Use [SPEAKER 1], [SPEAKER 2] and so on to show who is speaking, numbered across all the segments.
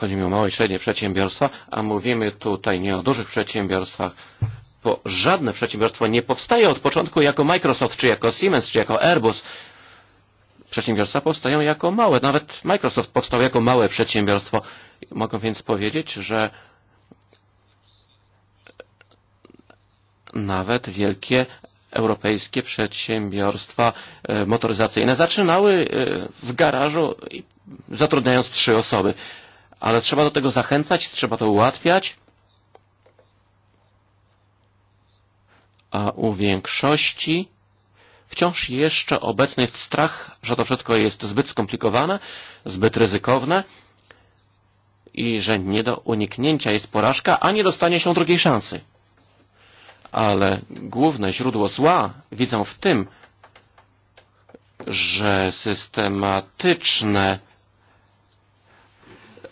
[SPEAKER 1] Chodzi mi o małe i średnie przedsiębiorstwa, a mówimy tutaj nie o dużych przedsiębiorstwach, bo żadne przedsiębiorstwo nie powstaje od początku jako Microsoft, czy jako Siemens, czy jako Airbus. Przedsiębiorstwa powstają jako małe. Nawet Microsoft powstał jako małe przedsiębiorstwo. Mogę więc powiedzieć, że nawet wielkie europejskie przedsiębiorstwa e, motoryzacyjne zaczynały e, w garażu zatrudniając trzy osoby ale trzeba do tego zachęcać, trzeba to ułatwiać. A u większości wciąż jeszcze obecny jest strach, że to wszystko jest zbyt skomplikowane, zbyt ryzykowne i że nie do uniknięcia jest porażka, a nie dostanie się drugiej szansy. Ale główne źródło zła widzą w tym, że systematyczne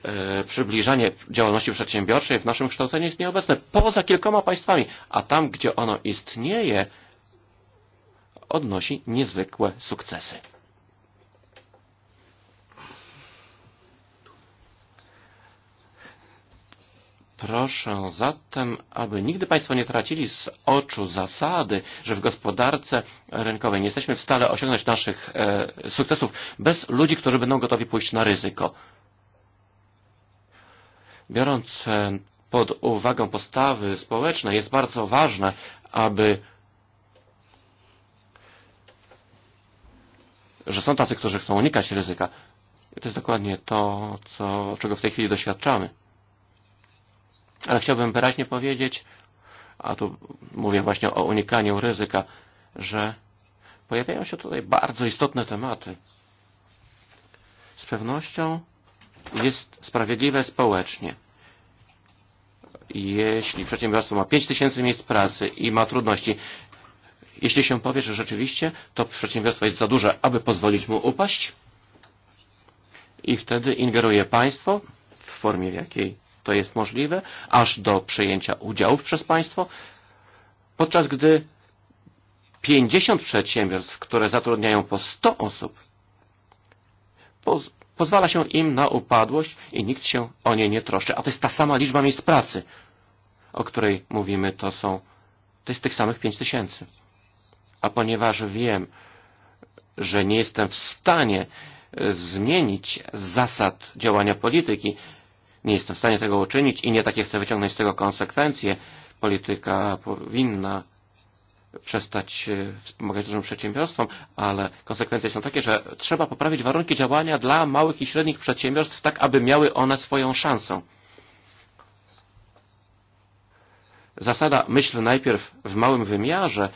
[SPEAKER 1] E, przybliżanie działalności przedsiębiorczej w naszym kształceniu jest nieobecne poza kilkoma państwami, a tam, gdzie ono istnieje, odnosi niezwykłe sukcesy. Proszę zatem, aby nigdy Państwo nie tracili z oczu zasady, że w gospodarce rynkowej nie jesteśmy w stale osiągnąć naszych e, sukcesów bez ludzi, którzy będą gotowi pójść na ryzyko. Biorąc pod uwagę postawy społeczne, jest bardzo ważne, aby że są tacy, którzy chcą unikać ryzyka. I to jest dokładnie to, co, czego w tej chwili doświadczamy. Ale chciałbym wyraźnie powiedzieć, a tu mówię właśnie o unikaniu ryzyka, że pojawiają się tutaj bardzo istotne tematy. Z pewnością jest sprawiedliwe społecznie. Jeśli przedsiębiorstwo ma 5 tysięcy miejsc pracy i ma trudności, jeśli się powie, że rzeczywiście to przedsiębiorstwo jest za duże, aby pozwolić mu upaść, i wtedy ingeruje państwo w formie, w jakiej to jest możliwe, aż do przejęcia udziałów przez państwo, podczas gdy 50 przedsiębiorstw, które zatrudniają po 100 osób, Pozwala się im na upadłość i nikt się o nie nie troszczy. A to jest ta sama liczba miejsc pracy, o której mówimy, to są, to jest tych samych pięć tysięcy. A ponieważ wiem, że nie jestem w stanie e, zmienić zasad działania polityki, nie jestem w stanie tego uczynić i nie takie chcę wyciągnąć z tego konsekwencje, polityka powinna przestać wspomagać e, dużym przedsiębiorstwom, ale konsekwencje są takie, że trzeba poprawić warunki działania dla małych i średnich przedsiębiorstw, tak aby miały one swoją szansę. Zasada myśl najpierw w małym wymiarze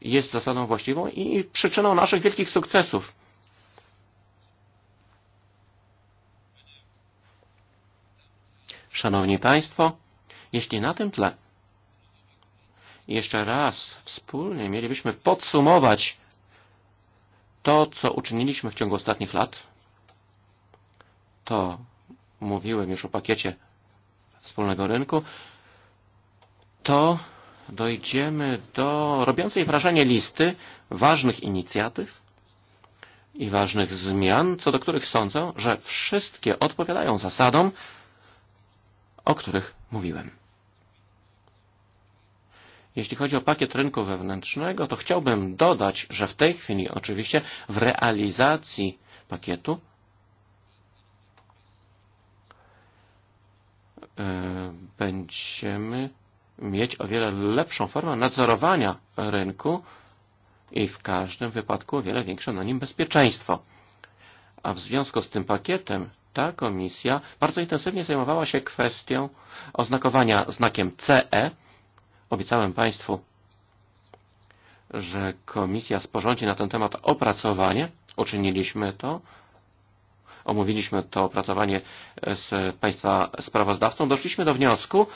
[SPEAKER 1] jest zasadą właściwą i przyczyną naszych wielkich sukcesów. Szanowni Państwo, jeśli na tym tle Jeszcze raz wspólnie mielibyśmy podsumować to, co uczyniliśmy w ciągu ostatnich lat. To mówiłem już o pakiecie wspólnego rynku. To dojdziemy do robiącej wrażenie listy ważnych inicjatyw i ważnych zmian, co do których sądzę, że wszystkie odpowiadają zasadom, o których mówiłem. Jeśli chodzi o pakiet rynku wewnętrznego, to chciałbym dodać, że w tej chwili oczywiście w realizacji pakietu e, będziemy mieć o wiele lepszą formę nadzorowania rynku i w każdym wypadku o wiele większe na nim bezpieczeństwo. A w związku z tym pakietem ta komisja bardzo intensywnie zajmowała się kwestią oznakowania znakiem CE Obiecałem Państwu, że komisja sporządzi na ten temat opracowanie. Uczyniliśmy to. Omówiliśmy to opracowanie z Państwa sprawozdawcą. Doszliśmy do wniosku,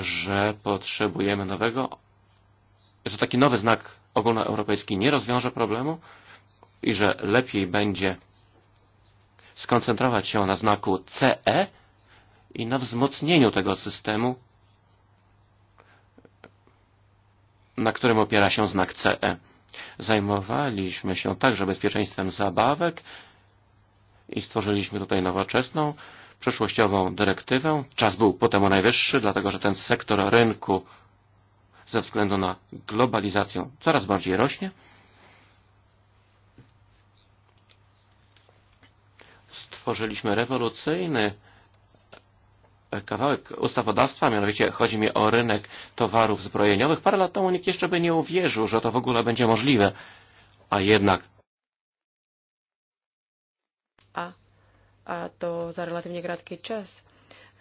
[SPEAKER 1] że potrzebujemy nowego, że taki nowy znak ogólnoeuropejski nie rozwiąże problemu i że lepiej będzie skoncentrować się na znaku CE i na wzmocnieniu tego systemu na którym opiera się znak CE. Zajmowaliśmy się także bezpieczeństwem zabawek i stworzyliśmy tutaj nowoczesną, przyszłościową dyrektywę. Czas był potem o najwyższy, dlatego że ten sektor rynku ze względu na globalizację coraz bardziej rośnie. Stworzyliśmy rewolucyjny kawałek ustawodawstwa, mianowicie chodzi mi o rynek towarów zbrojeniowych. Parę lat temu nikt jeszcze by nie uwierzył, że to w ogóle będzie możliwe. A jednak.
[SPEAKER 2] A, a to za relatívne krátky čas.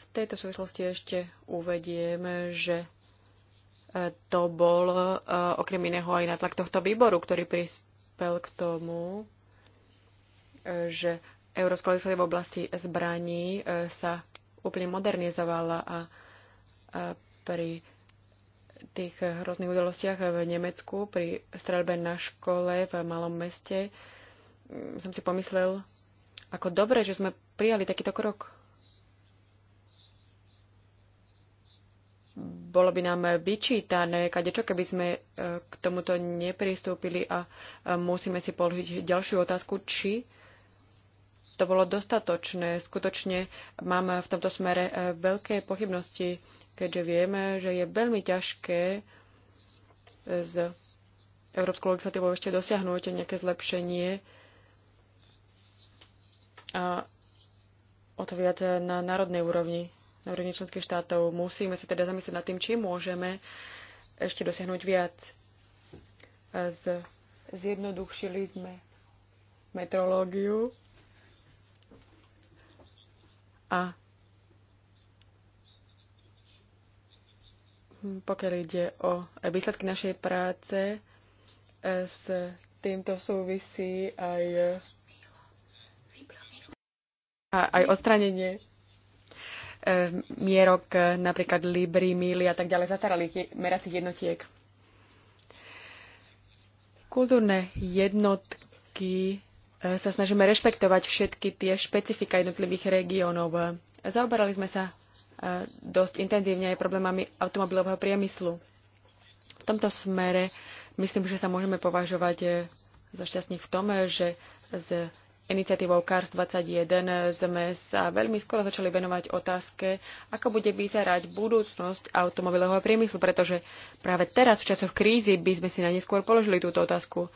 [SPEAKER 2] V tejto súvislosti ešte uvediem, že e, to bol e, okrem iného aj natlak tohto výboru, ktorý prispel k tomu, e, že európska legislatíva v oblasti zbraní sa úplne modernizovala a, a pri tých hrozných udalostiach v Nemecku, pri streľbe na škole v malom meste, mm, som si pomyslel, ako dobre, že sme prijali takýto krok. Bolo by nám vyčítané, kadečo, keby sme e, k tomuto nepristúpili a musíme si položiť ďalšiu otázku, či to bolo dostatočné. Skutočne mám v tomto smere e, veľké pochybnosti, keďže vieme, že je veľmi ťažké z e, európskou legislatívou ešte dosiahnuť nejaké zlepšenie. A o to viac na národnej úrovni, na úrovni členských štátov. Musíme sa teda zamyslieť nad tým, či môžeme ešte dosiahnuť viac. E, z... Zjednoduchšili sme metrológiu a pokiaľ ide o výsledky našej práce, e, s týmto súvisí aj, aj odstranenie e, mierok napríklad libry, míly a tak ďalej, zastaralých meracích jednotiek. Kultúrne jednotky sa snažíme rešpektovať všetky tie špecifika jednotlivých regiónov. Zaoberali sme sa e, dosť intenzívne aj problémami automobilového priemyslu. V tomto smere myslím, že sa môžeme považovať e, za šťastných v tom, e, že s iniciatívou CARS 21 sme sa veľmi skoro začali venovať otázke, ako bude vyzerať budúcnosť automobilového priemyslu, pretože práve teraz v časoch krízy by sme si na neskôr položili túto otázku.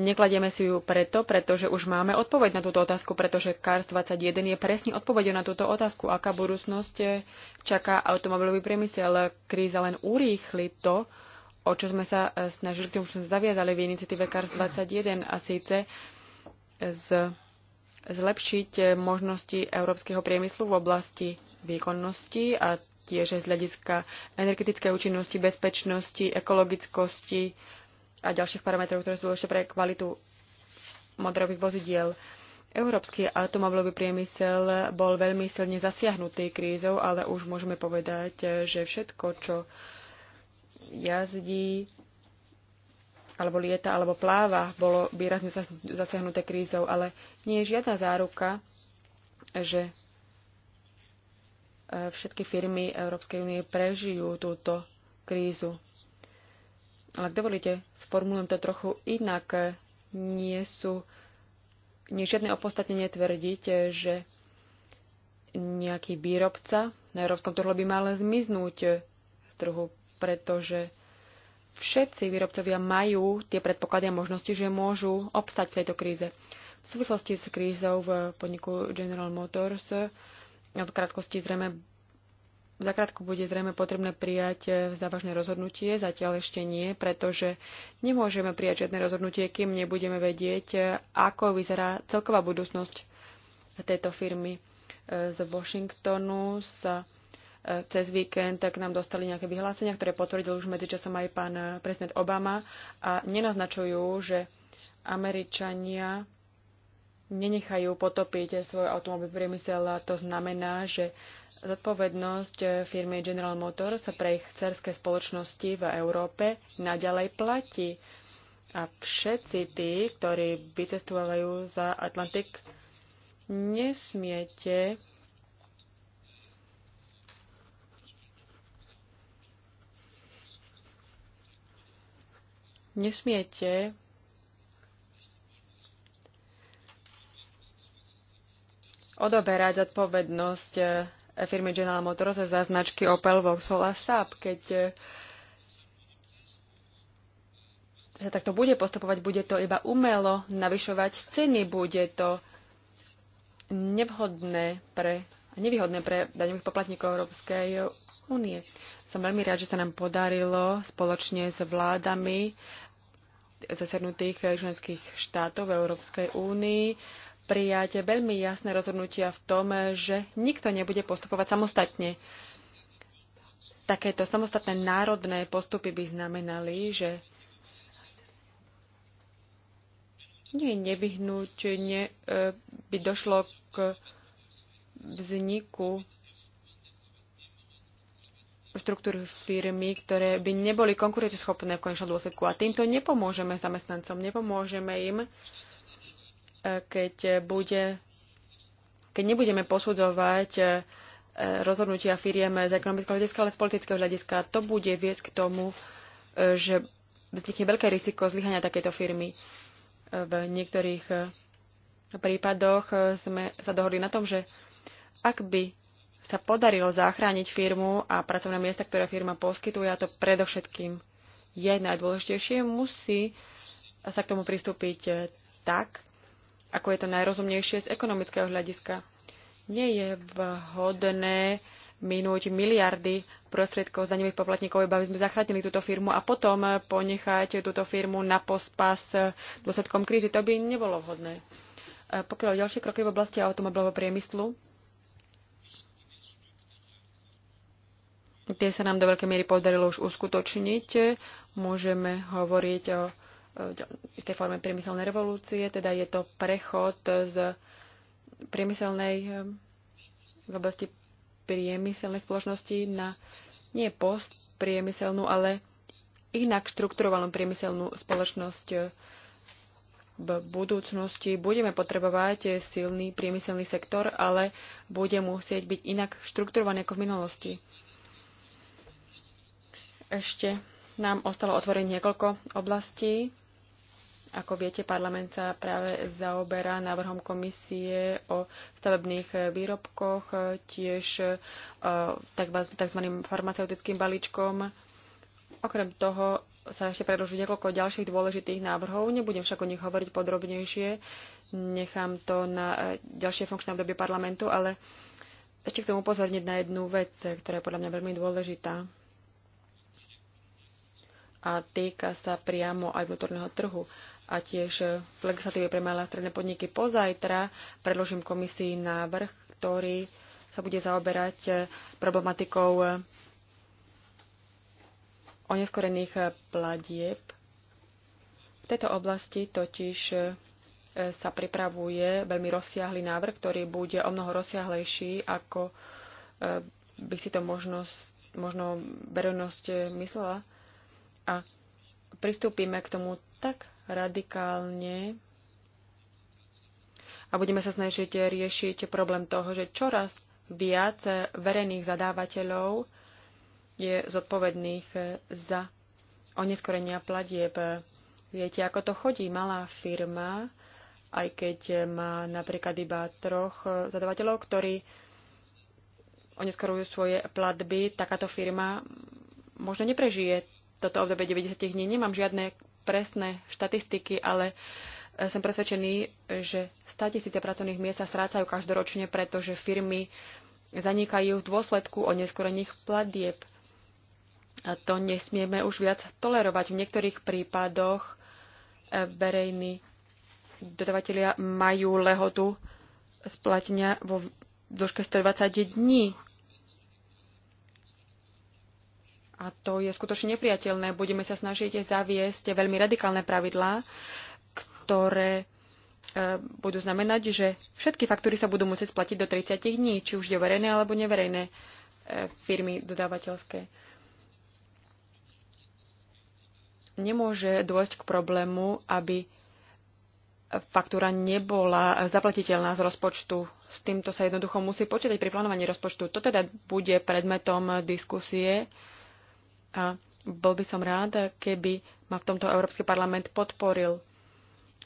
[SPEAKER 2] Nekladieme si ju preto, pretože už máme odpoveď na túto otázku, pretože CARS 21 je presne odpovedou na túto otázku, aká budúcnosť čaká automobilový priemysel. Kríza len urýchli to, o čo sme sa e, snažili, tým už sme zaviazali v iniciatíve CARS 21 a síce z, zlepšiť možnosti európskeho priemyslu v oblasti výkonnosti a tiež z hľadiska energetickej účinnosti, bezpečnosti, ekologickosti, a ďalších parametrov, ktoré sú dôležité pre kvalitu motorových vozidiel. Európsky automobilový priemysel bol veľmi silne zasiahnutý krízou, ale už môžeme povedať, že všetko, čo jazdí, alebo lieta, alebo pláva, bolo výrazne zasiahnuté krízou, ale nie je žiadna záruka, že eh, všetky firmy Európskej únie prežijú túto krízu. Ale ak dovolíte, sformulujem to trochu inak. Nie sú nie žiadne opostatnenie tvrdiť, že nejaký výrobca na európskom trhu by mal zmiznúť z trhu, pretože všetci výrobcovia majú tie predpoklady a možnosti, že môžu obstať v tejto kríze. V súvislosti s krízou v podniku General Motors v krátkosti zrejme Zakrátko bude zrejme potrebné prijať e, závažné rozhodnutie, zatiaľ ešte nie, pretože nemôžeme prijať žiadne rozhodnutie, kým nebudeme vedieť, e, ako vyzerá celková budúcnosť tejto firmy. E, z Washingtonu sa cez víkend tak nám dostali nejaké vyhlásenia, ktoré potvrdil už medzičasom aj pán prezident Obama a nenaznačujú, že Američania nenechajú potopiť svoj automobil priemysel. A to znamená, že zodpovednosť firmy General Motors pre ich cerské spoločnosti v Európe naďalej platí. A všetci tí, ktorí vycestovajú za Atlantik, nesmiete nesmiete odoberať zodpovednosť e, e, firmy General Motors za značky Opel, Vauxhall a Saab. Keď sa e, takto bude postupovať, bude to iba umelo navyšovať ceny, bude to nevhodné pre, nevýhodné pre daňových poplatníkov Európskej únie. Som veľmi rád, že sa nám podarilo spoločne s vládami zasadnutých členských štátov v Európskej únii prijať veľmi jasné rozhodnutia v tom, že nikto nebude postupovať samostatne. Takéto samostatné národné postupy by znamenali, že nie nevyhnutne e, by došlo k vzniku štruktúry firmy, ktoré by neboli konkurenceschopné v konečnom dôsledku. A týmto nepomôžeme zamestnancom, nepomôžeme im keď, bude, keď nebudeme posudzovať e, rozhodnutia firiem z ekonomického hľadiska, ale z politického hľadiska. To bude viesť k tomu, e, že vznikne veľké riziko zlyhania takejto firmy. E, v niektorých prípadoch sme sa dohodli na tom, že ak by sa podarilo zachrániť firmu a pracovné miesta, ktoré firma poskytuje, a to predovšetkým je najdôležitejšie, musí sa k tomu pristúpiť tak, ako je to najrozumnejšie z ekonomického hľadiska. Nie je vhodné minúť miliardy prostriedkov z daňových poplatníkov, iba aby sme zachránili túto firmu a potom ponechať túto firmu na pospas dôsledkom krízy. To by nebolo vhodné. E, pokiaľ ďalšie kroky v oblasti automobilového priemyslu, tie sa nám do veľkej miery podarilo už uskutočniť. Môžeme hovoriť o v e, istej forme priemyselnej revolúcie, teda je to prechod z priemyselnej e, z oblasti priemyselnej spoločnosti na nie postpriemyselnú, ale inak štrukturovanú priemyselnú spoločnosť e, v budúcnosti budeme potrebovať silný priemyselný sektor, ale bude musieť byť inak štrukturovaný ako v minulosti. Ešte nám ostalo otvoriť niekoľko oblastí, ako viete, parlament sa práve zaoberá návrhom komisie o stavebných výrobkoch, tiež e, tzv. farmaceutickým balíčkom. Okrem toho sa ešte predloží niekoľko ďalších dôležitých návrhov. Nebudem však o nich hovoriť podrobnejšie. Nechám to na e, ďalšie funkčné obdobie parlamentu, ale ešte chcem upozorniť na jednu vec, ktorá je podľa mňa veľmi dôležitá a týka sa priamo aj vnútorného trhu a tiež v legislatíve pre malé a stredné podniky. Pozajtra predložím komisii návrh, ktorý sa bude zaoberať problematikou oneskorených platieb. V tejto oblasti totiž e, sa pripravuje veľmi rozsiahly návrh, ktorý bude o mnoho rozsiahlejší, ako e, by si to možnosť, možno verejnosť e, myslela. A pristúpime k tomu tak radikálne a budeme sa snažiť riešiť problém toho, že čoraz viac verejných zadávateľov je zodpovedných za oneskorenia platieb. Viete, ako to chodí? Malá firma, aj keď má napríklad iba troch zadávateľov, ktorí oneskorujú svoje platby, takáto firma možno neprežije toto obdobie 90 dní. Nemám žiadne presné štatistiky, ale e, som presvedčený, že 100 tisíce pracovných miest sa strácajú každoročne, pretože firmy zanikajú v dôsledku oneskorených platieb. A to nesmieme už viac tolerovať. V niektorých prípadoch e, verejní dodavatelia majú lehotu splatenia vo dĺžke 120 dní A to je skutočne nepriateľné. Budeme sa snažiť zaviesť veľmi radikálne pravidlá, ktoré e, budú znamenať, že všetky faktúry sa budú musieť splatiť do 30 dní, či už je verejné alebo neverejné e, firmy dodávateľské. Nemôže dôjsť k problému, aby faktúra nebola zaplatiteľná z rozpočtu. S týmto sa jednoducho musí počítať pri plánovaní rozpočtu. To teda bude predmetom diskusie a bol by som rád, keby ma v tomto Európsky parlament podporil.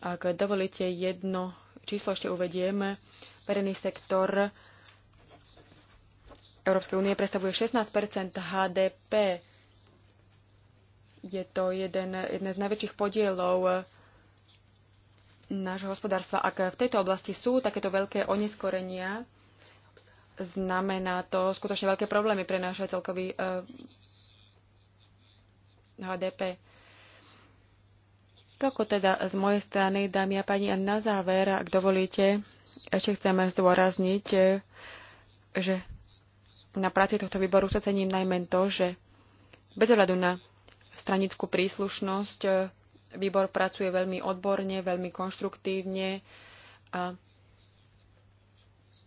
[SPEAKER 2] Ak dovolíte jedno číslo, ešte uvediem. Verejný sektor Európskej únie predstavuje 16 HDP. Je to jeden, jeden z najväčších podielov nášho hospodárstva. Ak v tejto oblasti sú takéto veľké oneskorenia, znamená to skutočne veľké problémy pre náš celkový eh, HDP. Toľko teda z mojej strany, dámy a pani. A na záver, ak dovolíte, ešte chceme zdôrazniť, že na práci tohto výboru sa cením najmä to, že bez ohľadu na stranickú príslušnosť výbor pracuje veľmi odborne, veľmi konštruktívne a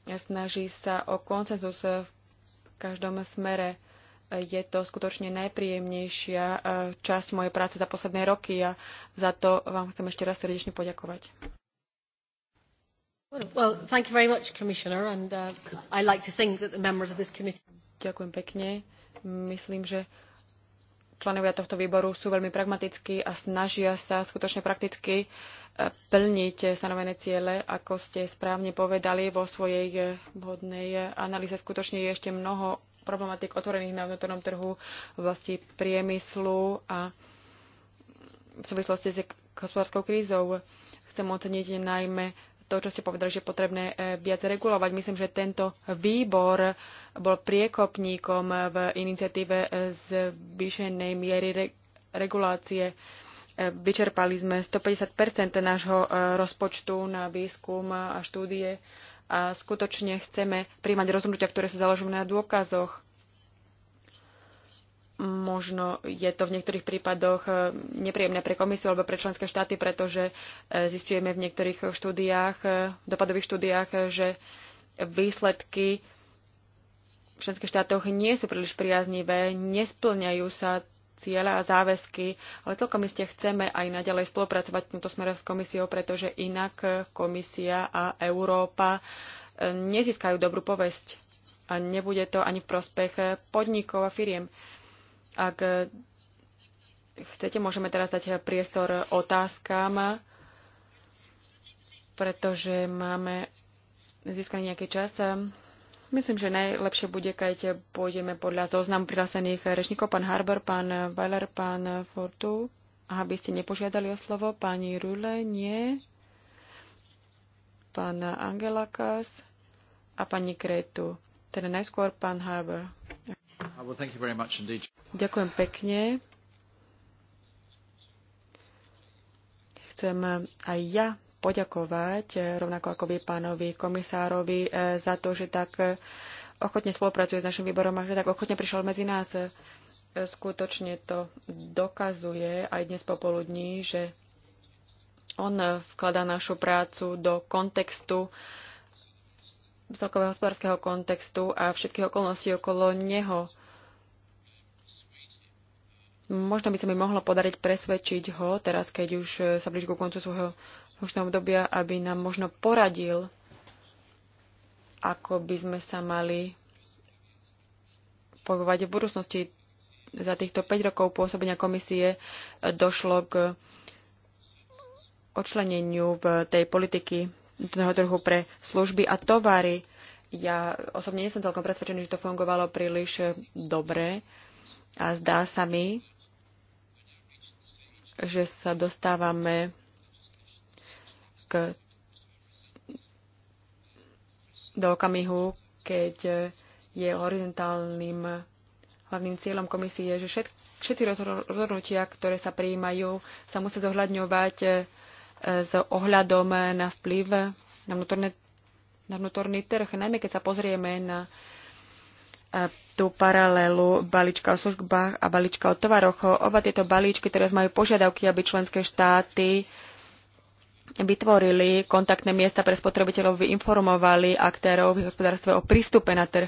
[SPEAKER 2] snaží sa o koncenzus v každom smere je to skutočne najpríjemnejšia eh, časť mojej práce za posledné roky a za to vám chcem ešte raz srdečne poďakovať. Uh, Ďakujem pekne. Myslím, že členovia tohto výboru sú veľmi pragmatickí a snažia sa skutočne prakticky eh, plniť stanovené ciele. Ako ste správne povedali vo svojej eh, vhodnej analýze, skutočne je ešte mnoho problematik otvorených na vnútornom trhu v oblasti priemyslu a v súvislosti s hospodárskou krízou. Chcem oceniť najmä to, čo ste povedali, že je potrebné eh, viac regulovať. Myslím, že tento výbor bol priekopníkom v iniciatíve eh, zvýšenej miery regulácie. Eh, vyčerpali sme 150 nášho rozpočtu na výskum a štúdie a skutočne chceme príjmať rozhodnutia, ktoré sa založujú na dôkazoch. Možno je to v niektorých prípadoch eh, nepríjemné pre komisiu alebo pre členské štáty, pretože eh, zistujeme v niektorých štúdiách, eh, dopadových štúdiách, že výsledky v členských štátoch nie sú príliš priaznivé, nesplňajú sa ciele a záväzky, ale celkom iste chceme aj naďalej spolupracovať v tomto smere s komisiou, pretože inak komisia a Európa e, nezískajú dobrú povesť a nebude to ani v prospech podnikov a firiem. Ak e, chcete, môžeme teraz dať priestor otázkam, pretože máme získaný nejaký čas. Myslím, že najlepšie bude, keď pôjdeme podľa zoznamu prihlásených rečníkov. Pán Harbor, pán Weiler, pán Fortu. Aha, by ste nepožiadali o slovo. Pani Rule, nie. Pán Angelakas a pani Kretu. Teda najskôr pán Harbor. Ah, Ďakujem pekne. Chcem aj ja poďakovať, e, rovnako ako vy pánovi komisárovi, e, za to, že tak e, ochotne spolupracuje s našim výborom a že tak ochotne prišiel medzi nás. Skutočne to dokazuje aj dnes popoludní, že on vkladá našu prácu do kontextu, celkového hospodárskeho kontextu a všetkých okolností okolo neho. Možno by sa mi mohlo podariť presvedčiť ho, teraz keď už sa blíži ku koncu svojho funkčného obdobia, aby nám možno poradil, ako by sme sa mali pohovať v budúcnosti. Za týchto 5 rokov pôsobenia komisie došlo k odčleneniu v tej politiky toho trhu pre služby a tovary. Ja osobne nie som celkom presvedčený, že to fungovalo príliš dobre a zdá sa mi, že sa dostávame k, do okamihu, keď je horizontálnym hlavným cieľom komisie, že všet, všetky rozhodnutia, ktoré sa prijímajú, sa musia zohľadňovať e, s ohľadom na vplyv na, vnútorné, na vnútorný trh. Najmä keď sa pozrieme na e, tú paralelu balíčka o službách a balíčka o tovaroch. Oba tieto balíčky teraz majú požiadavky, aby členské štáty vytvorili kontaktné miesta pre spotrebiteľov, informovali aktérov v hospodárstve o prístupe na trh.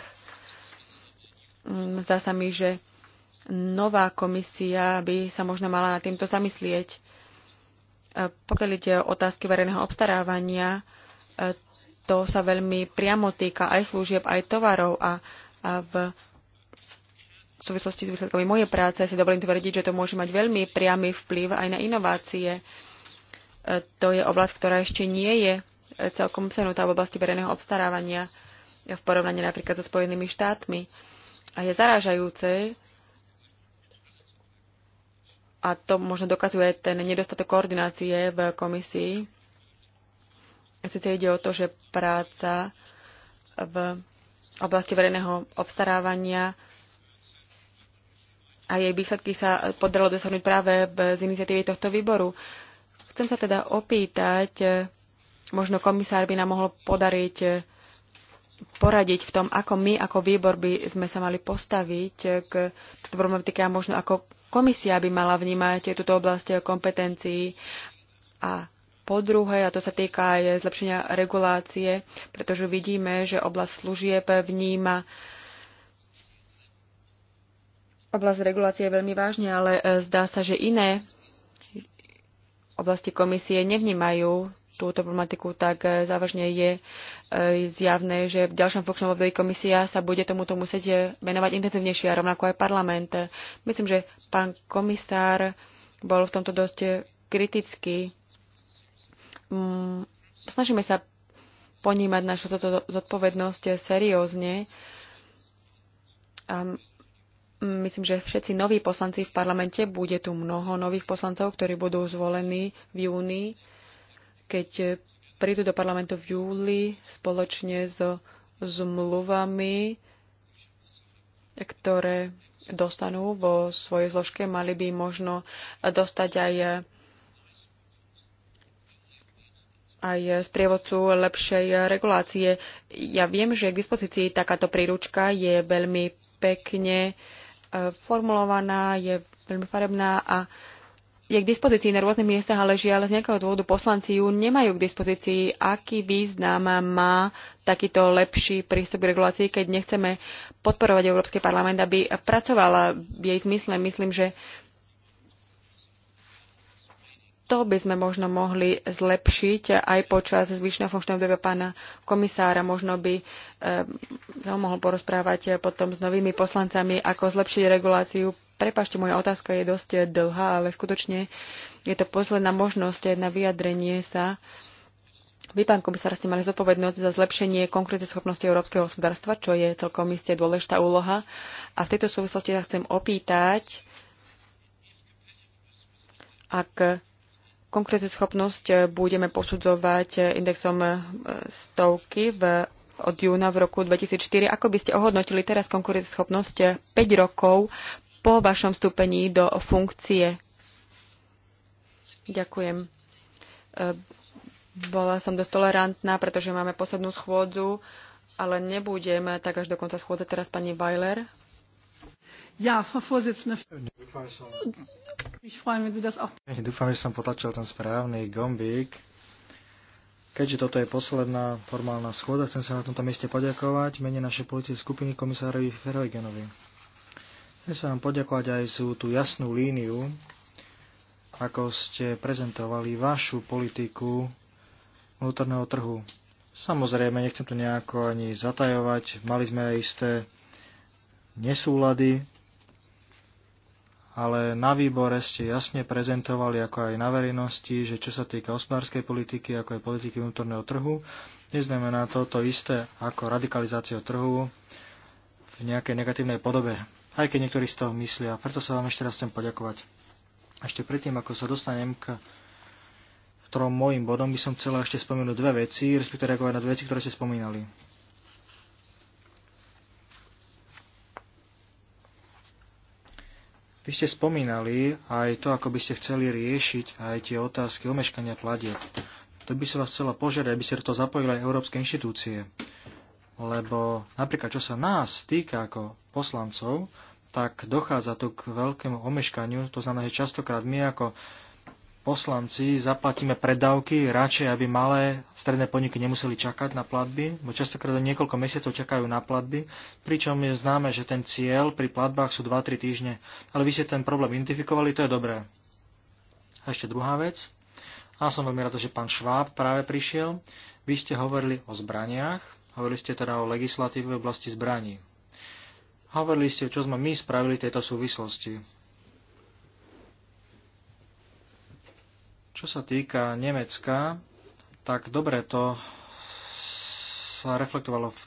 [SPEAKER 2] Mm, zdá sa mi, že nová komisia by sa možno mala nad týmto zamyslieť. E, pokiaľ ide o otázky verejného obstarávania, e, to sa veľmi priamo týka aj služieb, aj tovarov a, a v v súvislosti s výsledkami mojej práce si dovolím tvrdiť, že to môže mať veľmi priamy vplyv aj na inovácie to je oblasť, ktorá ešte nie je e, celkom obsenutá v oblasti verejného obstarávania v porovnaní napríklad so Spojenými štátmi. A je zarážajúce, a to možno dokazuje ten nedostatok koordinácie v komisii, Sice ide o to, že práca v oblasti verejného obstarávania a jej výsledky sa podarilo dosiahnuť práve z iniciatívy tohto výboru. Chcem sa teda opýtať, e, možno komisár by nám mohol podariť e, poradiť v tom, ako my ako výbor by sme sa mali postaviť e, k tejto problematike a možno ako komisia by mala vnímať túto oblasť kompetencií. A po druhé, a to sa týka aj zlepšenia regulácie, pretože vidíme, že oblasť služieb vníma oblasť regulácie je veľmi vážne, ale zdá sa, že iné oblasti komisie nevnímajú túto problematiku tak e, závažne je e, zjavné, že v ďalšom funkčnom období komisia sa bude tomuto musieť e, venovať intenzívnejšie a rovnako aj parlament. Myslím, že pán komisár bol v tomto dosť kritický. Mm, snažíme sa ponímať našu toto zodpovednosť seriózne myslím, že všetci noví poslanci v parlamente, bude tu mnoho nových poslancov, ktorí budú zvolení v júni, keď prídu do parlamentu v júli spoločne so zmluvami, ktoré dostanú vo svojej zložke, mali by možno dostať aj aj sprievodcu lepšej regulácie. Ja viem, že k dispozícii takáto príručka je veľmi pekne uh, formulovaná, je veľmi farebná a je k dispozícii na rôznych miestach, ale žiaľ z nejakého dôvodu poslanci ju nemajú k dispozícii. Aký význam má takýto lepší prístup k regulácii, keď nechceme podporovať Európsky parlament, aby pracovala v jej zmysle? Myslím, že to by sme možno mohli zlepšiť aj počas zvyšného funkčného obdobia pána komisára. Možno by eh, sa mohol porozprávať potom s novými poslancami, ako zlepšiť reguláciu. Prepašte, moja otázka je dosť dlhá, ale skutočne je to posledná možnosť na vyjadrenie sa. Vy, pán komisár, ste mali zodpovednosť za zlepšenie schopnosti európskeho hospodárstva, čo je celkom iste dôležitá úloha. A v tejto súvislosti sa chcem opýtať, ak schopnosť e, budeme posudzovať e, indexom e, stovky v, od júna v roku 2004. Ako by ste ohodnotili teraz schopnosť 5 rokov po vašom vstúpení do funkcie? Ďakujem. Bola som dosť tolerantná, pretože máme poslednú schôdzu, ale nebudem tak až do konca schôdze teraz pani Weiler.
[SPEAKER 3] Ja, Frau Vorsitzende.
[SPEAKER 4] Dúfam, že som potlačil ten správny gombík. Keďže toto je posledná formálna schôda, chcem sa na tomto mieste poďakovať mene našej politickej skupiny komisárovi Ferojgenovi. Chcem sa vám poďakovať aj za tú jasnú líniu, ako ste prezentovali vašu politiku vnútorného trhu. Samozrejme, nechcem to nejako ani zatajovať, mali sme aj isté nesúlady, ale na výbore ste jasne prezentovali, ako aj na verejnosti, že čo sa týka hospodárskej politiky, ako aj politiky vnútorného trhu, neznamená to to isté ako radikalizácia trhu v nejakej negatívnej podobe, aj keď niektorí z toho myslia. Preto sa vám ešte raz chcem poďakovať. Ešte predtým, ako sa dostanem k ktorom môjim bodom by som chcela ešte spomenúť dve veci, respektíve reagovať na dve veci, ktoré ste spomínali. Vy ste spomínali aj to, ako by ste chceli riešiť aj tie otázky omeškania platieb. To by sa vás chcelo požiadať, aby ste to zapojili aj európske inštitúcie. Lebo napríklad, čo sa nás týka ako poslancov, tak dochádza to k veľkému omeškaniu. To znamená, že častokrát my ako poslanci zaplatíme predávky, radšej, aby malé stredné podniky nemuseli čakať na platby, bo častokrát do niekoľko mesiacov čakajú na platby, pričom je známe, že ten cieľ pri platbách sú 2-3 týždne. Ale vy ste ten problém identifikovali, to je dobré. A ešte druhá vec. A som veľmi rád, že pán Šváb práve prišiel. Vy ste hovorili o zbraniach, hovorili ste teda o legislatíve v oblasti zbraní. Hovorili ste, čo sme my spravili v tejto súvislosti. Čo sa týka Nemecka, tak dobre to sa reflektovalo v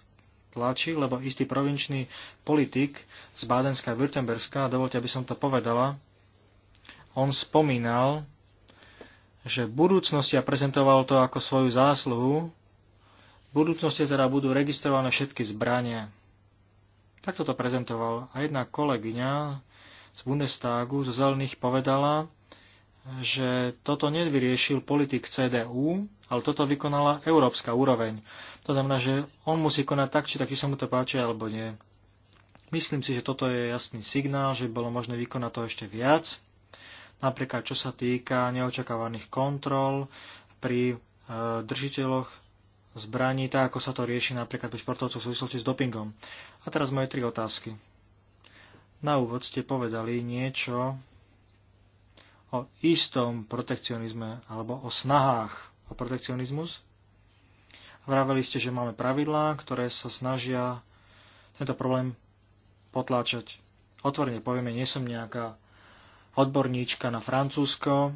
[SPEAKER 4] tlači, lebo istý provinčný politik z Bádenska a Württemberska, dovolte, aby som to povedala, on spomínal, že v budúcnosti a prezentoval to ako svoju zásluhu, v budúcnosti teda budú registrované všetky zbranie. Takto to prezentoval. A jedna kolegyňa z Bundestagu zo Zelených povedala, že toto nevyriešil politik CDU, ale toto vykonala európska úroveň. To znamená, že on musí konať tak, či tak, či sa mu to páči alebo nie. Myslím si, že toto je jasný signál, že bolo možné vykonať to ešte viac. Napríklad, čo sa týka neočakávaných kontrol pri e, držiteľoch zbraní, tak ako sa to rieši napríklad pri športovcov v súvislosti s dopingom. A teraz moje tri otázky. Na úvod ste povedali niečo o istom protekcionizme alebo o snahách o protekcionizmus. Vraveli ste, že máme pravidlá, ktoré sa snažia tento problém potláčať. Otvorene povieme, nie som nejaká odborníčka na Francúzsko,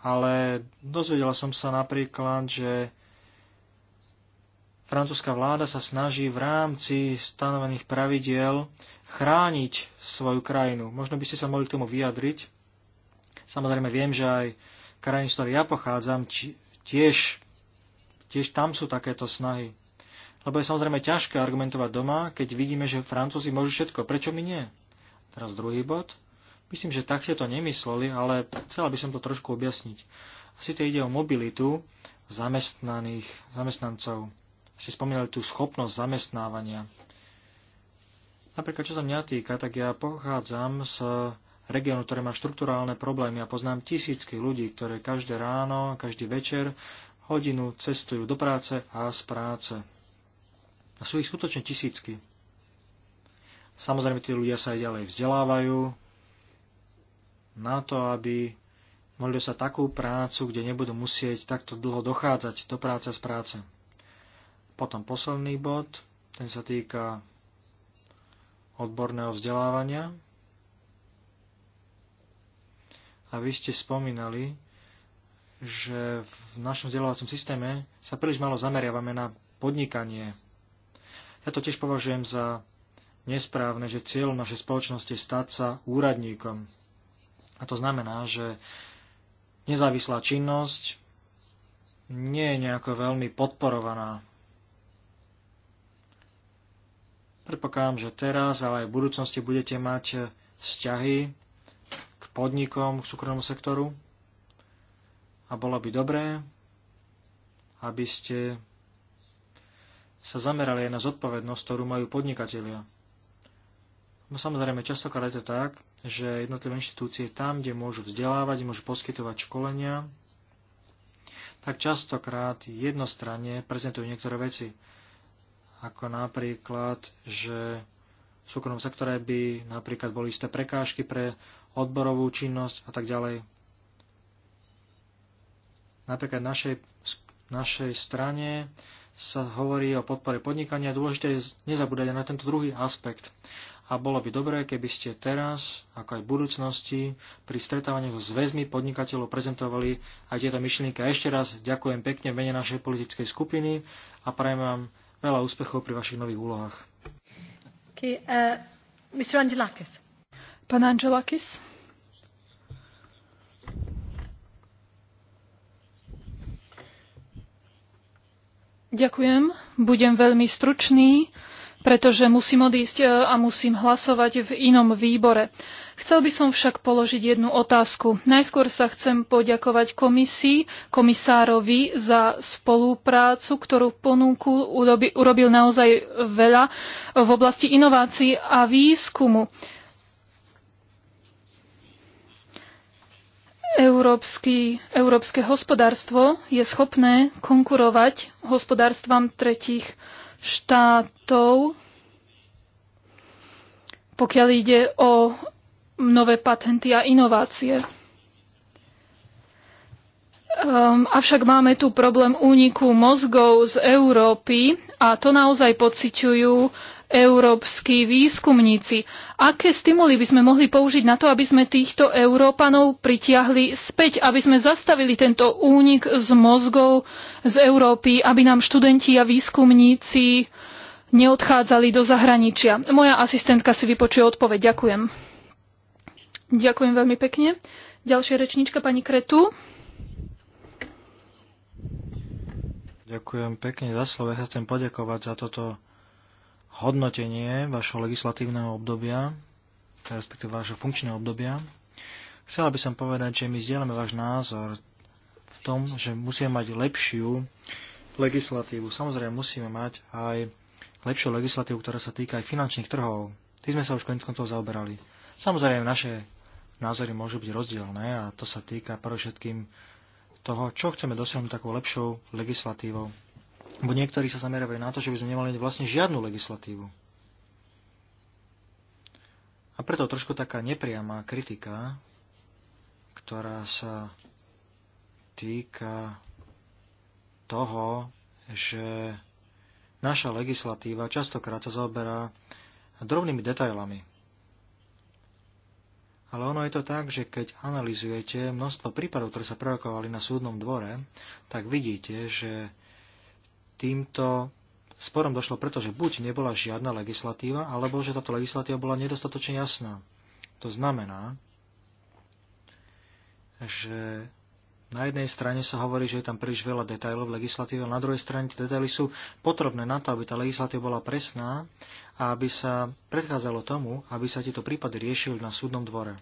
[SPEAKER 4] ale dozvedela som sa napríklad, že francúzska vláda sa snaží v rámci stanovených pravidiel chrániť svoju krajinu. Možno by ste sa mohli k tomu vyjadriť. Samozrejme viem, že aj krajiny, z ktorej ja pochádzam, tiež, tiež tam sú takéto snahy. Lebo je samozrejme ťažké argumentovať doma, keď vidíme, že Francúzi môžu všetko. Prečo my nie? Teraz druhý bod. Myslím, že tak ste to nemysleli, ale chcela by som to trošku objasniť. Asi to ide o mobilitu zamestnaných, zamestnancov ste spomínali tú schopnosť zamestnávania. Napríklad, čo sa mňa týka, tak ja pochádzam z regiónu, ktoré má štrukturálne problémy. Ja poznám tisícky ľudí, ktoré každé ráno, každý večer, hodinu cestujú do práce a z práce. A sú ich skutočne tisícky. Samozrejme, tí ľudia sa aj ďalej vzdelávajú na to, aby mohli sa takú prácu, kde nebudú musieť takto dlho dochádzať do práce z práce. Potom posledný bod, ten sa týka odborného vzdelávania. A vy ste spomínali, že v našom vzdelávacom systéme sa príliš malo zameriavame na podnikanie. Ja to tiež považujem za nesprávne, že cieľom našej spoločnosti je stať sa úradníkom. A to znamená, že nezávislá činnosť nie je nejako veľmi podporovaná Predpokladám, že teraz, ale aj v budúcnosti budete mať e, vzťahy k podnikom, k súkromnému sektoru. A bolo by dobré, aby ste sa zamerali aj na zodpovednosť, ktorú majú podnikatelia. No samozrejme, častokrát je to tak, že jednotlivé inštitúcie tam, kde môžu vzdelávať, kde môžu poskytovať školenia, tak častokrát jednostranne prezentujú niektoré veci ako napríklad, že v súkromnom sektore by napríklad boli isté prekážky pre odborovú činnosť a tak ďalej. Napríklad v našej, našej strane sa hovorí o podpore podnikania. Dôležité je nezabúdať na tento druhý aspekt. A bolo by dobré, keby ste teraz, ako aj v budúcnosti, pri stretávaniach s väzmi podnikateľov prezentovali aj tieto myšlienky. A ešte raz ďakujem pekne v mene našej politickej skupiny a prajem vám veľa úspechov pri vašich nových úlohách. Okay, uh, Mr. Angelakis.
[SPEAKER 3] Pán Angelakis. Ďakujem. Budem veľmi stručný pretože musím odísť e, a musím hlasovať v inom výbore. Chcel by som však položiť jednu otázku. Najskôr sa chcem poďakovať komisii, komisárovi za spoluprácu, ktorú ponúku urobil naozaj veľa v oblasti inovácií a výskumu. Európsky, európske hospodárstvo je schopné konkurovať hospodárstvam tretích štátov, pokiaľ ide o nové patenty a inovácie. Um, avšak máme tu problém úniku mozgov z Európy a to naozaj pociťujú európsky výskumníci. Aké stimuly by sme mohli použiť na to, aby sme týchto Európanov pritiahli späť, aby sme zastavili tento únik z mozgov z Európy, aby nám študenti a výskumníci neodchádzali do zahraničia. Moja asistentka si vypočuje odpoveď. Ďakujem. Ďakujem veľmi pekne. Ďalšia rečníčka, pani Kretu.
[SPEAKER 4] Ďakujem pekne za slovo. Ja chcem poďakovať za toto hodnotenie vašho legislatívneho obdobia, teda respektíve vášho funkčného obdobia. Chcela by som povedať, že my zdieľame váš názor v tom, že musíme mať lepšiu legislatívu. Samozrejme musíme mať aj lepšiu legislatívu, ktorá sa týka aj finančných trhov. Tí sme sa už koniec koncov zaoberali. Samozrejme, naše názory môžu byť rozdielne a to sa týka predovšetkým toho, čo chceme dosiahnuť takou lepšou legislatívou. Bo niektorí sa zameriavajú na to, že by sme nemali vlastne žiadnu legislatívu. A preto trošku taká nepriamá kritika, ktorá sa týka toho, že naša legislatíva častokrát sa zaoberá drobnými detailami. Ale ono je to tak, že keď analizujete množstvo prípadov, ktoré sa prerokovali na súdnom dvore, tak vidíte, že týmto sporom došlo, pretože buď nebola žiadna legislatíva, alebo že táto legislatíva bola nedostatočne jasná. To znamená, že na jednej strane sa hovorí, že je tam príliš veľa detajlov v legislatíve, ale na druhej strane tie detaily sú potrebné na to, aby tá legislatíva bola presná a aby sa predchádzalo tomu, aby sa tieto prípady riešili na súdnom dvore.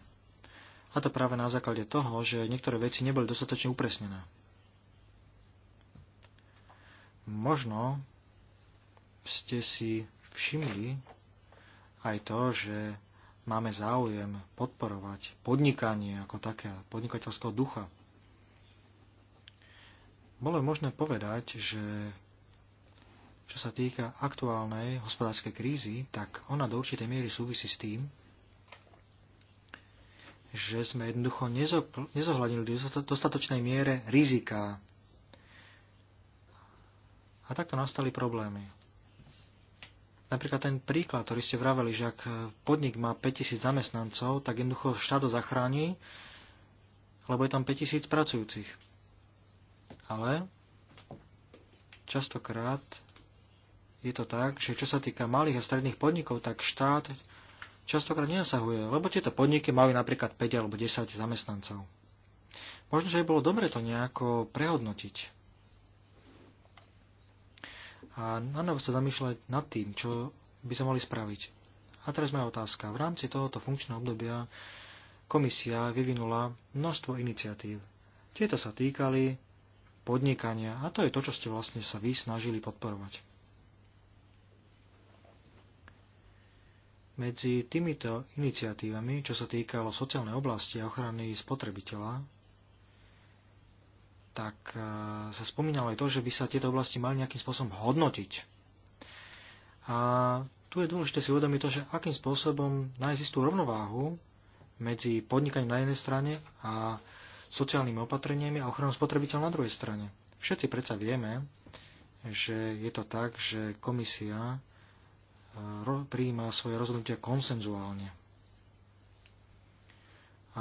[SPEAKER 4] A to práve na základe toho, že niektoré veci neboli dostatočne upresnené. Možno ste si všimli aj to, že máme záujem podporovať podnikanie ako také, podnikateľského ducha. Bolo možné povedať, že čo sa týka aktuálnej hospodárskej krízy, tak ona do určitej miery súvisí s tým, že sme jednoducho nezohľadnili v dostatočnej miere rizika a takto nastali problémy. Napríklad ten príklad, ktorý ste vraveli, že ak podnik má 5000 zamestnancov, tak jednoducho štát ho zachráni, lebo je tam 5000 pracujúcich. Ale častokrát je to tak, že čo sa týka malých a stredných podnikov, tak štát častokrát nezasahuje, lebo tieto podniky majú napríklad 5 alebo 10 zamestnancov. Možno, že by bolo dobre to nejako prehodnotiť a na novo sa zamýšľať nad tým, čo by sa mali spraviť. A teraz moja otázka. V rámci tohoto funkčného obdobia komisia vyvinula množstvo iniciatív. Tieto sa týkali podnikania a to je to, čo ste vlastne sa vy snažili podporovať. Medzi týmito iniciatívami, čo sa týkalo sociálnej oblasti a ochrany spotrebiteľa, tak e, sa spomínalo aj to, že by sa tieto oblasti mali nejakým spôsobom hodnotiť. A tu je dôležité si uvedomiť to, že akým spôsobom nájsť istú rovnováhu medzi podnikaním na jednej strane a sociálnymi opatreniami a ochranou spotrebiteľa na druhej strane. Všetci predsa vieme, že je to tak, že komisia e, prijíma svoje rozhodnutia konsenzuálne.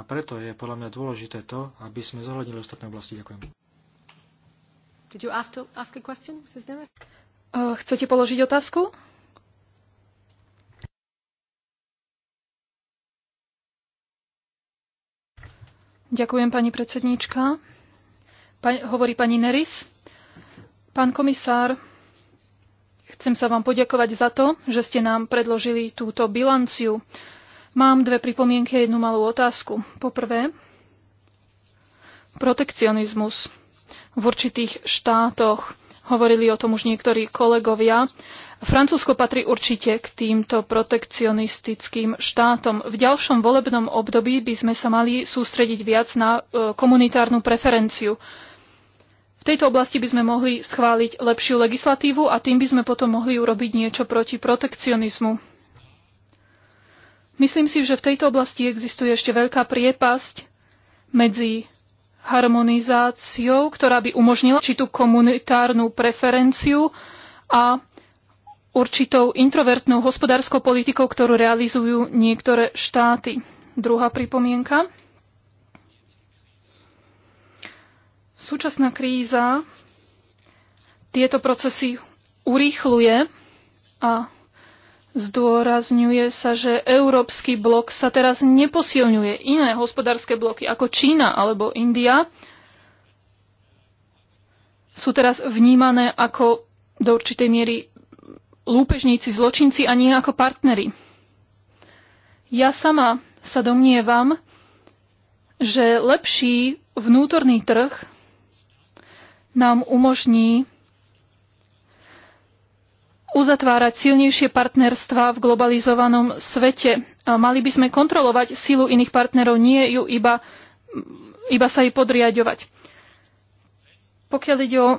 [SPEAKER 4] A preto je podľa mňa dôležité to, aby sme zohľadnili ostatné oblasti. Ďakujem.
[SPEAKER 3] Did you ask, to ask a question, Mrs. Uh, chcete položiť otázku? Ďakujem, pani predsedníčka. hovorí pani Neris. Pán komisár, chcem sa vám poďakovať za to, že ste nám predložili túto bilanciu. Mám dve pripomienky a jednu malú otázku. Poprvé, protekcionizmus v určitých štátoch. Hovorili o tom už niektorí kolegovia. Francúzsko patrí určite k týmto protekcionistickým štátom. V ďalšom volebnom období by sme sa mali sústrediť viac na e, komunitárnu preferenciu. V tejto oblasti by sme mohli schváliť lepšiu legislatívu a tým by sme potom mohli urobiť niečo proti protekcionizmu. Myslím si, že v tejto oblasti existuje ešte veľká priepasť medzi harmonizáciou, ktorá by umožnila určitú komunitárnu preferenciu a určitou introvertnou hospodárskou politikou, ktorú realizujú niektoré štáty. Druhá pripomienka. Súčasná kríza tieto procesy urýchluje a Zdôrazňuje sa, že európsky blok sa teraz neposilňuje. Iné hospodárske bloky ako Čína alebo India sú teraz vnímané ako do určitej miery lúpežníci, zločinci a nie ako partnery. Ja sama sa domnievam, že lepší vnútorný trh nám umožní uzatvárať silnejšie partnerstva v globalizovanom svete. Mali by sme kontrolovať silu iných partnerov, nie ju iba, iba sa jej podriadovať. Pokiaľ ide o e,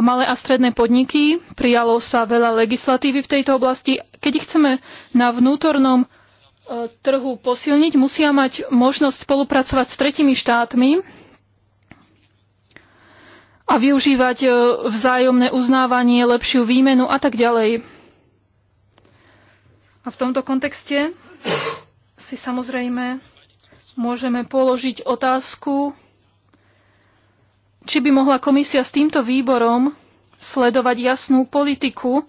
[SPEAKER 3] malé a stredné podniky, prijalo sa veľa legislatívy v tejto oblasti. Keď ich chceme na vnútornom e, trhu posilniť, musia mať možnosť spolupracovať s tretimi štátmi, a využívať e, vzájomné uznávanie, lepšiu výmenu a tak ďalej. A v tomto kontexte si samozrejme môžeme položiť otázku, či by mohla komisia s týmto výborom sledovať jasnú politiku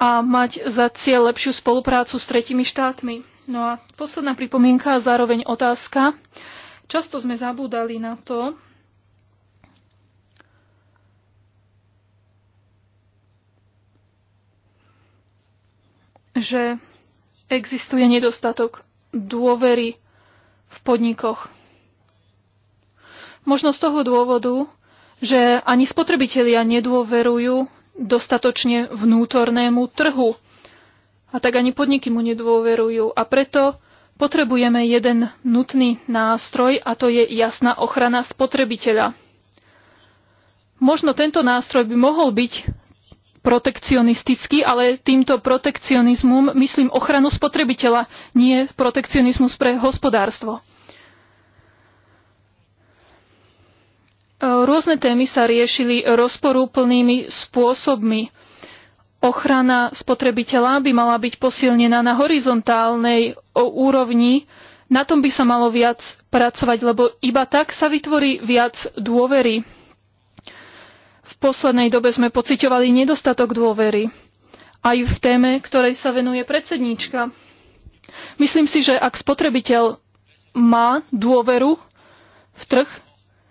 [SPEAKER 3] a mať za cieľ lepšiu spoluprácu s tretimi štátmi. No a posledná pripomienka a zároveň otázka. Často sme zabúdali na to, že existuje nedostatok dôvery v podnikoch. Možno z toho dôvodu, že ani spotrebitelia nedôverujú dostatočne vnútornému trhu. A tak ani podniky mu nedôverujú. A preto potrebujeme jeden nutný nástroj a to je jasná ochrana spotrebiteľa. Možno tento nástroj by mohol byť protekcionistický, ale týmto protekcionizmom myslím ochranu spotrebiteľa, nie protekcionizmus pre hospodárstvo. Rôzne témy sa riešili rozporúplnými spôsobmi. Ochrana spotrebiteľa by mala byť posilnená na horizontálnej úrovni. Na tom by sa malo viac pracovať, lebo iba tak sa vytvorí viac dôvery poslednej dobe sme pociťovali nedostatok dôvery. Aj v téme, ktorej sa venuje predsedníčka. Myslím si, že ak spotrebiteľ má dôveru v trh,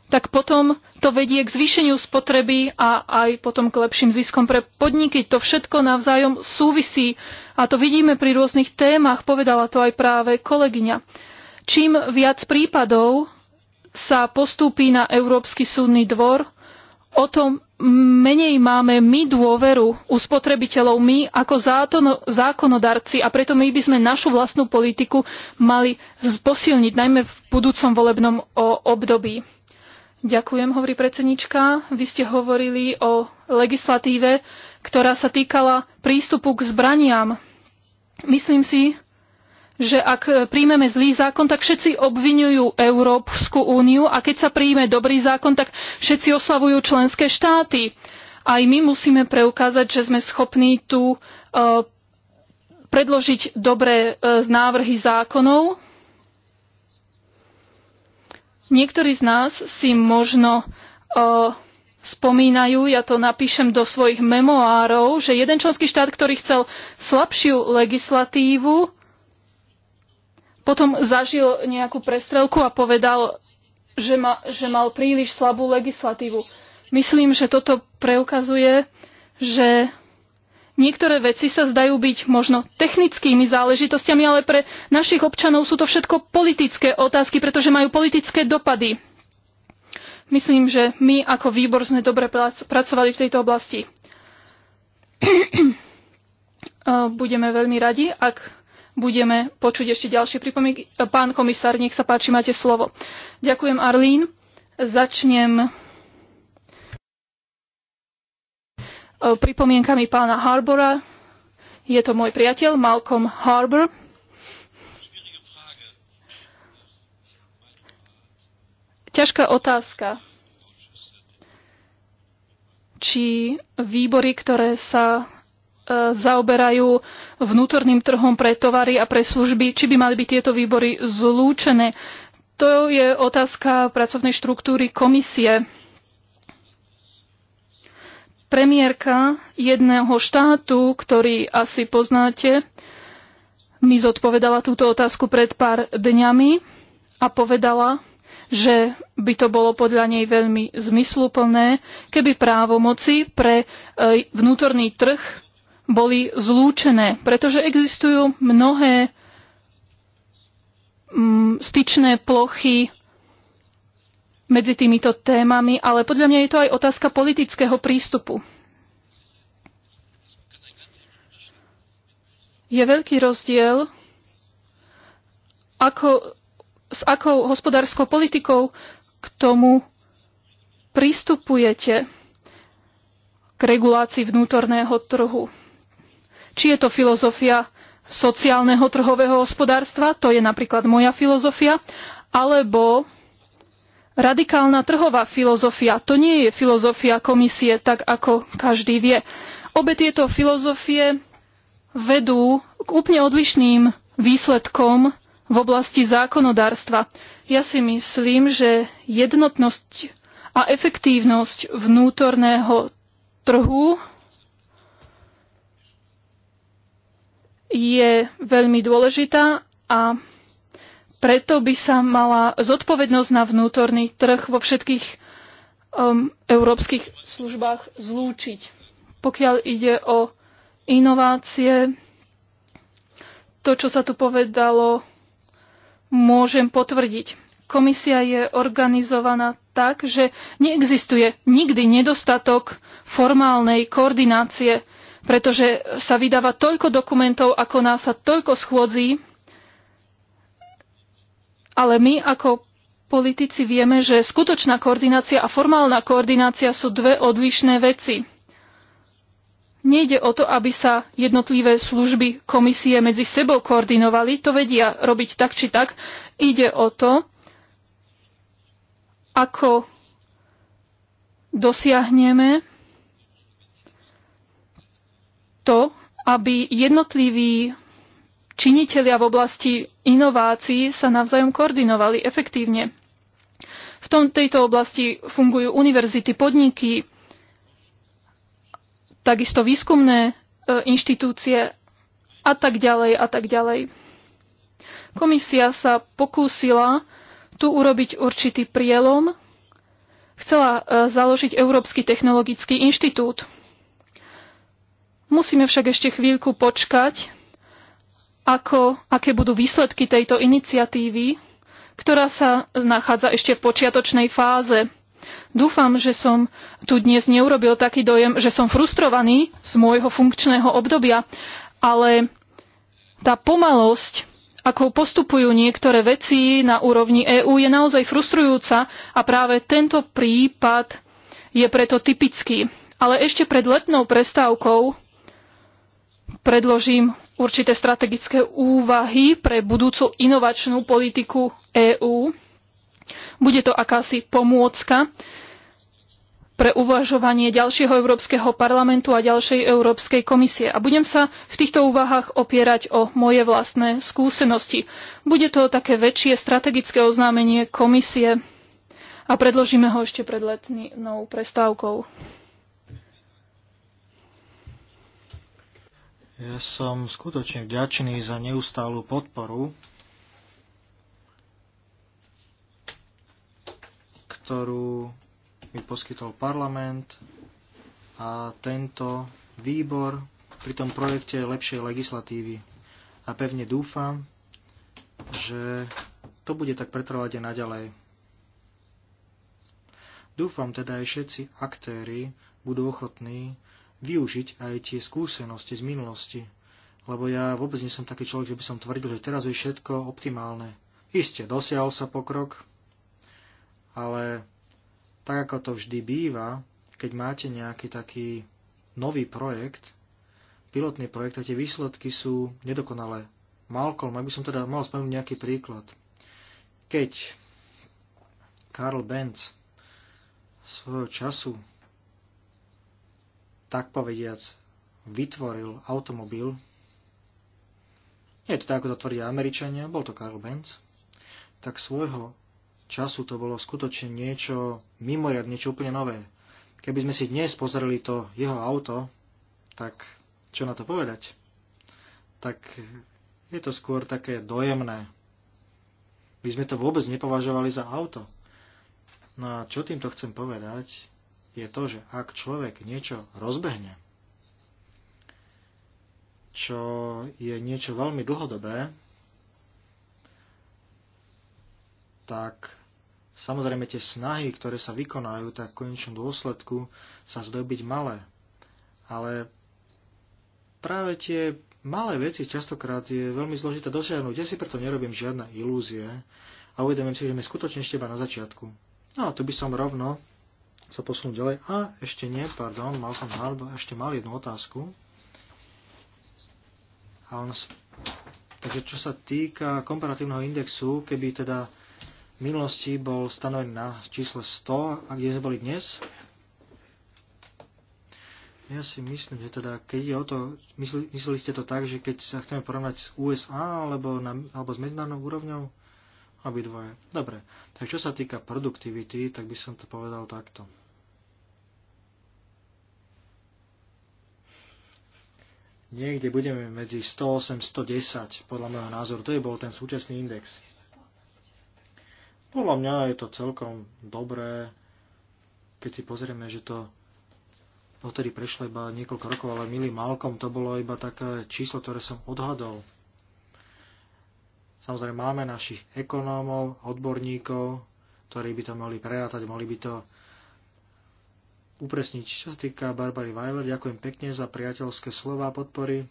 [SPEAKER 3] tak potom to vedie k zvýšeniu spotreby a aj potom k lepším ziskom pre podniky. To všetko navzájom súvisí a to vidíme pri rôznych témach, povedala to aj práve kolegyňa. Čím viac prípadov sa postúpi na Európsky súdny dvor, o tom menej máme my dôveru u spotrebiteľov, my ako zákonodarci a preto my by sme našu vlastnú politiku mali posilniť, najmä v budúcom volebnom období. Ďakujem, hovorí predsednička. Vy ste hovorili o legislatíve, ktorá sa týkala prístupu k zbraniam. Myslím si, že ak e, príjmeme zlý zákon, tak všetci obvinujú Európsku úniu a keď sa príjme dobrý zákon, tak všetci oslavujú členské štáty. Aj my musíme preukázať, že sme schopní tu e, predložiť dobré e, návrhy zákonov. Niektorí z nás si možno spomínajú, ja to napíšem do svojich memoárov, že jeden členský štát, ktorý chcel slabšiu legislatívu, potom zažil nejakú prestrelku a povedal, že, ma, že mal príliš slabú legislatívu. Myslím, že toto preukazuje, že niektoré veci sa zdajú byť možno technickými záležitostiami, ale pre našich občanov sú to všetko politické otázky, pretože majú politické dopady. Myslím, že my ako výbor sme dobre pracovali v tejto oblasti. Eh, budeme veľmi radi, ak budeme počuť ešte ďalšie pripomienky. Pán komisár, nech sa páči, máte slovo. Ďakujem, Arlín. Začnem e, pripomienkami pána Harbora. Je to môj priateľ Malcolm Harbour. Ťažká otázka. Či výbory, ktoré sa E, zaoberajú vnútorným trhom pre tovary a pre služby, či by mali byť tieto výbory zlúčené. To je otázka pracovnej štruktúry komisie. Premiérka jedného štátu, ktorý asi poznáte, mi zodpovedala túto otázku pred pár dňami a povedala, že by to bolo podľa nej veľmi zmysluplné, keby právomoci pre e, vnútorný trh boli zlúčené, pretože existujú mnohé mm, styčné plochy medzi týmito témami, ale podľa mňa je to aj otázka politického prístupu. Je veľký rozdiel, ako, s akou hospodárskou politikou k tomu pristupujete k regulácii vnútorného trhu. Či je to filozofia sociálneho trhového hospodárstva, to je napríklad moja filozofia, alebo radikálna trhová filozofia. To nie je filozofia komisie, tak ako každý vie. Obe tieto filozofie vedú k úplne odlišným výsledkom v oblasti zákonodárstva. Ja si myslím, že jednotnosť a efektívnosť vnútorného trhu je veľmi dôležitá a preto by sa mala zodpovednosť na vnútorný trh vo všetkých um, európskych službách zlúčiť. Pokiaľ ide o inovácie, to, čo sa tu povedalo, môžem potvrdiť. Komisia je organizovaná tak, že neexistuje nikdy nedostatok formálnej koordinácie pretože sa vydáva toľko dokumentov, ako nás sa toľko schôdzí, ale my ako politici vieme, že skutočná koordinácia a formálna koordinácia sú dve odlišné veci. Nejde o to, aby sa jednotlivé služby komisie medzi sebou koordinovali, to vedia robiť tak či tak. Ide o to, ako dosiahneme to, aby jednotliví činitelia v oblasti inovácií sa navzájom koordinovali efektívne. V tom, tejto oblasti fungujú univerzity, podniky, takisto výskumné e, inštitúcie a tak ďalej a tak ďalej. Komisia sa pokúsila tu urobiť určitý prielom. Chcela e, založiť Európsky technologický inštitút. Musíme však ešte chvíľku počkať, ako, aké budú výsledky tejto iniciatívy, ktorá sa nachádza ešte v počiatočnej fáze. Dúfam, že som tu dnes neurobil taký dojem, že som frustrovaný z môjho funkčného obdobia, ale tá pomalosť, ako postupujú niektoré veci na úrovni EÚ, je naozaj frustrujúca a práve tento prípad je preto typický. Ale ešte pred letnou prestávkou predložím určité strategické úvahy pre budúcu inovačnú politiku EÚ. Bude to akási pomôcka pre uvažovanie ďalšieho Európskeho parlamentu a ďalšej Európskej komisie. A budem sa v týchto úvahách opierať o moje vlastné skúsenosti. Bude to také väčšie strategické oznámenie komisie a predložíme ho ešte pred letnou prestávkou.
[SPEAKER 4] Ja som skutočne vďačný za neustálu podporu, ktorú mi poskytol parlament a tento výbor pri tom projekte lepšej legislatívy. A pevne dúfam, že to bude tak pretrvať aj naďalej. Dúfam teda aj všetci aktéry budú ochotní využiť aj tie skúsenosti z minulosti. Lebo ja vôbec nie som taký človek, že by som tvrdil, že teraz je všetko optimálne. Isté, dosiahol sa pokrok, ale tak ako to vždy býva, keď máte nejaký taký nový projekt, pilotný projekt a tie výsledky sú nedokonalé. Malcolm, aby som teda mal spomenúť nejaký príklad. Keď Karl Benz svojho času tak povediac vytvoril automobil. Nie je to tak, ako to tvrdia Američania, bol to Karl Benz. Tak svojho času to bolo skutočne niečo mimoriadne, niečo úplne nové. Keby sme si dnes pozreli to jeho auto, tak čo na to povedať? Tak je to skôr také dojemné. My sme to vôbec nepovažovali za auto. No a čo týmto chcem povedať? je to, že ak človek niečo rozbehne, čo je niečo veľmi dlhodobé, tak samozrejme tie snahy, ktoré sa vykonajú, tak v konečnom dôsledku sa zdajú byť malé. Ale práve tie malé veci častokrát je veľmi zložité dosiahnuť. Ja si preto nerobím žiadne ilúzie a uvedomím si, že sme skutočne ešte iba na začiatku. No a tu by som rovno sa posunúť ďalej. A ešte nie, pardon, mal som hádba, ešte mal jednu otázku. A on, takže čo sa týka komparatívneho indexu, keby teda v minulosti bol stanovený na čísle 100, a kde sme boli dnes, ja si myslím, že teda, keď je o to, mysleli, mysleli ste to tak, že keď sa chceme porovnať s USA alebo, na, alebo s medzinárodnou úrovňou, Obidvoje. Dobre. Tak čo sa týka produktivity, tak by som to povedal takto. Niekde budeme medzi 108 110, podľa môjho názoru. To je bol ten súčasný index. Podľa mňa je to celkom dobré, keď si pozrieme, že to odtedy prešlo iba niekoľko rokov, ale milý Malcolm, to bolo iba také číslo, ktoré som odhadol. Samozrejme máme našich ekonómov, odborníkov, ktorí by to mohli prerátať, mohli by to upresniť. Čo sa týka Barbary Weiler, ďakujem pekne za priateľské slova a podpory.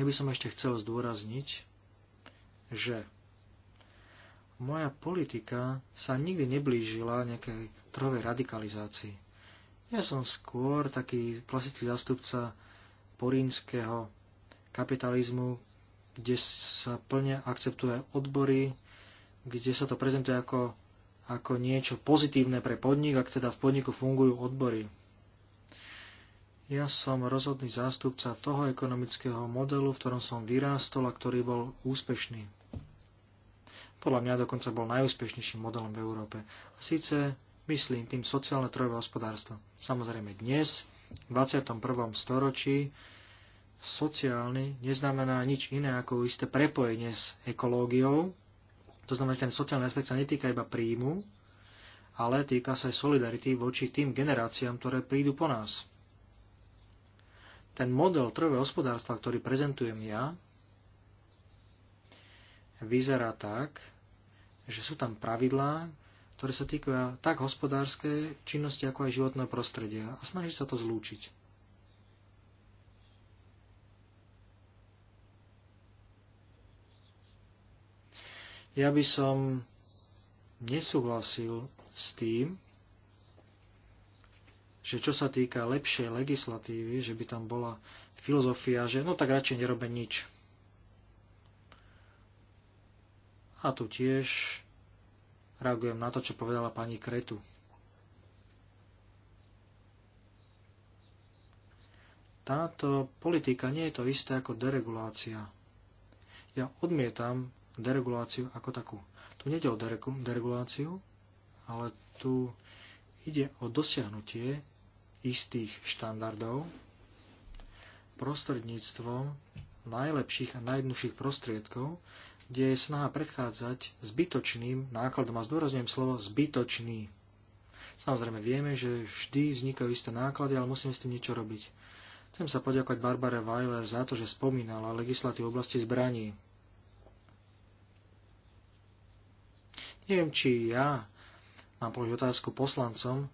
[SPEAKER 4] Ja by som ešte chcel zdôrazniť, že moja politika sa nikdy neblížila nejakej trovej radikalizácii. Ja som skôr taký klasický zastupca porínskeho kapitalizmu, kde sa plne akceptuje odbory, kde sa to prezentuje ako, ako niečo pozitívne pre podnik, ak teda v podniku fungujú odbory. Ja som rozhodný zástupca toho ekonomického modelu, v ktorom som vyrástol a ktorý bol úspešný. Podľa mňa dokonca bol najúspešnejším modelom v Európe. A síce myslím tým sociálne trojové hospodárstvo. Samozrejme dnes, v 21. storočí, sociálny neznamená nič iné ako isté prepojenie s ekológiou. To znamená, že ten sociálny aspekt sa netýka iba príjmu, ale týka sa aj solidarity voči tým generáciám, ktoré prídu po nás. Ten model trhového hospodárstva, ktorý prezentujem ja, vyzerá tak, že sú tam pravidlá, ktoré sa týkajú tak hospodárskej činnosti, ako aj životného prostredia a snaží sa to zlúčiť. Ja by som nesúhlasil s tým, že čo sa týka lepšej legislatívy, že by tam bola filozofia, že no tak radšej nerobe nič. A tu tiež reagujem na to, čo povedala pani Kretu. Táto politika nie je to isté ako deregulácia. Ja odmietam dereguláciu ako takú. Tu nejde o dereguláciu, ale tu ide o dosiahnutie istých štandardov prostredníctvom najlepších a najjednoduchších prostriedkov, kde je snaha predchádzať zbytočným nákladom a zdôrazňujem slovo zbytočný. Samozrejme vieme, že vždy vznikajú isté náklady, ale musíme s tým niečo robiť. Chcem sa poďakovať Barbare Weiler za to, že spomínala legislatívu v oblasti zbraní. Neviem, či ja mám položiť otázku poslancom,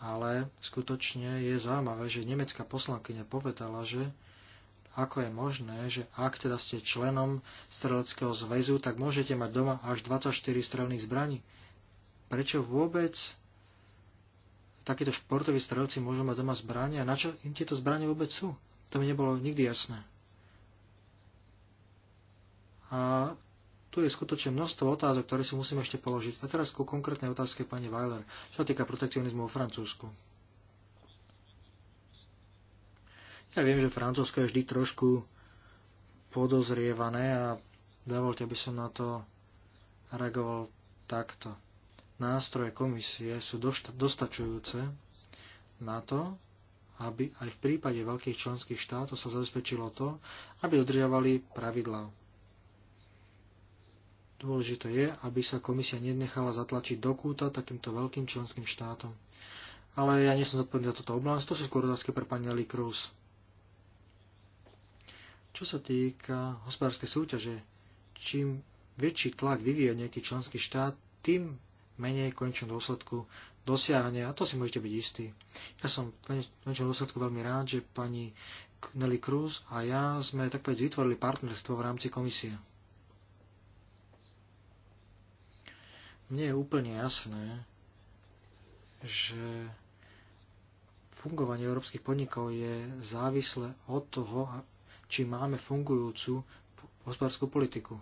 [SPEAKER 4] ale skutočne je zaujímavé, že nemecká poslankyňa povedala, že ako je možné, že ak teda ste členom streleckého zväzu, tak môžete mať doma až 24 strelných zbraní. Prečo vôbec takíto športoví strelci môžu mať doma zbranie a na čo im tieto zbranie vôbec sú? To mi nebolo nikdy jasné. A tu je skutočne množstvo otázok, ktoré si musíme ešte položiť. A teraz ku konkrétnej otázke pani Weiler, čo týka protekcionizmu vo Francúzsku. Ja viem, že Francúzsko je vždy trošku podozrievané a dovolte, aby som na to reagoval takto. Nástroje komisie sú dostačujúce na to, aby aj v prípade veľkých členských štátov sa zabezpečilo to, aby dodržiavali pravidlá Dôležité je, aby sa komisia nenechala zatlačiť do kúta takýmto veľkým členským štátom. Ale ja nie som zodpovedný za toto oblasť, to sú skôr otázky pre pani Nelly Cruz. Čo sa týka hospodárskej súťaže, čím väčší tlak vyvíja nejaký členský štát, tým menej konečnom dôsledku dosiahne, a to si môžete byť istí. Ja som v konečnom dôsledku veľmi rád, že pani Nelly Cruz a ja sme tak povedz vytvorili partnerstvo v rámci komisie. Mne je úplne jasné, že fungovanie európskych podnikov je závislé od toho, či máme fungujúcu hospodárskú politiku.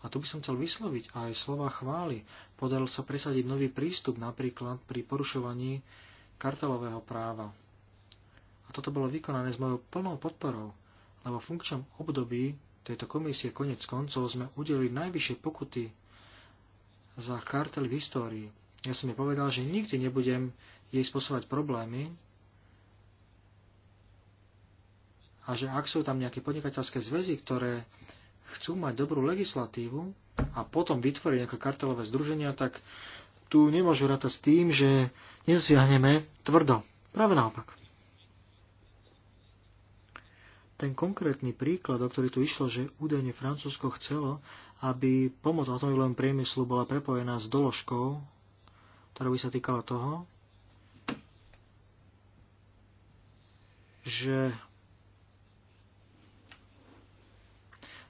[SPEAKER 4] A tu by som chcel vysloviť aj slova chvály. Podaril sa presadiť nový prístup napríklad pri porušovaní kartelového práva. A toto bolo vykonané s mojou plnou podporou, lebo v funkčnom období tejto komisie konec koncov sme udelili najvyššie pokuty za kartel v histórii. Ja som jej povedal, že nikdy nebudem jej spôsobať problémy a že ak sú tam nejaké podnikateľské zväzy, ktoré chcú mať dobrú legislatívu a potom vytvoriť nejaké kartelové združenia, tak tu nemôžu rátať s tým, že nezasiahneme tvrdo. Práve naopak ten konkrétny príklad, o ktorý tu išlo, že údajne Francúzsko chcelo, aby pomoc automobilovému priemyslu bola prepojená s doložkou, ktorá by sa týkala toho, že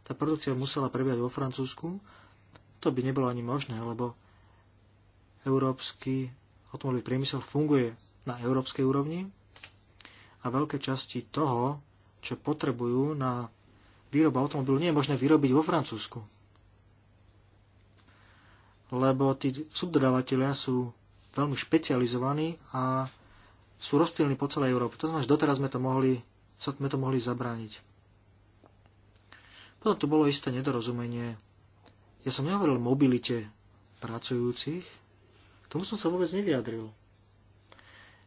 [SPEAKER 4] tá produkcia musela prebiehať vo Francúzsku, to by nebolo ani možné, lebo európsky automobilový priemysel funguje na európskej úrovni a veľké časti toho, čo potrebujú na výrobu automobilu, nie je možné vyrobiť vo Francúzsku. Lebo tí subdodávateľia sú veľmi špecializovaní a sú rozptýlení po celej Európe. To znamená, že doteraz sme to mohli, sme to mohli zabrániť. Potom tu bolo isté nedorozumenie. Ja som nehovoril o mobilite pracujúcich, k tomu som sa vôbec nevyjadril.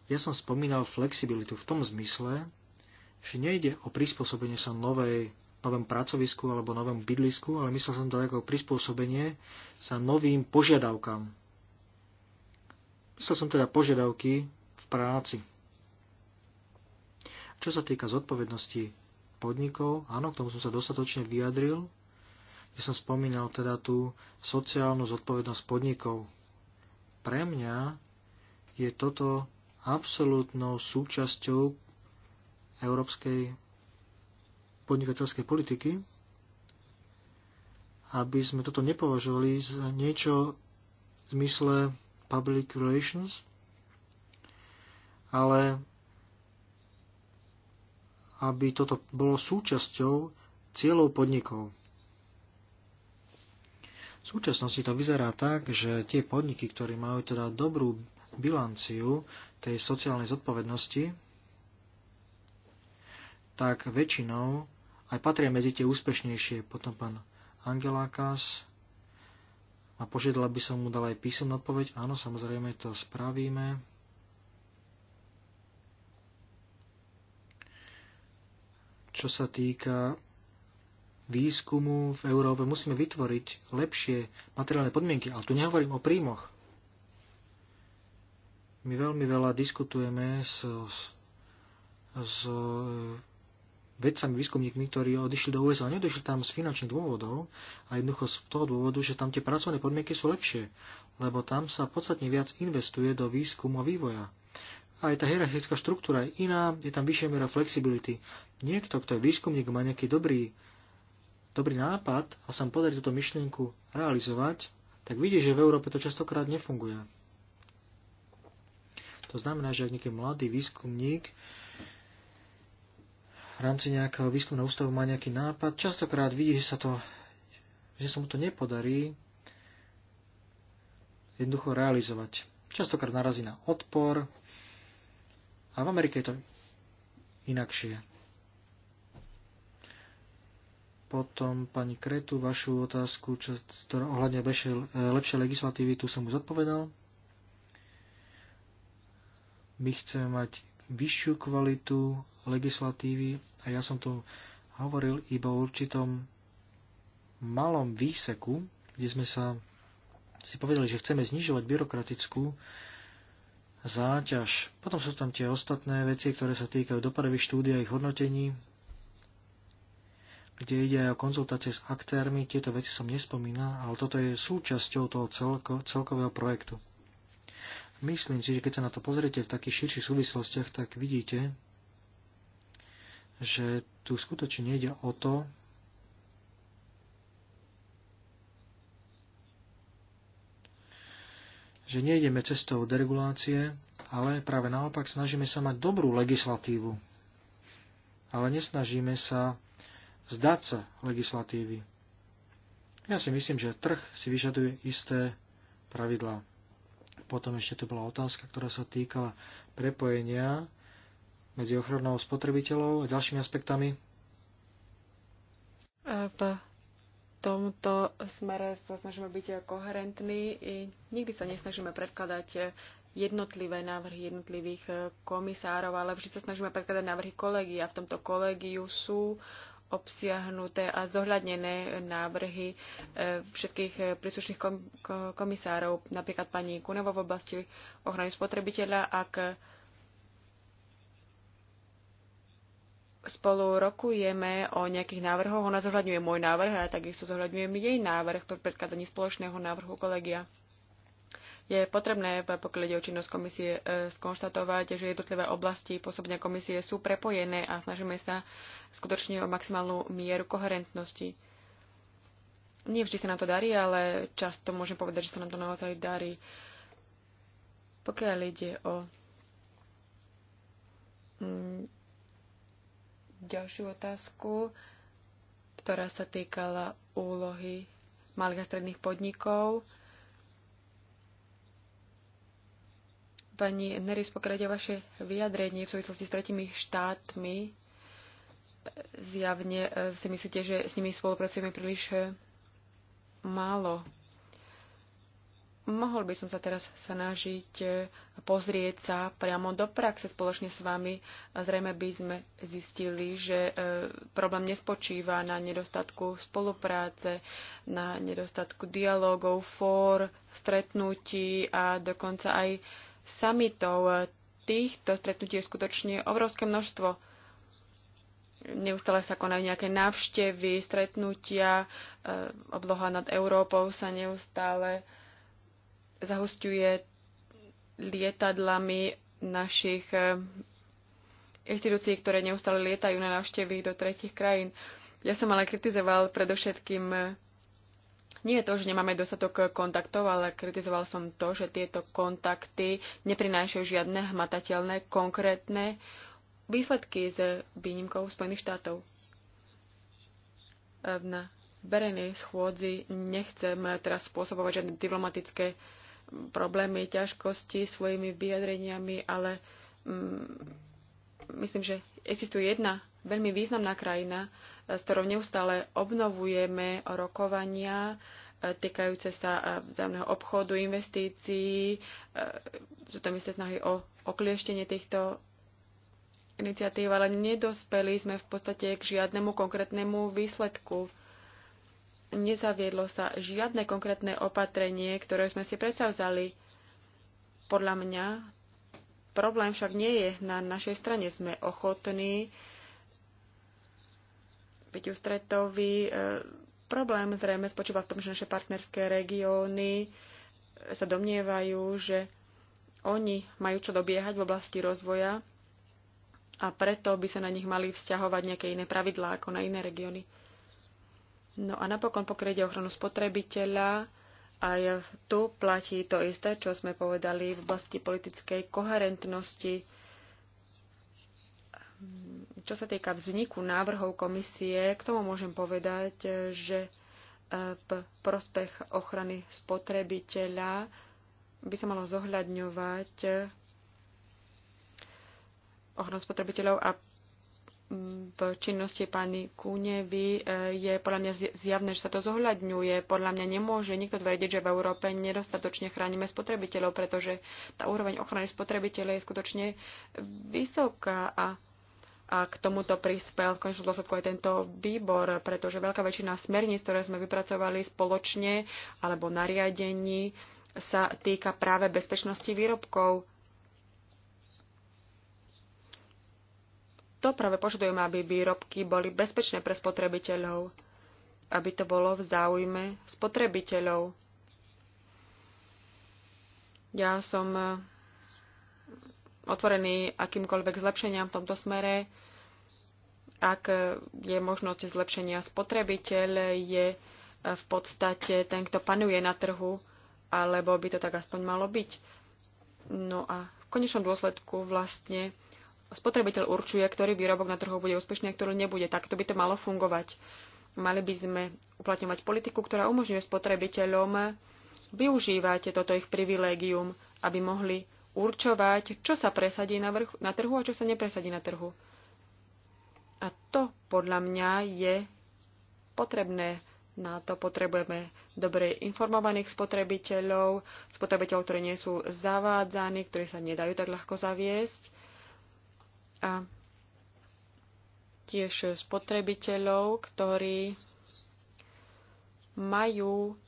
[SPEAKER 4] Ja som spomínal flexibilitu v tom zmysle, že nejde o prispôsobenie sa novej, novému pracovisku alebo novom bydlisku, ale myslel som to ako prispôsobenie sa novým požiadavkám. Myslel som teda požiadavky v práci. Čo sa týka zodpovednosti podnikov, áno, k tomu som sa dostatočne vyjadril, kde som spomínal teda tú sociálnu zodpovednosť podnikov. Pre mňa je toto absolútnou súčasťou európskej podnikateľskej politiky, aby sme toto nepovažovali za niečo v zmysle public relations, ale aby toto bolo súčasťou cieľov podnikov. V súčasnosti to vyzerá tak, že tie podniky, ktoré majú teda dobrú bilanciu tej sociálnej zodpovednosti, tak väčšinou aj patria medzi tie úspešnejšie. Potom pán Angelákas a požiadala by som mu dal aj písomnú odpoveď. Áno, samozrejme to spravíme. Čo sa týka výskumu v Európe, musíme vytvoriť lepšie materiálne podmienky. Ale tu nehovorím o príjmoch. My veľmi veľa diskutujeme s, s vedcami, výskumníkmi, ktorí odišli do USA. Neodišli tam z finančných dôvodov a jednoducho z toho dôvodu, že tam tie pracovné podmienky sú lepšie, lebo tam sa podstatne viac investuje do výskumu a vývoja. Aj tá hierarchická štruktúra je iná, je tam vyššia miera flexibility. Niekto, kto je výskumník, má nejaký dobrý, dobrý nápad a sa mu podarí túto myšlienku realizovať, tak vidí, že v Európe to častokrát nefunguje. To znamená, že ak nejaký mladý výskumník v rámci nejakého výskumného ústavu má nejaký nápad, častokrát vidí, že sa to, že sa mu to nepodarí jednoducho realizovať. Častokrát narazí na odpor a v Amerike je to inakšie. Potom, pani Kretu, vašu otázku, čo, to ohľadne lepšej, lepšej legislatívy, tu som už odpovedal. My chceme mať vyššiu kvalitu legislatívy a ja som tu hovoril iba o určitom malom výseku, kde sme sa si povedali, že chceme znižovať byrokratickú záťaž. Potom sú tam tie ostatné veci, ktoré sa týkajú dopravy, štúdia a ich hodnotení, kde ide aj o konzultácie s aktérmi. Tieto veci som nespomínal, ale toto je súčasťou toho celko, celkového projektu. Myslím si, že keď sa na to pozriete v takých širších súvislostiach, tak vidíte, že tu skutočne nejde o to, že nejdeme cestou deregulácie, ale práve naopak snažíme sa mať dobrú legislatívu. Ale nesnažíme sa vzdať sa legislatívy. Ja si myslím, že trh si vyžaduje isté pravidlá. Potom ešte tu bola otázka, ktorá sa týkala prepojenia medzi ochranou spotrebiteľov a ďalšími aspektami.
[SPEAKER 2] V tomto smere sa snažíme byť koherentní. I nikdy sa nesnažíme predkladať jednotlivé návrhy jednotlivých komisárov, ale vždy sa snažíme predkladať návrhy kolegy a v tomto kolegiu sú obsiahnuté a zohľadnené návrhy e, všetkých príslušných komisárov, napríklad pani Kunovo v oblasti ochrany spotrebiteľa, ak spolu rokujeme o nejakých návrhoch. Ona zohľadňuje môj návrh a takisto zohľadňujem jej návrh pre predkladaní spoločného návrhu kolegia. Je potrebné v poklade o činnosť komisie e, skonštatovať, že jednotlivé oblasti pôsobenia komisie sú prepojené a snažíme sa skutočne o maximálnu mieru koherentnosti. Nie vždy sa nám to darí, ale často môžem povedať, že sa nám to naozaj darí. Pokiaľ ide o mm, ďalšiu otázku, ktorá sa týkala úlohy malých a stredných podnikov. Pani Neris, pokiaľ vaše vyjadrenie v súvislosti s tretimi štátmi, zjavne e, si myslíte, že s nimi spolupracujeme príliš e, málo. Mohol by som sa teraz snažiť e, pozrieť sa priamo do praxe spoločne s vami. Zrejme by sme zistili, že problém nespočíva na nedostatku spolupráce, na nedostatku dialogov, fór, stretnutí a dokonca aj samitov. Týchto stretnutí je skutočne obrovské množstvo. Neustále sa konajú nejaké návštevy, stretnutia, e, obloha nad Európou sa neustále zahustiuje lietadlami našich e, inštitúcií, ktoré neustále lietajú na návštevy do tretich krajín. Ja som ale kritizoval predovšetkým nie je to, že nemáme dostatok kontaktov, ale kritizoval som to, že tieto kontakty neprinášajú žiadne hmatateľné, konkrétne výsledky s výnimkou Spojených štátov. E, na verejnej schôdzi nechcem teraz spôsobovať žiadne diplomatické problémy, ťažkosti svojimi vyjadreniami, ale mm, myslím, že existuje jedna veľmi významná krajina, s ktorou neustále obnovujeme rokovania e, týkajúce sa e, vzájomného obchodu, investícií. E, sú tam isté snahy o oklieštenie týchto iniciatív, ale nedospeli sme v podstate k žiadnemu konkrétnemu výsledku. Nezaviedlo sa žiadne konkrétne opatrenie, ktoré sme si predsavzali. Podľa mňa problém však nie je na našej strane. Sme ochotní byť ústretový. E, problém zrejme spočíva v tom, že naše partnerské regióny e, sa domnievajú, že oni majú čo dobiehať v oblasti rozvoja a preto by sa na nich mali vzťahovať nejaké iné pravidlá ako na iné regióny. No a napokon, pokiaľ ide ochranu spotrebiteľa, aj tu platí to isté, čo sme povedali v oblasti politickej koherentnosti čo sa týka vzniku návrhov komisie, k tomu môžem povedať, že e, v prospech ochrany spotrebiteľa by sa malo zohľadňovať e, ochranu spotrebiteľov a v činnosti pani Kunevy e, je podľa mňa zjavné, že sa to zohľadňuje. Podľa mňa nemôže nikto tvrdiť, že v Európe nedostatočne chránime spotrebiteľov, pretože tá úroveň ochrany spotrebiteľa je skutočne vysoká a a k tomuto prispel v končnom dôsledku aj tento výbor, pretože veľká väčšina smerníc, ktoré sme vypracovali spoločne alebo nariadení, sa týka práve bezpečnosti výrobkov. To práve požadujeme, aby výrobky boli bezpečné pre spotrebiteľov, aby to bolo v záujme spotrebiteľov. Ja som otvorení akýmkoľvek zlepšeniam v tomto smere. Ak je možnosť zlepšenia spotrebiteľ, je v podstate ten, kto panuje na trhu, alebo by to tak aspoň malo byť. No a v konečnom dôsledku vlastne spotrebiteľ určuje, ktorý výrobok na trhu bude úspešný a ktorý nebude. Takto by to malo fungovať. Mali by sme uplatňovať politiku, ktorá umožňuje spotrebiteľom využívať toto ich privilégium, aby mohli určovať, čo sa presadí na, vrchu, na trhu a čo sa nepresadí na trhu. A to podľa mňa je potrebné. Na to potrebujeme dobre informovaných spotrebiteľov, spotrebiteľov, ktorí nie sú zavádzaní, ktorí sa nedajú tak ľahko zaviesť. A tiež spotrebiteľov, ktorí majú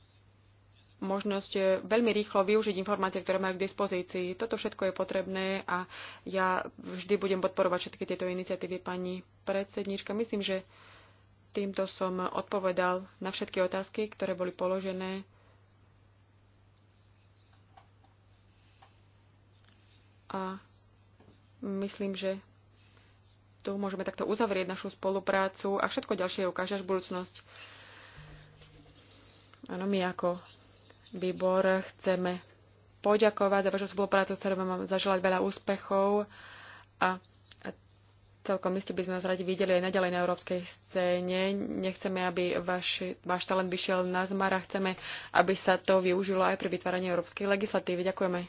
[SPEAKER 2] možnosť eh, veľmi rýchlo využiť informácie, ktoré majú k dispozícii. Toto všetko je potrebné a ja vždy budem podporovať všetky tieto iniciatívy pani predsednička. Myslím, že týmto som odpovedal na všetky otázky, ktoré boli položené. A myslím, že tu môžeme takto uzavrieť našu spoluprácu a všetko ďalšie ukáže až budúcnosť. Áno, my ako výbor chceme poďakovať za vašu spoluprácu, s ktorou vám zaželať veľa úspechov a celkom iste by sme vás radi videli aj naďalej na európskej scéne. Nechceme, aby vaš, váš talent vyšiel na zmar a chceme, aby sa to využilo aj pri vytváraní európskej legislatívy. Ďakujeme.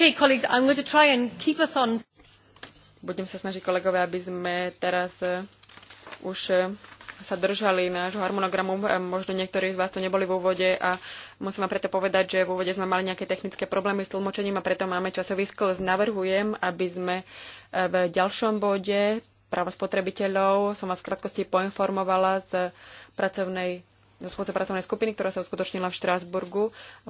[SPEAKER 2] Budem sa snažiť, kolegovia, aby sme teraz eh, už eh, sa držali nášho harmonogramu. Eh, možno niektorí z vás to neboli v úvode a musím vám preto povedať, že v úvode sme mali nejaké technické problémy s tlmočením a preto máme časový sklz. Navrhujem, aby sme v ďalšom bode práva spotrebiteľov som vás v krátkosti poinformovala z pracovnej zo schôdze pracovnej skupiny, ktorá sa uskutočnila v Štrásburgu.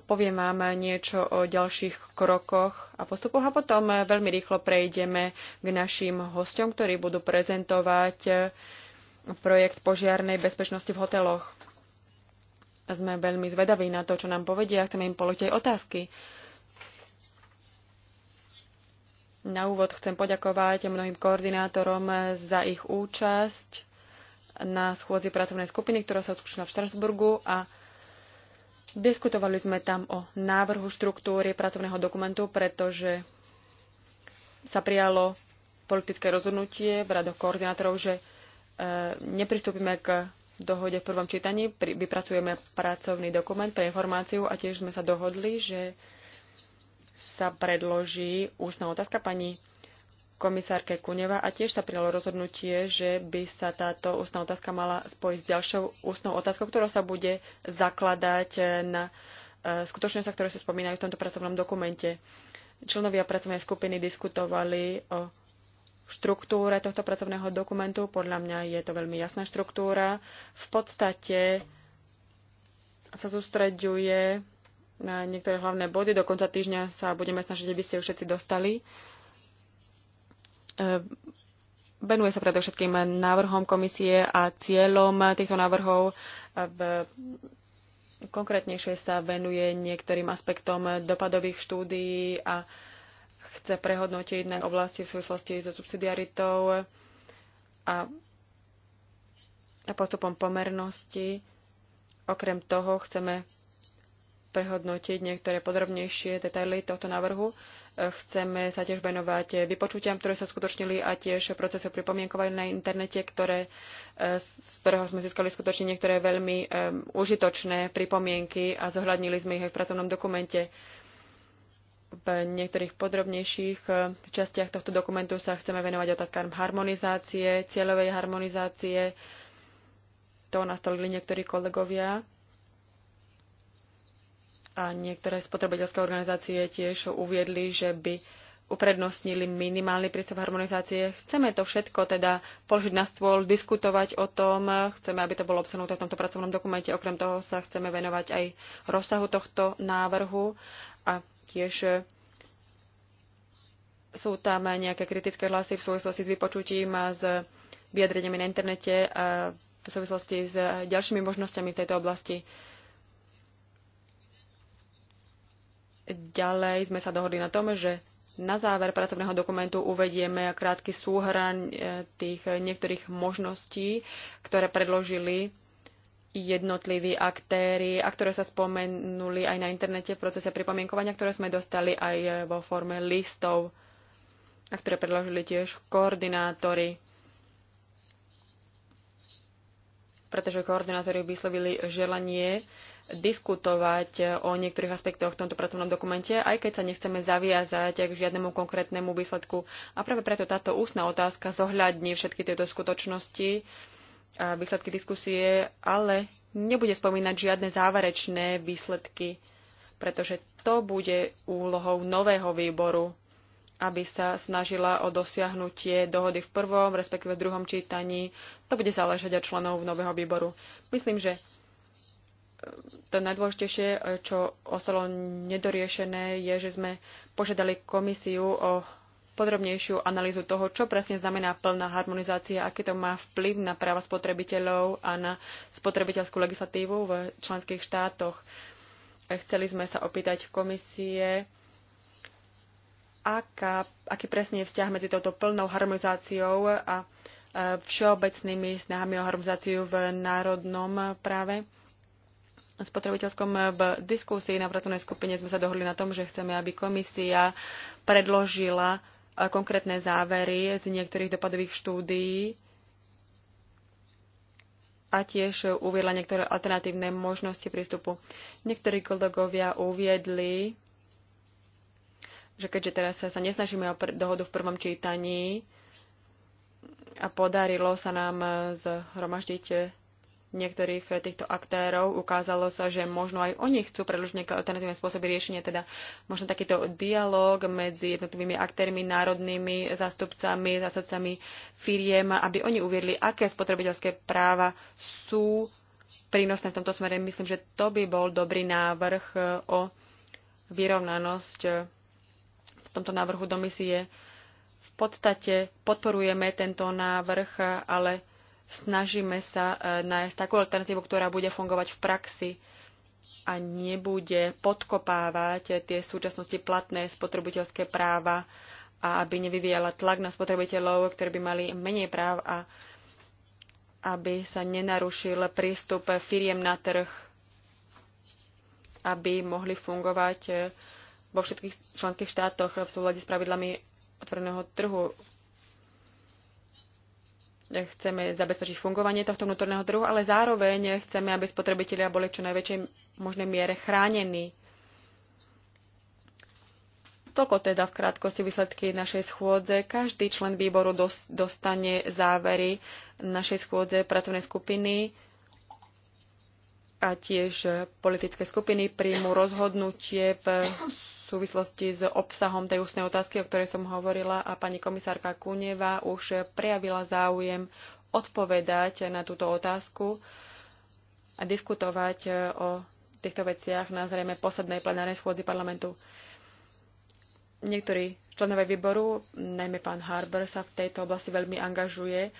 [SPEAKER 2] Poviem vám niečo o ďalších krokoch a postupoch a potom veľmi rýchlo prejdeme k našim hostom, ktorí budú prezentovať projekt požiarnej bezpečnosti v hoteloch. Sme veľmi zvedaví na to, čo nám povedia. a Chceme im položiť aj otázky. Na úvod chcem poďakovať mnohým koordinátorom za ich účasť na schôdzi pracovnej skupiny, ktorá sa odkúšala v Štrasburgu a diskutovali sme tam o návrhu štruktúry pracovného dokumentu, pretože sa prijalo politické rozhodnutie v radoch koordinátorov, že e, nepristúpime k dohode v prvom čítaní, vypracujeme pracovný dokument pre informáciu a tiež sme sa dohodli, že sa predloží ústna otázka pani komisárke Kuneva a tiež sa prijalo rozhodnutie, že by sa táto ústna otázka mala spojiť s ďalšou ústnou otázkou, ktorá sa bude zakladať na e, skutočnostiach, ktoré sa spomínajú v tomto pracovnom dokumente. Členovia pracovnej skupiny diskutovali o štruktúre tohto pracovného dokumentu. Podľa mňa je to veľmi jasná štruktúra. V podstate sa sústreďuje na niektoré hlavné body. Do konca týždňa sa budeme snažiť, aby ste ju všetci dostali. Uh, Ehm, venuje sa predovšetkým návrhom komisie a cieľom týchto návrhov. V konkrétnejšie sa venuje niektorým aspektom dopadových štúdií a chce prehodnotiť na oblasti v súvislosti so subsidiaritou a, a postupom pomernosti. Okrem toho chceme prehodnotiť niektoré podrobnejšie detaily tohto návrhu. E, chceme sa tiež venovať vypočutiam, ktoré sa skutočnili a tiež procesu pripomienkovania na internete, ktoré, e, z ktorého sme získali skutočne niektoré veľmi um, užitočné pripomienky a zohľadnili sme ich aj v pracovnom dokumente. V niektorých podrobnejších častiach tohto dokumentu sa chceme venovať otázkám harmonizácie, cieľovej harmonizácie. To nastolili niektorí kolegovia a niektoré spotrebiteľské organizácie tiež uviedli, že by uprednostnili minimálny prístup harmonizácie. Chceme to všetko teda položiť na stôl, diskutovať o tom, chceme, aby to bolo obsahnuté v tomto pracovnom dokumente. Okrem toho sa chceme venovať aj rozsahu tohto návrhu a tiež e, sú tam nejaké kritické hlasy v súvislosti s vypočutím a s vyjadreniami na internete a v súvislosti s ďalšími možnosťami v tejto oblasti. Ďalej sme sa dohodli na tom, že na záver pracovného dokumentu uvedieme krátky súhran e, tých niektorých možností, ktoré predložili jednotliví aktéry a ktoré sa spomenuli aj na internete v procese pripomienkovania, ktoré sme dostali aj e, vo forme listov a ktoré predložili tiež koordinátory. Pretože koordinátori vyslovili želanie diskutovať eh, o niektorých aspektoch v tomto pracovnom dokumente, aj keď sa nechceme zaviazať eh, k žiadnemu konkrétnemu výsledku. A práve preto táto ústna otázka zohľadní všetky tieto skutočnosti a výsledky diskusie, ale nebude spomínať žiadne záverečné výsledky, pretože to bude úlohou nového výboru, aby sa snažila o dosiahnutie dohody v prvom, respektíve v druhom čítaní. To bude záležať od členov nového výboru. Myslím, že to najdôležitejšie, e, čo ostalo nedoriešené, je, že sme požiadali komisiu o podrobnejšiu analýzu toho, čo presne znamená plná harmonizácia, aké to má vplyv na práva spotrebiteľov a na spotrebiteľskú legislatívu v členských štátoch. E, chceli sme sa opýtať komisie, aká, aký presne je vzťah medzi touto plnou harmonizáciou a e, všeobecnými snahami o harmonizáciu v národnom práve spotrebiteľskom eh, v diskusii na pracovnej skupine sme sa dohodli na tom, že chceme, aby komisia predložila eh, konkrétne závery z niektorých dopadových štúdií a tiež uviedla niektoré alternatívne možnosti prístupu. Niektorí kolegovia uviedli, že keďže teraz sa nesnažíme o dohodu v prvom čítaní a podarilo sa nám eh, zhromaždiť niektorých eh, týchto aktérov ukázalo sa, že možno aj oni chcú predložiť nejaké alternatívne spôsoby riešenia, teda možno takýto dialog medzi jednotlivými aktérmi, národnými zástupcami, zástupcami firiem, aby oni uviedli, aké spotrebiteľské práva sú prínosné v tomto smere. Myslím, že to by bol dobrý návrh eh, o vyrovnanosť eh, v tomto návrhu domisie. V podstate podporujeme tento návrh, ale Snažíme sa e, nájsť takú alternatívu, ktorá bude fungovať v praxi a nebude podkopávať tie súčasnosti platné spotrebiteľské práva a aby nevyvíjala tlak na spotrebiteľov, ktorí by mali menej práv a aby sa nenarušil prístup firiem na trh, aby mohli fungovať e, vo všetkých členských štátoch v súhľade s pravidlami otvoreného trhu Chceme zabezpečiť fungovanie tohto vnútorného trhu, ale zároveň chceme, aby spotrebitelia boli čo najväčšej možnej miere chránení. Toľko teda v krátkosti výsledky našej schôdze. Každý člen výboru dostane závery našej schôdze pracovnej skupiny a tiež politické skupiny príjmu rozhodnutie v súvislosti s obsahom tej ústnej otázky, o ktorej som hovorila a pani komisárka Kuneva už prejavila záujem odpovedať na túto otázku a diskutovať e, o týchto veciach na zrejme poslednej plenárnej schôdzi parlamentu. Niektorí členové výboru, najmä pán Harber, sa v tejto oblasti veľmi angažuje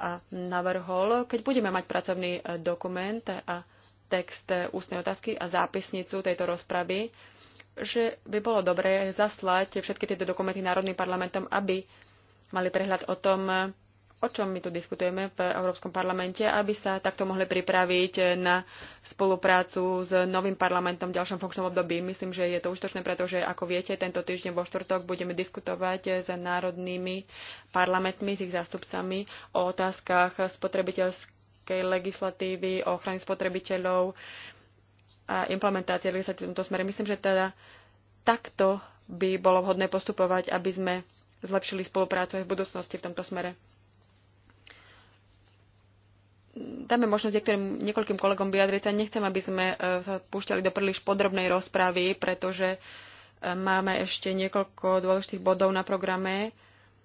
[SPEAKER 2] a navrhol, keď budeme mať pracovný e, dokument a text e, ústnej otázky a zápisnicu tejto rozpravy, že by bolo dobré zaslať všetky tieto dokumenty národným parlamentom, aby mali prehľad o tom, o čom my tu diskutujeme v Európskom parlamente, aby sa takto mohli pripraviť na spoluprácu s novým parlamentom v ďalšom funkčnom období. Myslím, že je to užitočné, pretože, ako viete, tento týždeň vo štvrtok budeme diskutovať s národnými parlamentmi, s ich zástupcami o otázkach spotrebiteľskej legislatívy, o ochrane spotrebiteľov, a implementácie legislatívy v tomto smere. Myslím, že teda takto by bolo vhodné postupovať, aby sme zlepšili spoluprácu aj v budúcnosti v tomto smere. Dáme možnosť niektorým, niekoľkým kolegom vyjadriť sa. Nechcem, aby sme e, sa púšťali do príliš podrobnej rozpravy, pretože e, máme ešte niekoľko dôležitých bodov na programe.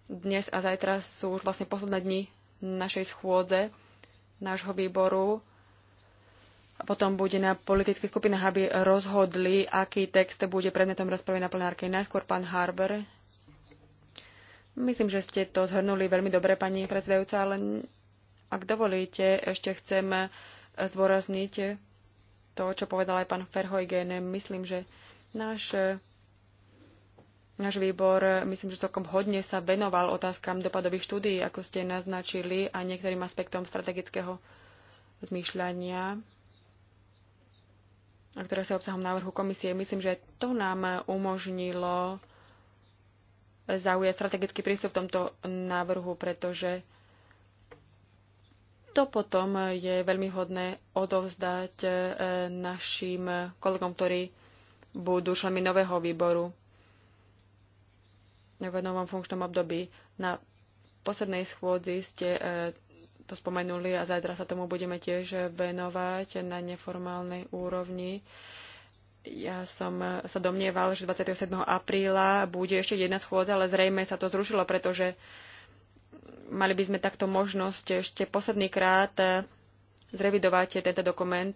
[SPEAKER 2] Dnes a zajtra sú už vlastne posledné dni našej schôdze, nášho výboru potom bude na politických skupinách, aby rozhodli, aký text bude predmetom rozpravy na plenárke. Najskôr pán Harber. Myslím, že ste to zhrnuli veľmi dobre, pani predsedajúca, ale ak dovolíte, ešte chcem zdôrazniť to, čo povedal aj pán Ferhojgen. Myslím, že náš, náš výbor, myslím, že celkom hodne sa venoval otázkam dopadových štúdií, ako ste naznačili, a niektorým aspektom strategického zmýšľania a ktoré sú obsahom návrhu komisie. Myslím, že to nám umožnilo zaujať strategický prístup v tomto návrhu, pretože to potom je veľmi hodné odovzdať e, našim kolegom, ktorí budú členmi nového výboru v novom funkčnom období. Na poslednej schôdzi ste e, to spomenuli a zajtra sa tomu budeme tiež venovať na neformálnej úrovni. Ja som sa domnieval, že 27. apríla bude ešte jedna schôdza, ale zrejme sa to zrušilo, pretože mali by sme takto možnosť ešte posledný krát zrevidovať tento dokument.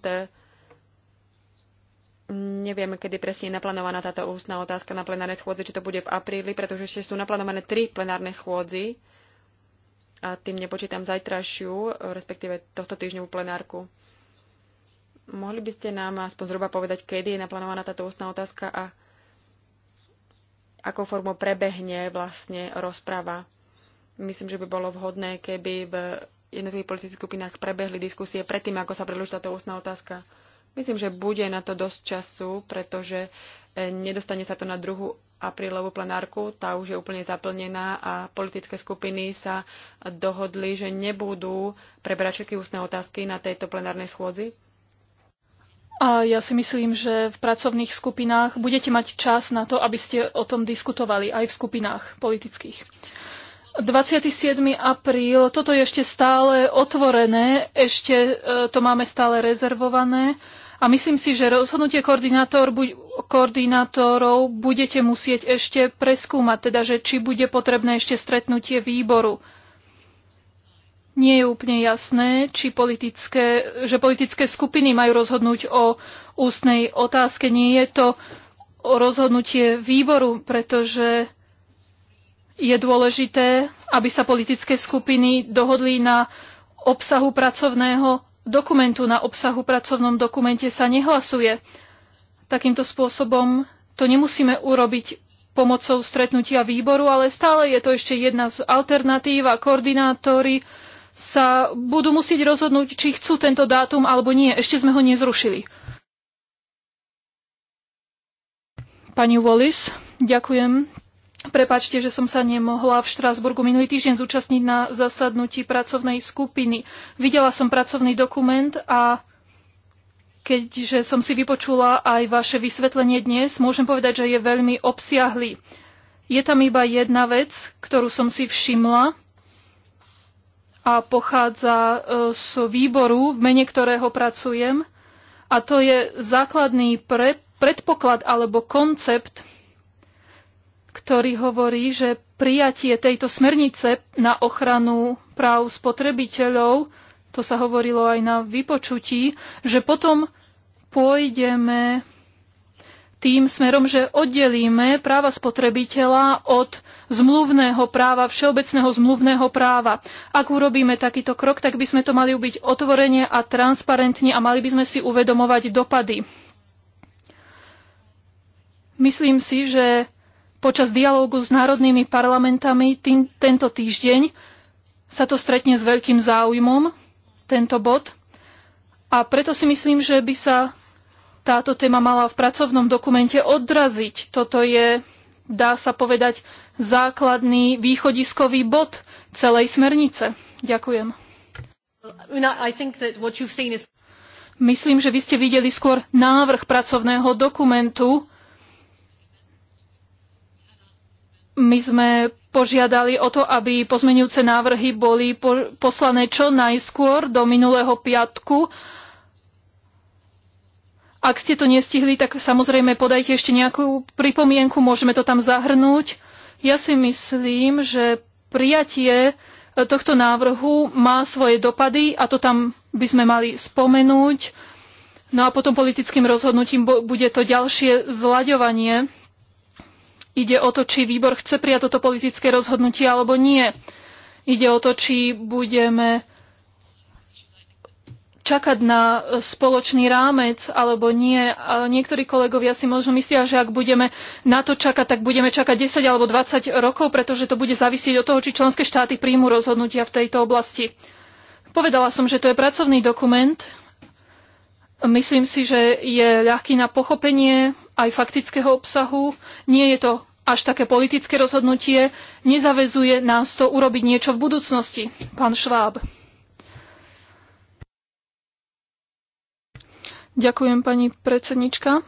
[SPEAKER 2] Neviem, kedy presne je naplánovaná táto ústna otázka na plenárnej schôdzi, či to bude v apríli, pretože ešte sú naplánované tri plenárne schôdzy a tým nepočítam zajtrašiu, respektíve tohto týždňovú plenárku. Mohli by ste nám aspoň zhruba povedať, kedy je naplánovaná táto ústna otázka a akou formou prebehne vlastne rozprava. Myslím, že by bolo vhodné, keby v jednotlivých politických skupinách prebehli diskusie predtým, ako sa predlúži táto ústna otázka. Myslím, že bude na to dosť času, pretože eh, nedostane sa to na druhú aprílovú plenárku, tá už je úplne zaplnená a politické skupiny sa dohodli, že nebudú prebrať všetky ústne otázky na tejto plenárnej schôdzi?
[SPEAKER 3] A ja si myslím, že v pracovných skupinách budete mať čas na to, aby ste o tom diskutovali aj v skupinách politických. 27. apríl, toto je ešte stále otvorené, ešte e, to máme stále rezervované. A myslím si, že rozhodnutie koordinátor, buď, koordinátorov budete musieť ešte preskúmať, teda že či bude potrebné ešte stretnutie výboru. Nie je úplne jasné, či politické, že politické skupiny majú rozhodnúť o ústnej otázke. Nie je to rozhodnutie výboru, pretože je dôležité, aby sa politické skupiny dohodli na obsahu pracovného dokumentu, na obsahu pracovnom dokumente sa nehlasuje. Takýmto spôsobom to nemusíme urobiť pomocou stretnutia výboru, ale stále je to ešte jedna z alternatív a koordinátori sa budú musieť rozhodnúť, či chcú tento dátum alebo nie. Ešte sme ho nezrušili. Pani Wallis, ďakujem Prepačte, že som sa nemohla v Štrásburgu minulý týždeň zúčastniť na zasadnutí pracovnej skupiny. Videla som pracovný dokument a keďže som si vypočula aj vaše vysvetlenie dnes, môžem povedať, že je veľmi obsiahlý. Je tam iba jedna vec, ktorú som si všimla a pochádza e, z výboru, v mene ktorého pracujem, a to je základný pre, predpoklad alebo koncept ktorý hovorí, že prijatie tejto smernice na ochranu práv spotrebiteľov, to sa hovorilo aj na vypočutí, že potom pôjdeme tým smerom, že oddelíme práva spotrebiteľa od zmluvného práva, všeobecného zmluvného práva. Ak urobíme takýto krok, tak by sme to mali byť otvorene a transparentní a mali by sme si uvedomovať dopady. Myslím si, že Počas dialógu s národnými parlamentami tým, tento týždeň sa to stretne s veľkým záujmom, tento bod. A preto si myslím, že by sa táto téma mala v pracovnom dokumente odraziť. Toto je, dá sa povedať, základný východiskový bod celej smernice. Ďakujem. Myslím, že vy ste videli skôr návrh pracovného dokumentu, My sme požiadali o to, aby pozmenujúce návrhy boli po- poslané čo najskôr do minulého piatku. Ak ste to nestihli, tak samozrejme podajte ešte nejakú pripomienku, môžeme to tam zahrnúť. Ja si myslím, že prijatie e, tohto návrhu má svoje dopady a to tam by sme mali spomenúť. No a potom politickým rozhodnutím bude to ďalšie zlaďovanie Ide o to, či výbor chce prijať toto politické rozhodnutie alebo nie. Ide o to, či budeme čakať na spoločný rámec alebo nie. niektorí kolegovia si možno myslia, že ak budeme na to čakať, tak budeme čakať 10 alebo 20 rokov, pretože to bude závisieť od toho, či členské štáty príjmu rozhodnutia v tejto oblasti. Povedala som, že to je pracovný dokument. Myslím si, že je ľahký na pochopenie, aj faktického obsahu. Nie je to až také politické rozhodnutie. Nezavezuje nás to urobiť niečo v budúcnosti, pán Šváb. Ďakujem, pani predsednička.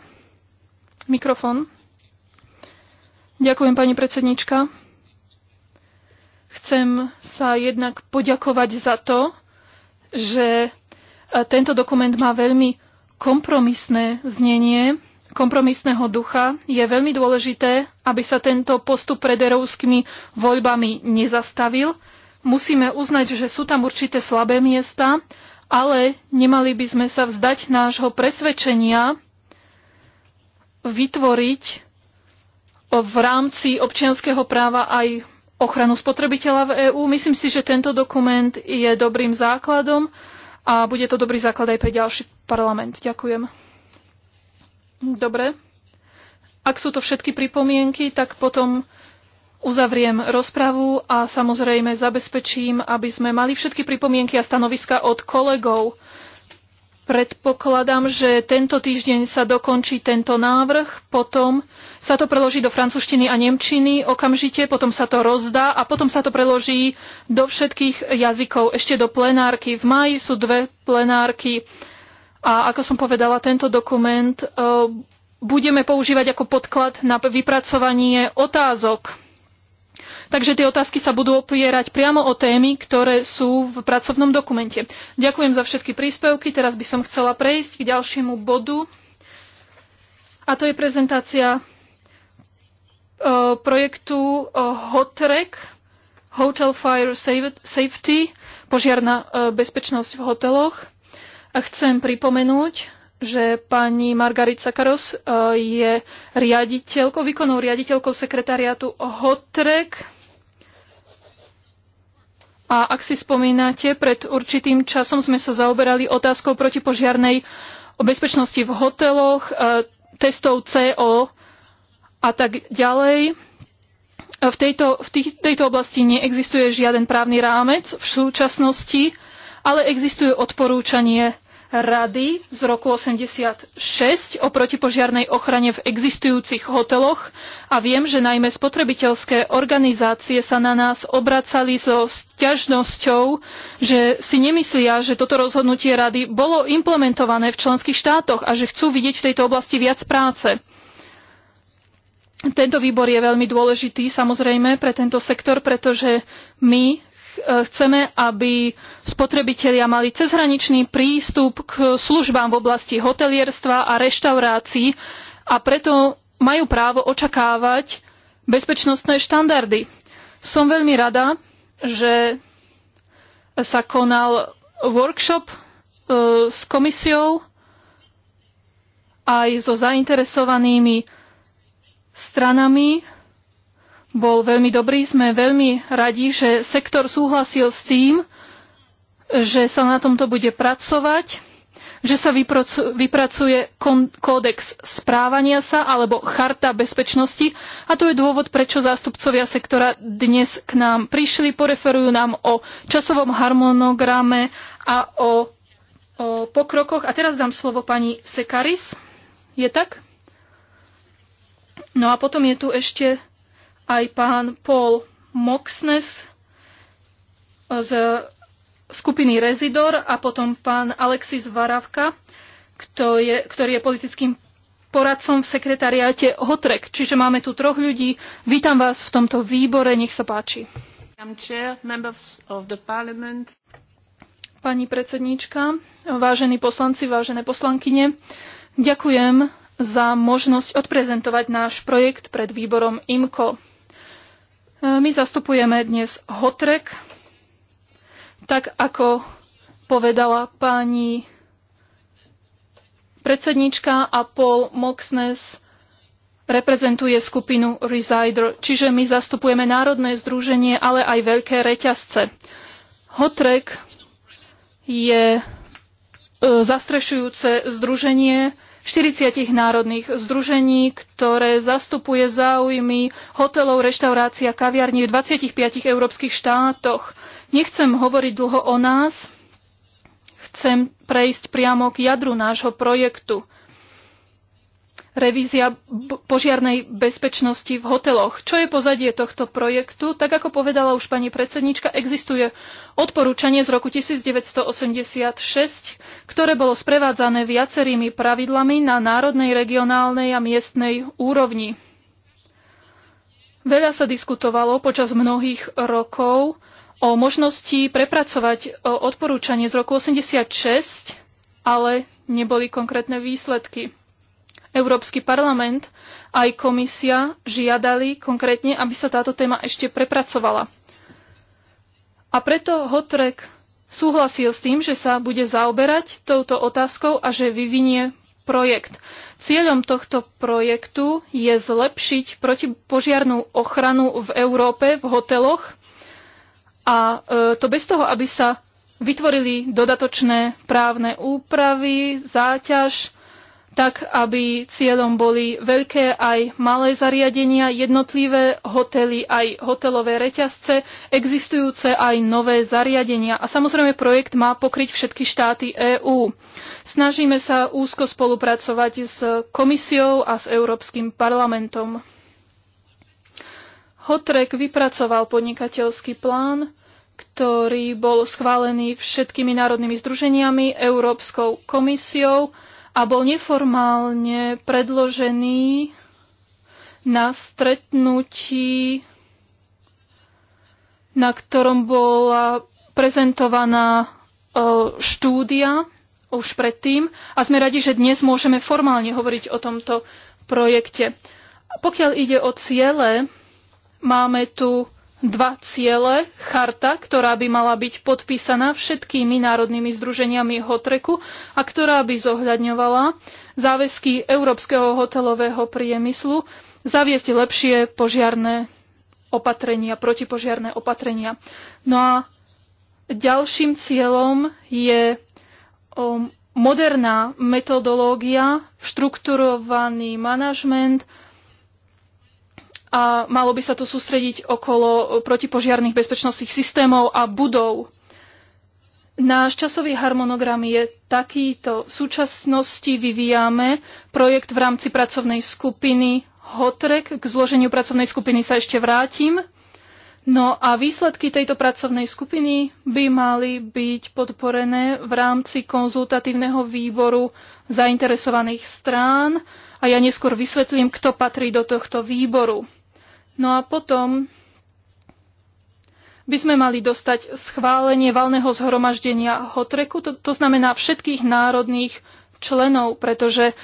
[SPEAKER 3] Mikrofón. Ďakujem, pani predsednička. Chcem sa jednak poďakovať za to, že e, tento dokument má veľmi kompromisné znenie kompromisného ducha je veľmi dôležité, aby sa tento postup pred erovskými voľbami nezastavil. Musíme uznať, že sú tam určité slabé miesta, ale nemali by sme sa vzdať nášho presvedčenia vytvoriť v rámci občianského práva aj ochranu spotrebiteľa v EÚ. Myslím si, že tento dokument je dobrým základom a bude to dobrý základ aj pre ďalší parlament. Ďakujem. Dobre. Ak sú to všetky pripomienky, tak potom uzavriem rozpravu a samozrejme zabezpečím, aby sme mali všetky pripomienky a stanoviska od kolegov. Predpokladám, že tento týždeň sa dokončí tento návrh, potom sa to preloží do francúzštiny a nemčiny okamžite, potom sa to rozdá a potom sa to preloží do všetkých jazykov, ešte do plenárky. V maji sú dve plenárky a ako som povedala, tento dokument e, budeme používať ako podklad na vypracovanie otázok. Takže tie otázky sa budú opierať priamo o témy, ktoré sú v pracovnom dokumente. Ďakujem za všetky príspevky. Teraz by som chcela prejsť k ďalšiemu bodu. A to je prezentácia e, projektu e, HOTREC, Hotel Fire Safety, požiarna bezpečnosť v hoteloch. Chcem pripomenúť, že pani Margarit Sakaros e, je riaditeľkou, výkonnou riaditeľkou sekretariátu HOTREK. A ak si spomínate, pred určitým časom sme sa zaoberali otázkou protipožiarnej bezpečnosti v hoteloch, e, testov CO a tak ďalej. E, v tejto, v tých, tejto oblasti neexistuje žiaden právny rámec v súčasnosti ale existuje odporúčanie Rady z roku 86 o protipožiarnej ochrane v existujúcich hoteloch a viem, že najmä spotrebiteľské organizácie sa na nás obracali so sťažnosťou, že si nemyslia, že toto rozhodnutie rady bolo implementované v členských štátoch a že chcú vidieť v tejto oblasti viac práce. Tento výbor je veľmi dôležitý samozrejme pre tento sektor, pretože my Eh, chceme, aby spotrebitelia mali cezhraničný prístup k službám v oblasti hotelierstva a reštaurácií a preto majú právo očakávať bezpečnostné štandardy. Som veľmi rada, že sa konal workshop eh, s komisiou aj so zainteresovanými stranami bol veľmi dobrý. Sme veľmi radi, že sektor súhlasil s tým, že sa na tomto bude pracovať, že sa vypracuje kódex správania sa alebo charta bezpečnosti. A to je dôvod, prečo zástupcovia sektora dnes k nám prišli, poreferujú nám o časovom harmonograme a o, o pokrokoch. A teraz dám slovo pani Sekaris. Je tak? No a potom je tu ešte aj pán Paul Moxnes eh, z skupiny Rezidor a potom pán Alexis Varavka, je, ktorý je politickým poradcom v sekretariáte Hotrek. Čiže máme tu troch ľudí. Vítam vás v tomto výbore, nech sa páči. Pani predsedníčka, vážení poslanci, vážené poslankyne, ďakujem za možnosť odprezentovať náš projekt pred výborom IMCO. E, my zastupujeme dnes Hotrek, tak ako povedala pani predsednička a Paul Moxnes reprezentuje skupinu Resider, čiže my zastupujeme národné združenie, ale aj veľké reťazce. Hotrek je e, zastrešujúce združenie, 40 národných združení, ktoré zastupuje záujmy hotelov, a kaviarní v 25 európskych štátoch. Nechcem hovoriť dlho o nás, chcem prejsť priamo k jadru nášho projektu – revízia požiarnej bezpečnosti v hoteloch. Čo je pozadie tohto projektu? Tak ako povedala už pani predsednička, existuje odporúčanie z roku 1986, ktoré bolo sprevádzané viacerými pravidlami na národnej, regionálnej a miestnej úrovni. Veľa sa diskutovalo počas mnohých rokov o možnosti prepracovať e, odporúčanie z roku 86, ale neboli konkrétne výsledky. Európsky parlament aj komisia žiadali konkrétne, aby sa táto téma ešte prepracovala. A preto Hotrek súhlasil s tým, že sa bude zaoberať touto otázkou a že vyvinie projekt. Cieľom tohto projektu je zlepšiť protipožiarnú ochranu v Európe v hoteloch a e, to bez toho, aby sa vytvorili dodatočné právne úpravy, záťaž, tak aby cieľom boli veľké aj malé zariadenia, jednotlivé hotely, aj hotelové reťazce, existujúce aj nové zariadenia. A samozrejme projekt má pokryť všetky štáty EÚ. Snažíme sa úzko spolupracovať s komisiou a s Európskym parlamentom. Hotrek vypracoval podnikateľský plán, ktorý bol schválený všetkými národnými združeniami, Európskou komisiou, a bol neformálne predložený na stretnutí, na ktorom bola prezentovaná e, štúdia už predtým a sme radi, že dnes môžeme formálne hovoriť o tomto projekte. Pokiaľ ide o ciele, máme tu dva ciele, charta, ktorá by mala byť podpísaná všetkými národnými združeniami Hotreku a ktorá by zohľadňovala záväzky európskeho hotelového priemyslu zaviesť lepšie požiarné opatrenia, protipožiarné opatrenia. No a ďalším cieľom je um, moderná metodológia, štrukturovaný manažment, a malo by sa to sústrediť okolo e, protipožiarných bezpečnostných systémov a budov. Náš časový harmonogram je takýto. V súčasnosti vyvíjame projekt v rámci pracovnej skupiny HOTREK. K zloženiu pracovnej skupiny sa ešte vrátim. No a výsledky tejto pracovnej skupiny by mali byť podporené v rámci konzultatívneho výboru zainteresovaných strán a ja neskôr vysvetlím, kto patrí do tohto výboru. No a potom by sme mali dostať schválenie valného zhromaždenia Hotreku, to, to znamená všetkých národných členov, pretože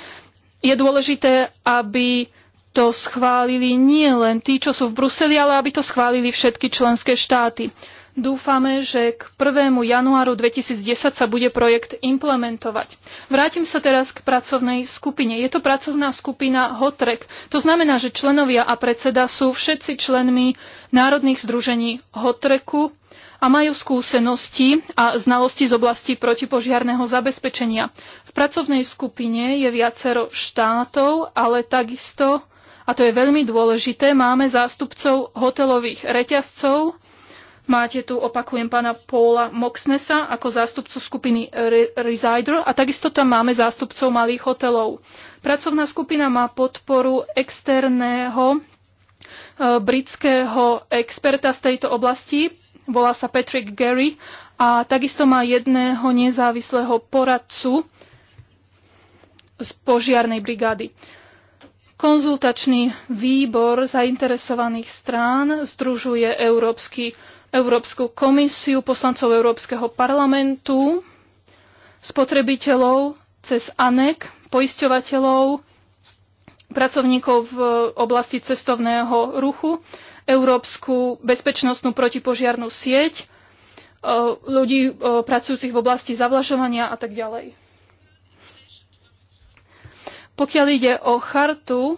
[SPEAKER 3] je dôležité, aby to schválili nie len tí, čo sú v Bruseli, ale aby to schválili všetky členské štáty. Dúfame, že k 1. januáru 2010 sa bude projekt implementovať. Vrátim sa teraz k pracovnej skupine. Je to pracovná skupina HOTREK. To znamená, že členovia a predseda sú všetci členmi národných združení HOTREKu a majú skúsenosti a znalosti z oblasti protipožiarného zabezpečenia. V pracovnej skupine je viacero štátov, ale takisto, a to je veľmi dôležité, máme zástupcov hotelových reťazcov, Máte tu, opakujem, pána Paula Moxnesa ako zástupcu skupiny Resider a takisto tam máme zástupcov malých hotelov. Pracovná skupina má podporu externého e, britského experta z tejto oblasti, volá sa Patrick Gary a takisto má jedného nezávislého poradcu z požiarnej brigády. Konzultačný výbor zainteresovaných strán združuje Európsky Európsku komisiu, poslancov Európskeho parlamentu, spotrebiteľov cez ANEK, poisťovateľov, pracovníkov v oblasti cestovného ruchu, Európsku bezpečnostnú protipožiarnú sieť, e, ľudí e, pracujúcich v oblasti zavlažovania a tak ďalej. Pokiaľ ide o chartu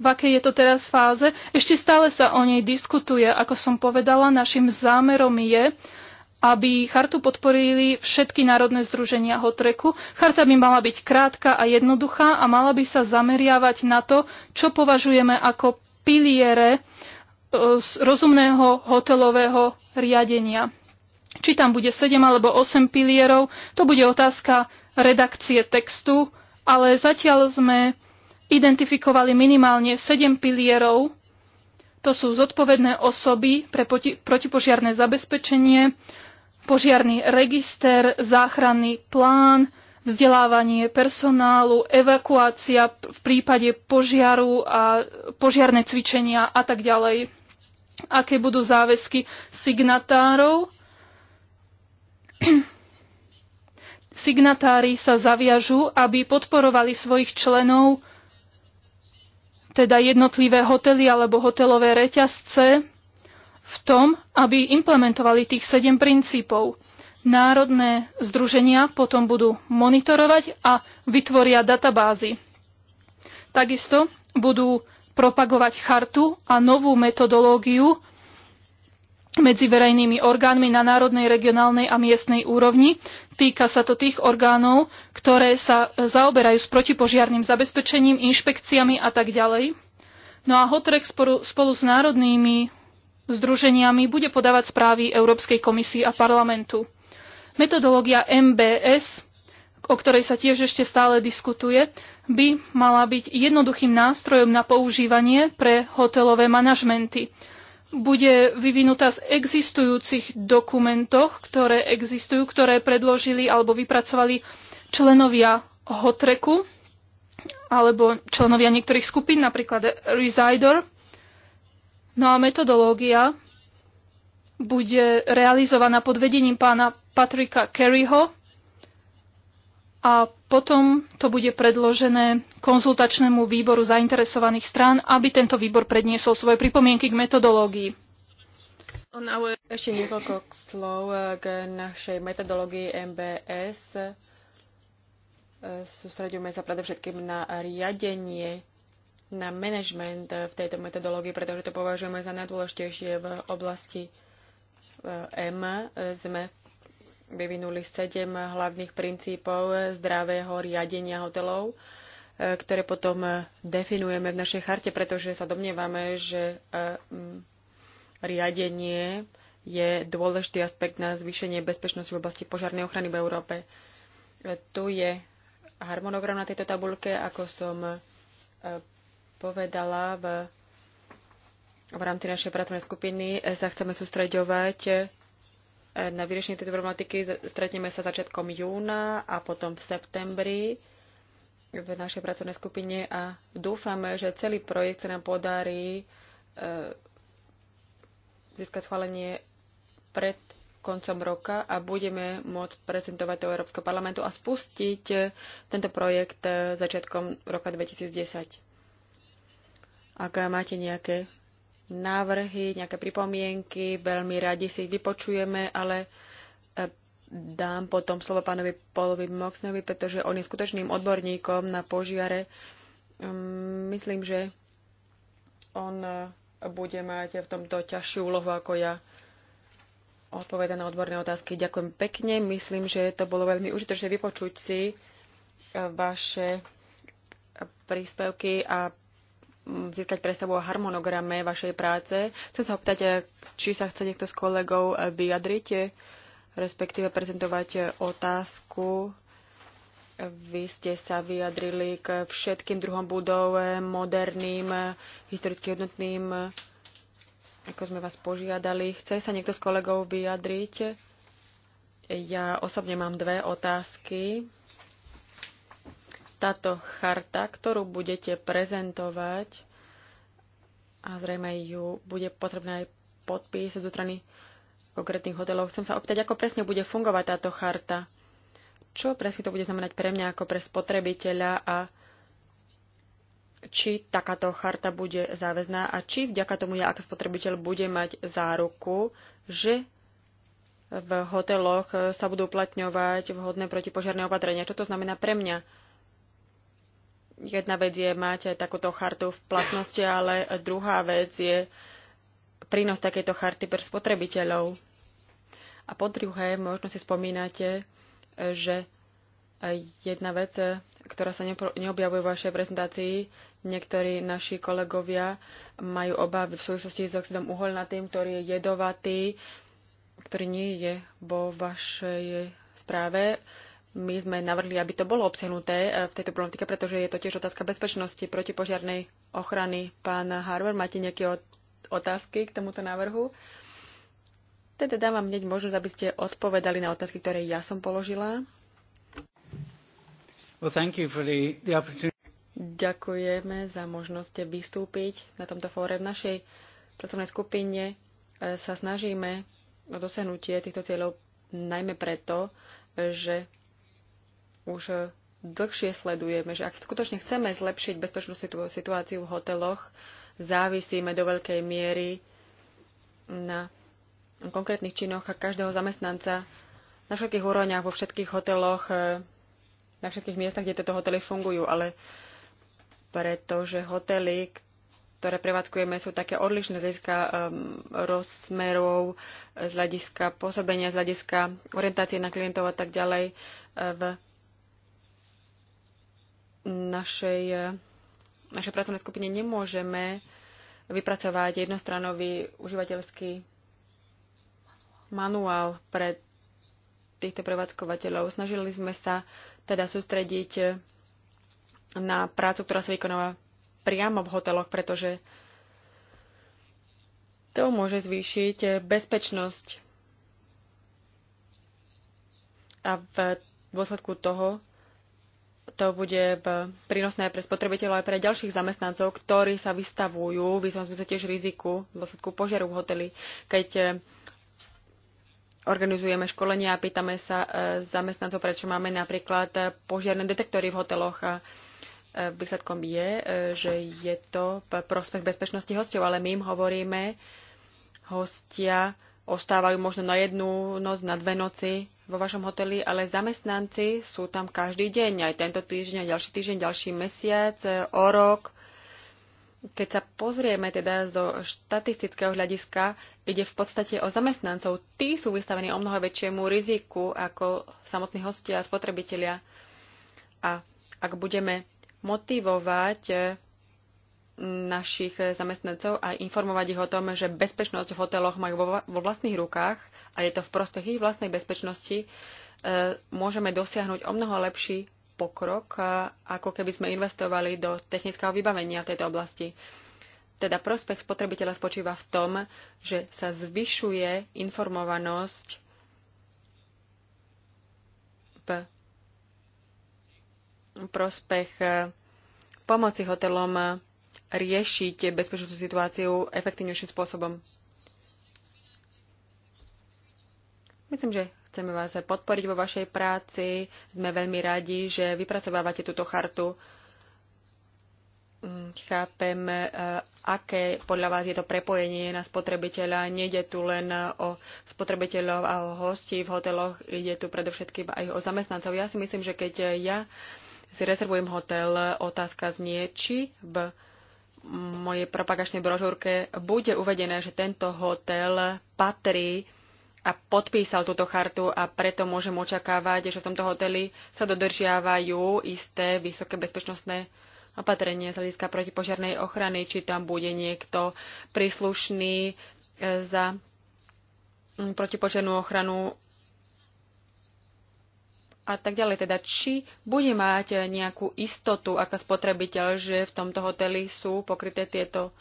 [SPEAKER 3] v akej je to teraz fáze. Ešte stále sa o nej diskutuje. Ako som povedala, našim zámerom je, aby chartu podporili všetky národné združenia Hotreku. Charta by mala byť krátka a jednoduchá a mala by sa zameriavať na to, čo považujeme ako piliere e, rozumného hotelového riadenia. Či tam bude 7 alebo 8 pilierov, to bude otázka redakcie textu, ale zatiaľ sme identifikovali minimálne 7 pilierov. To sú zodpovedné osoby pre protipožiarne zabezpečenie, požiarný register, záchranný plán, vzdelávanie personálu, evakuácia v prípade požiaru a požiarne cvičenia a tak ďalej. Aké budú záväzky signatárov? Signatári sa zaviažú, aby podporovali svojich členov teda jednotlivé hotely alebo hotelové reťazce v tom, aby implementovali tých sedem princípov. Národné združenia potom budú monitorovať a vytvoria databázy. Takisto budú propagovať chartu a novú metodológiu medzi verejnými orgánmi na národnej, regionálnej a miestnej úrovni. Týka sa to tých orgánov, ktoré sa e, zaoberajú s protipožiarným zabezpečením, inšpekciami a tak ďalej. No a Hotrek spolu, s národnými združeniami bude podávať správy Európskej komisii a parlamentu. Metodológia MBS, o ktorej sa tiež ešte stále diskutuje, by mala byť jednoduchým nástrojom na používanie pre hotelové manažmenty bude vyvinutá z existujúcich dokumentoch, ktoré existujú, ktoré predložili alebo vypracovali členovia Hotreku alebo členovia niektorých skupín, napríklad Resider. No a metodológia bude realizovaná pod vedením pána Patrika Kerryho, a potom to bude predložené konzultačnému výboru zainteresovaných strán, aby tento výbor predniesol svoje pripomienky k metodológii.
[SPEAKER 2] Ešte niekoľko slov k našej metodológii MBS. Sústredujeme sa predovšetkým na riadenie, na management v tejto metodológii, pretože to považujeme za najdôležitejšie v oblasti M. Sme vyvinuli sedem hlavných princípov zdravého riadenia hotelov, e, ktoré potom e, definujeme v našej charte, pretože sa domnievame, že e, riadenie je dôležitý aspekt na zvýšenie bezpečnosti v oblasti požiarnej ochrany v Európe. Tu je harmonogram na tejto tabulke, ako som povedala v, v rámci našej pracovnej skupiny, sa chceme sústreďovať na vyriešenie tejto problematiky. Stretneme sa začiatkom júna a potom v septembri v našej pracovnej skupine a dúfame, že celý projekt sa nám podarí e, získať schválenie pred koncom roka a budeme môcť prezentovať do Európskeho parlamentu a spustiť tento projekt e, začiatkom roka 2010. Ak máte nejaké návrhy, nejaké pripomienky, veľmi radi si ich vypočujeme, ale eh, dám potom slovo pánovi Polovi Moxnovi, pretože on je skutočným odborníkom na požiare. Mm, myslím, že on eh, bude mať v tomto ťažšiu úlohu ako ja odpoveda na odborné otázky. Ďakujem pekne. Myslím, že to bolo veľmi užitočné vypočuť si eh, vaše príspevky a získať predstavu o harmonograme vašej práce. Chcem sa opýtať, či sa chce niekto z kolegov vyjadriť, respektíve prezentovať otázku. Vy ste sa vyjadrili k všetkým druhom budov, moderným, historicky hodnotným, ako sme vás požiadali. Chce sa niekto z kolegov vyjadriť? Ja osobne mám dve otázky táto charta, ktorú budete prezentovať, a zrejme ju bude potrebné aj podpis zo strany konkrétnych hotelov. Chcem sa opýtať, ako presne bude fungovať táto charta. Čo presne to bude znamenať pre mňa ako pre spotrebiteľa a či takáto charta bude záväzná a či vďaka tomu ja ako spotrebiteľ bude mať záruku, že v hoteloch sa budú uplatňovať vhodné protipožiarné opatrenia. Čo to znamená pre mňa? jedna vec je mať takúto chartu v platnosti, ale druhá vec je prínos takejto charty pre spotrebiteľov. A po druhé, možno si spomínate, že jedna vec, ktorá sa neobjavuje v vašej prezentácii, niektorí naši kolegovia majú obavy v súvislosti s oxidom uholnatým, ktorý je jedovatý, ktorý nie je vo vašej správe. My sme navrhli, aby to bolo obsiahnuté e, v tejto problematike, pretože je to tiež otázka bezpečnosti protipožiarnej ochrany. Pán Harvard, máte nejaké otázky k tomuto návrhu? Teda dávam hneď možnosť, aby ste odpovedali na otázky, ktoré ja som položila.
[SPEAKER 1] Well, thank you for the, the opportunity.
[SPEAKER 2] Ďakujeme za možnosť vystúpiť na tomto fóre. V našej pracovnej skupine e, sa snažíme o dosiahnutie týchto cieľov najmä preto, že už eh, dlhšie sledujeme, že ak skutočne chceme zlepšiť bezpečnú situáciu v hoteloch, závisíme do veľkej miery na konkrétnych činoch a každého zamestnanca na všetkých úrovniach, vo všetkých hoteloch, eh, na všetkých miestach, kde tieto hotely fungujú, ale pretože hotely, ktoré prevádzkujeme, sú také odlišné z hľadiska um, rozmerov, z hľadiska pôsobenia, z hľadiska orientácie na klientov a tak ďalej. Eh, v našej, našej pracovnej skupine nemôžeme vypracovať jednostranový užívateľský manuál pre týchto prevádzkovateľov. Snažili sme sa teda sústrediť na prácu, ktorá sa vykonáva priamo v hoteloch, pretože to môže zvýšiť bezpečnosť a v dôsledku toho to bude prínosné pre spotrebiteľov aj pre ďalších zamestnancov, ktorí sa vystavujú v sme sa tiež riziku v dôsledku požiaru v hoteli. Keď eh, organizujeme školenia a pýtame sa eh, zamestnancov, prečo máme napríklad eh, požiarne detektory v hoteloch. A výsledkom je, že je to prospech bezpečnosti hostov, ale my im hovoríme, hostia ostávajú možno na jednu noc, na dve noci vo vašom hoteli, ale zamestnanci sú tam každý deň, aj tento týždeň, ďalší týždeň, ďalší mesiac, e, o rok. Keď sa pozrieme teda zo štatistického hľadiska, ide v podstate o zamestnancov. Tí sú vystavení o mnoho väčšiemu riziku ako samotní hostia a spotrebitelia. A ak budeme motivovať e, našich zamestnancov a informovať ich o tom, že bezpečnosť v hoteloch majú vo vlastných rukách a je to v prospech ich vlastnej bezpečnosti, e, môžeme dosiahnuť o mnoho lepší pokrok, ako keby sme investovali do technického vybavenia v tejto oblasti. Teda prospech spotrebiteľa spočíva v tom, že sa zvyšuje informovanosť v prospech e, pomoci hotelom riešiť bezpečnostnú situáciu efektívnejším spôsobom. Myslím, že chceme vás podporiť vo vašej práci. Sme veľmi radi, že vypracovávate túto chartu. Mm, chápem, e, aké podľa vás je to prepojenie na spotrebiteľa. Nejde tu len o spotrebiteľov a o hostí v hoteloch, ide tu predovšetkým aj o zamestnancov. Ja si myslím, že keď ja si rezervujem hotel, otázka znie, či v mojej propagačnej brožúrke bude uvedené, že tento hotel patrí a podpísal túto chartu a preto môžem očakávať, že v tomto hoteli sa dodržiavajú isté vysoké bezpečnostné opatrenie z hľadiska protipožiarnej ochrany, či tam bude niekto príslušný eh, za mm, protipožiarnú ochranu a tak ďalej. Teda, či bude mať nejakú istotu ako spotrebiteľ, že v tomto hoteli sú pokryté tieto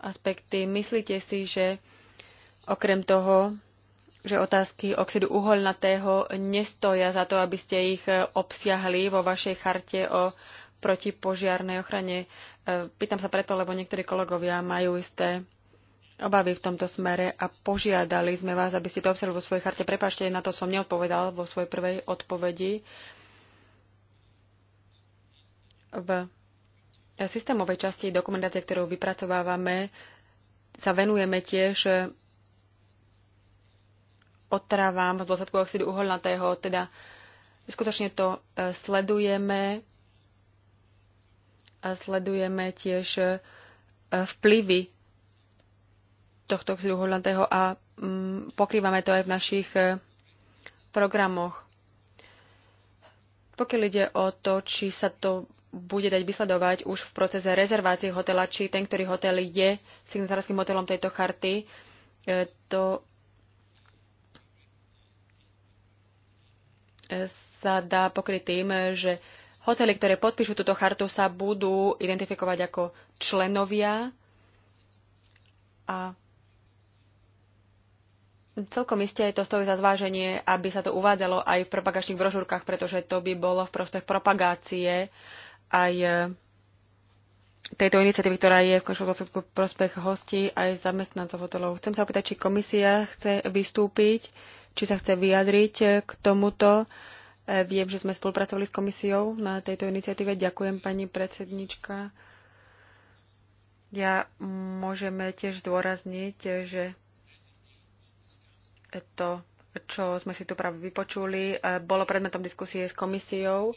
[SPEAKER 2] aspekty. Myslíte si, že okrem toho, že otázky oxidu uholnatého nestoja za to, aby ste ich eh, obsiahli vo vašej charte o protipožiarnej ochrane. Eh, pýtam sa preto, lebo niektorí kolegovia majú isté obavy v tomto smere a požiadali sme vás, aby ste to obsahli vo svojej charte. Prepašte, na to som neodpovedal vo svojej prvej odpovedi. V systémovej časti dokumentácie, ktorú vypracovávame, sa venujeme tiež otravám v dôsledku oxidu uholnatého. Teda skutočne to e, sledujeme. A sledujeme tiež e, vplyvy tohto oxidu a a mm, pokrývame to aj v našich e, programoch. Pokiaľ ide o to, či sa to bude dať vysledovať už v procese rezervácie hotela, či ten, ktorý hotel je signatárským hotelom tejto charty, e, to e, sa dá pokryť tým, že hotely, ktoré podpíšu túto chartu, sa budú identifikovať ako členovia a Celkom isté to stojí za zváženie, aby sa to uvádzalo aj v propagačných brožúrkach, pretože to by bolo v prospech propagácie aj e, tejto iniciatívy, ktorá je v končnom dôsledku prospech hostí aj zamestnancov hotelov. Chcem sa opýtať, či komisia chce vystúpiť, či sa chce vyjadriť e, k tomuto. E, viem, že sme spolupracovali s komisiou na tejto iniciatíve. Ďakujem, pani predsednička. Ja môžeme tiež zdôrazniť, že to, čo sme si tu práve vypočuli, e, bolo predmetom diskusie s komisiou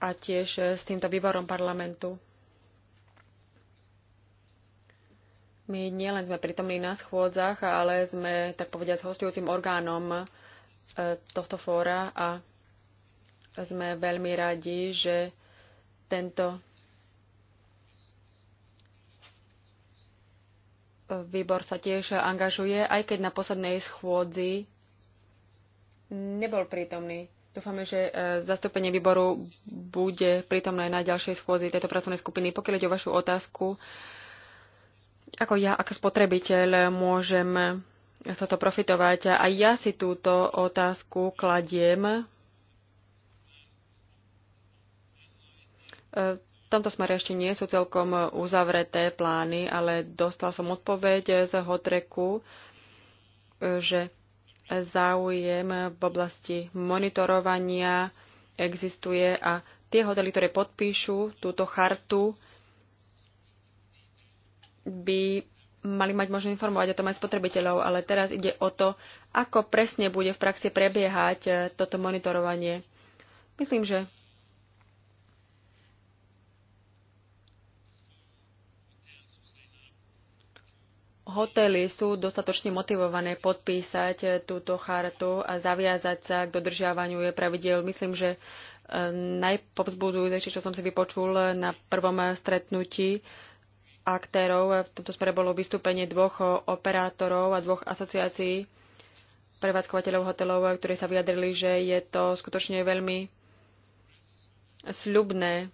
[SPEAKER 2] a tiež e, s týmto výborom parlamentu. My nielen sme pritomní na schôdzach, ale sme, tak povediať, hostujúcim orgánom e, tohto fóra a sme veľmi radi, že tento výbor sa tiež angažuje, aj keď na poslednej schôdzi nebol prítomný. Dúfame, že e, zastúpenie výboru bude prítomné na ďalšej schôdzi tejto pracovnej skupiny. Pokiaľ ide o vašu otázku, ako ja ako spotrebiteľ môžem z toto profitovať. A ja si túto otázku kladiem e, v tomto smere ešte nie sú celkom e, uzavreté plány, ale dostal som odpoveď e, z Hotreku, e, že záujem v oblasti monitorovania existuje a tie hotely, ktoré podpíšu túto chartu, by mali mať možno informovať o tom aj spotrebiteľov, ale teraz ide o to, ako presne bude v praxi prebiehať toto monitorovanie. Myslím, že hotely sú dostatočne motivované podpísať eh, túto chartu a zaviazať sa k dodržiavaniu jej pravidiel. Myslím, že eh, najpovzbudujúcejšie, čo som si vypočul eh, na prvom stretnutí aktérov, v tomto smere bolo vystúpenie dvoch operátorov a dvoch asociácií prevádzkovateľov hotelov, ktorí sa vyjadrili, že je to skutočne veľmi sľubné.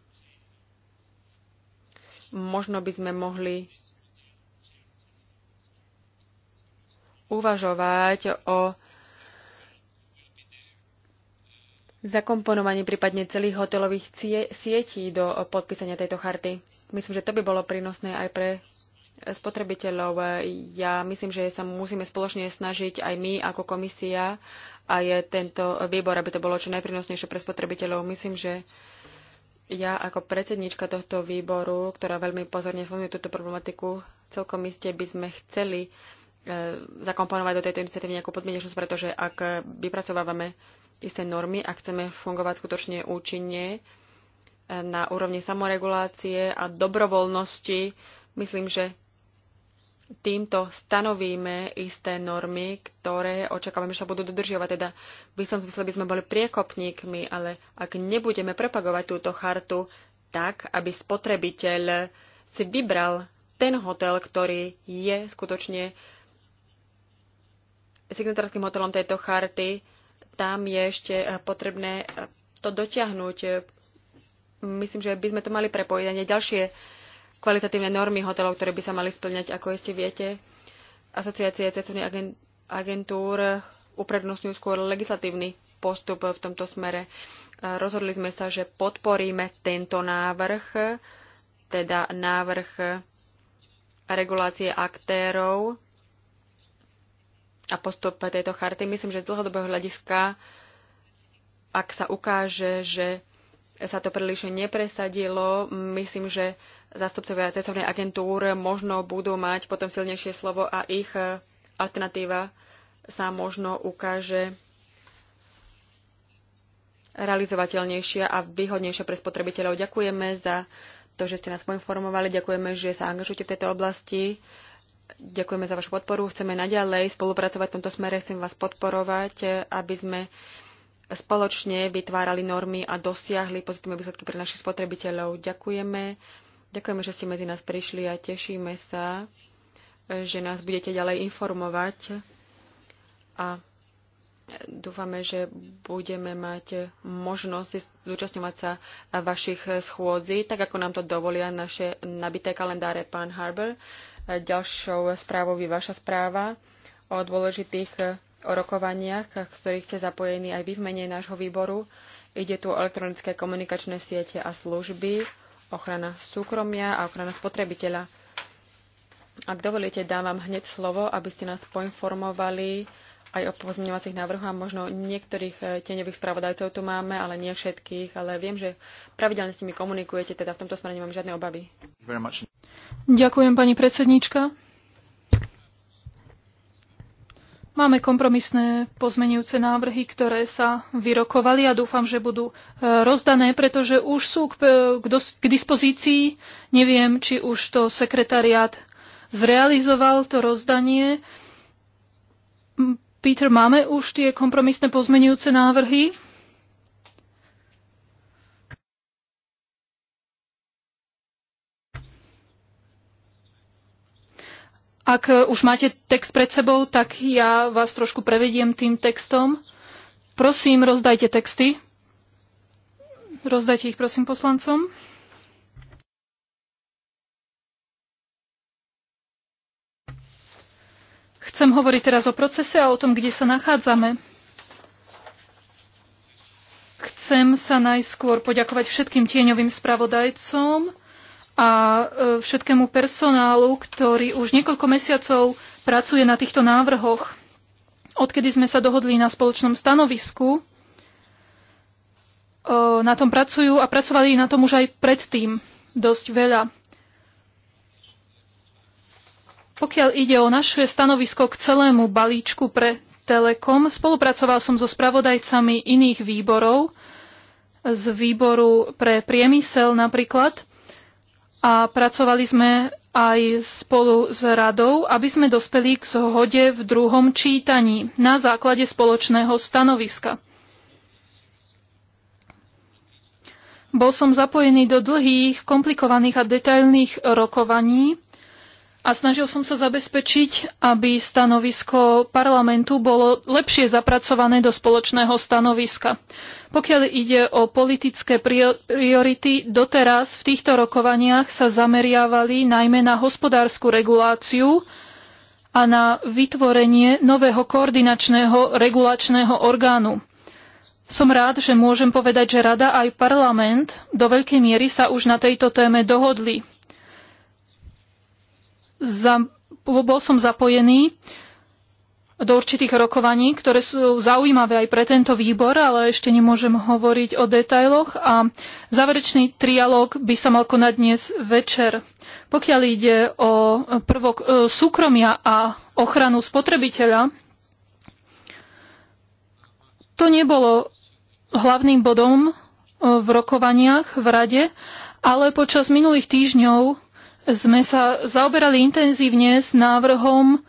[SPEAKER 2] Možno by sme mohli uvažovať o zakomponovaní prípadne celých hotelových sietí do podpísania tejto charty. Myslím, že to by bolo prínosné aj pre spotrebiteľov. Ja myslím, že sa musíme spoločne snažiť aj my ako komisia a je tento výbor, aby to bolo čo najprínosnejšie pre spotrebiteľov. Myslím, že ja ako predsednička tohto výboru, ktorá veľmi pozorne sleduje túto problematiku, celkom iste by sme chceli E, zakomponovať do tejto iniciatívy nejakú podmienečnosť, pretože ak vypracovávame isté normy a chceme fungovať skutočne účinne e, na úrovni samoregulácie a dobrovoľnosti, myslím, že týmto stanovíme isté normy, ktoré očakávame, že sa budú dodržiavať. Teda v istom zmysle by sme boli priekopníkmi, ale ak nebudeme propagovať túto chartu tak, aby spotrebiteľ si vybral ten hotel, ktorý je skutočne signatárským hotelom tejto charty, tam je ešte eh, potrebné eh, to dotiahnuť. Myslím, že by sme to mali prepojiť aj ďalšie kvalitatívne normy hotelov, ktoré by sa mali splňať, ako iste viete. Asociácie cestovných agentúr eh, uprednostňujú skôr legislatívny postup v tomto smere. Rozhodli sme sa, že podporíme tento návrh, teda návrh regulácie aktérov a postup tejto charty. Myslím, že z dlhodobého hľadiska, ak sa ukáže, že sa to príliš nepresadilo, myslím, že zástupcovia cestovnej agentúr možno budú mať potom silnejšie slovo a ich eh, alternatíva sa možno ukáže realizovateľnejšia a výhodnejšia pre spotrebiteľov. Ďakujeme za to, že ste nás poinformovali, ďakujeme, že sa angažujete v tejto oblasti. Ďakujeme za vašu podporu. Chceme naďalej spolupracovať v tomto smere. Chcem vás podporovať, eh, aby sme spoločne vytvárali normy a dosiahli pozitívne výsledky pre našich spotrebiteľov. Ďakujeme. Ďakujeme, že ste medzi nás prišli a tešíme sa, eh, že nás budete ďalej informovať a eh, dúfame, že budeme mať možnosť zúčastňovať sa vašich schôdzi, tak ako nám to dovolia naše nabité kalendáre, pán Harber. Ďalšou správou je vaša správa o dôležitých e, rokovaniach, v ktorých ste zapojení aj vy v mene nášho výboru. Ide tu o elektronické komunikačné siete a služby, ochrana súkromia a ochrana spotrebiteľa. Ak dovolíte, dávam hneď slovo, aby ste nás poinformovali aj o pozmeňovacích návrhoch a možno niektorých eh, tieňových spravodajcov tu máme, ale nie všetkých, ale viem, že pravidelne s nimi komunikujete, teda v tomto smere nemám žiadne obavy.
[SPEAKER 3] Ďakujem, pani predsedníčka. Máme kompromisné pozmenujúce návrhy, ktoré sa vyrokovali a dúfam, že budú eh, rozdané, pretože už sú k, eh, k dispozícii. Neviem, či už to sekretariát zrealizoval, to rozdanie. Peter, máme už tie kompromisné pozmenujúce návrhy? Ak eh, už máte text pred sebou, tak ja vás trošku prevediem tým textom. Prosím, rozdajte texty. Rozdajte ich, prosím, poslancom. Chcem hovoriť teraz o procese a o tom, kde sa nachádzame. Chcem sa najskôr poďakovať všetkým tieňovým spravodajcom a e, všetkému personálu, ktorý už niekoľko mesiacov pracuje na týchto návrhoch. Odkedy sme sa dohodli na spoločnom stanovisku, e, na tom pracujú a pracovali na tom už aj predtým dosť veľa. Pokiaľ ide o naše stanovisko k celému balíčku pre Telekom, spolupracoval som so spravodajcami iných výborov, z výboru pre priemysel napríklad, a pracovali sme aj spolu s radou, aby sme dospeli k zhode v druhom čítaní na základe spoločného stanoviska. Bol som zapojený do dlhých, komplikovaných a detailných rokovaní a snažil som sa zabezpečiť, aby stanovisko parlamentu bolo lepšie zapracované do spoločného stanoviska. Pokiaľ ide o politické priority, doteraz v týchto rokovaniach sa zameriavali najmä na hospodárskú reguláciu a na vytvorenie nového koordinačného regulačného orgánu. Som rád, že môžem povedať, že Rada aj parlament do veľkej miery sa už na tejto téme dohodli za, bol som zapojený do určitých rokovaní, ktoré sú zaujímavé aj pre tento výbor, ale ešte nemôžem hovoriť o detailoch a záverečný trialog by sa mal konať dnes večer. Pokiaľ ide o prvok e, súkromia a ochranu spotrebiteľa, to nebolo hlavným bodom e, v rokovaniach v rade, ale počas minulých týždňov sme sa zaoberali intenzívne s návrhom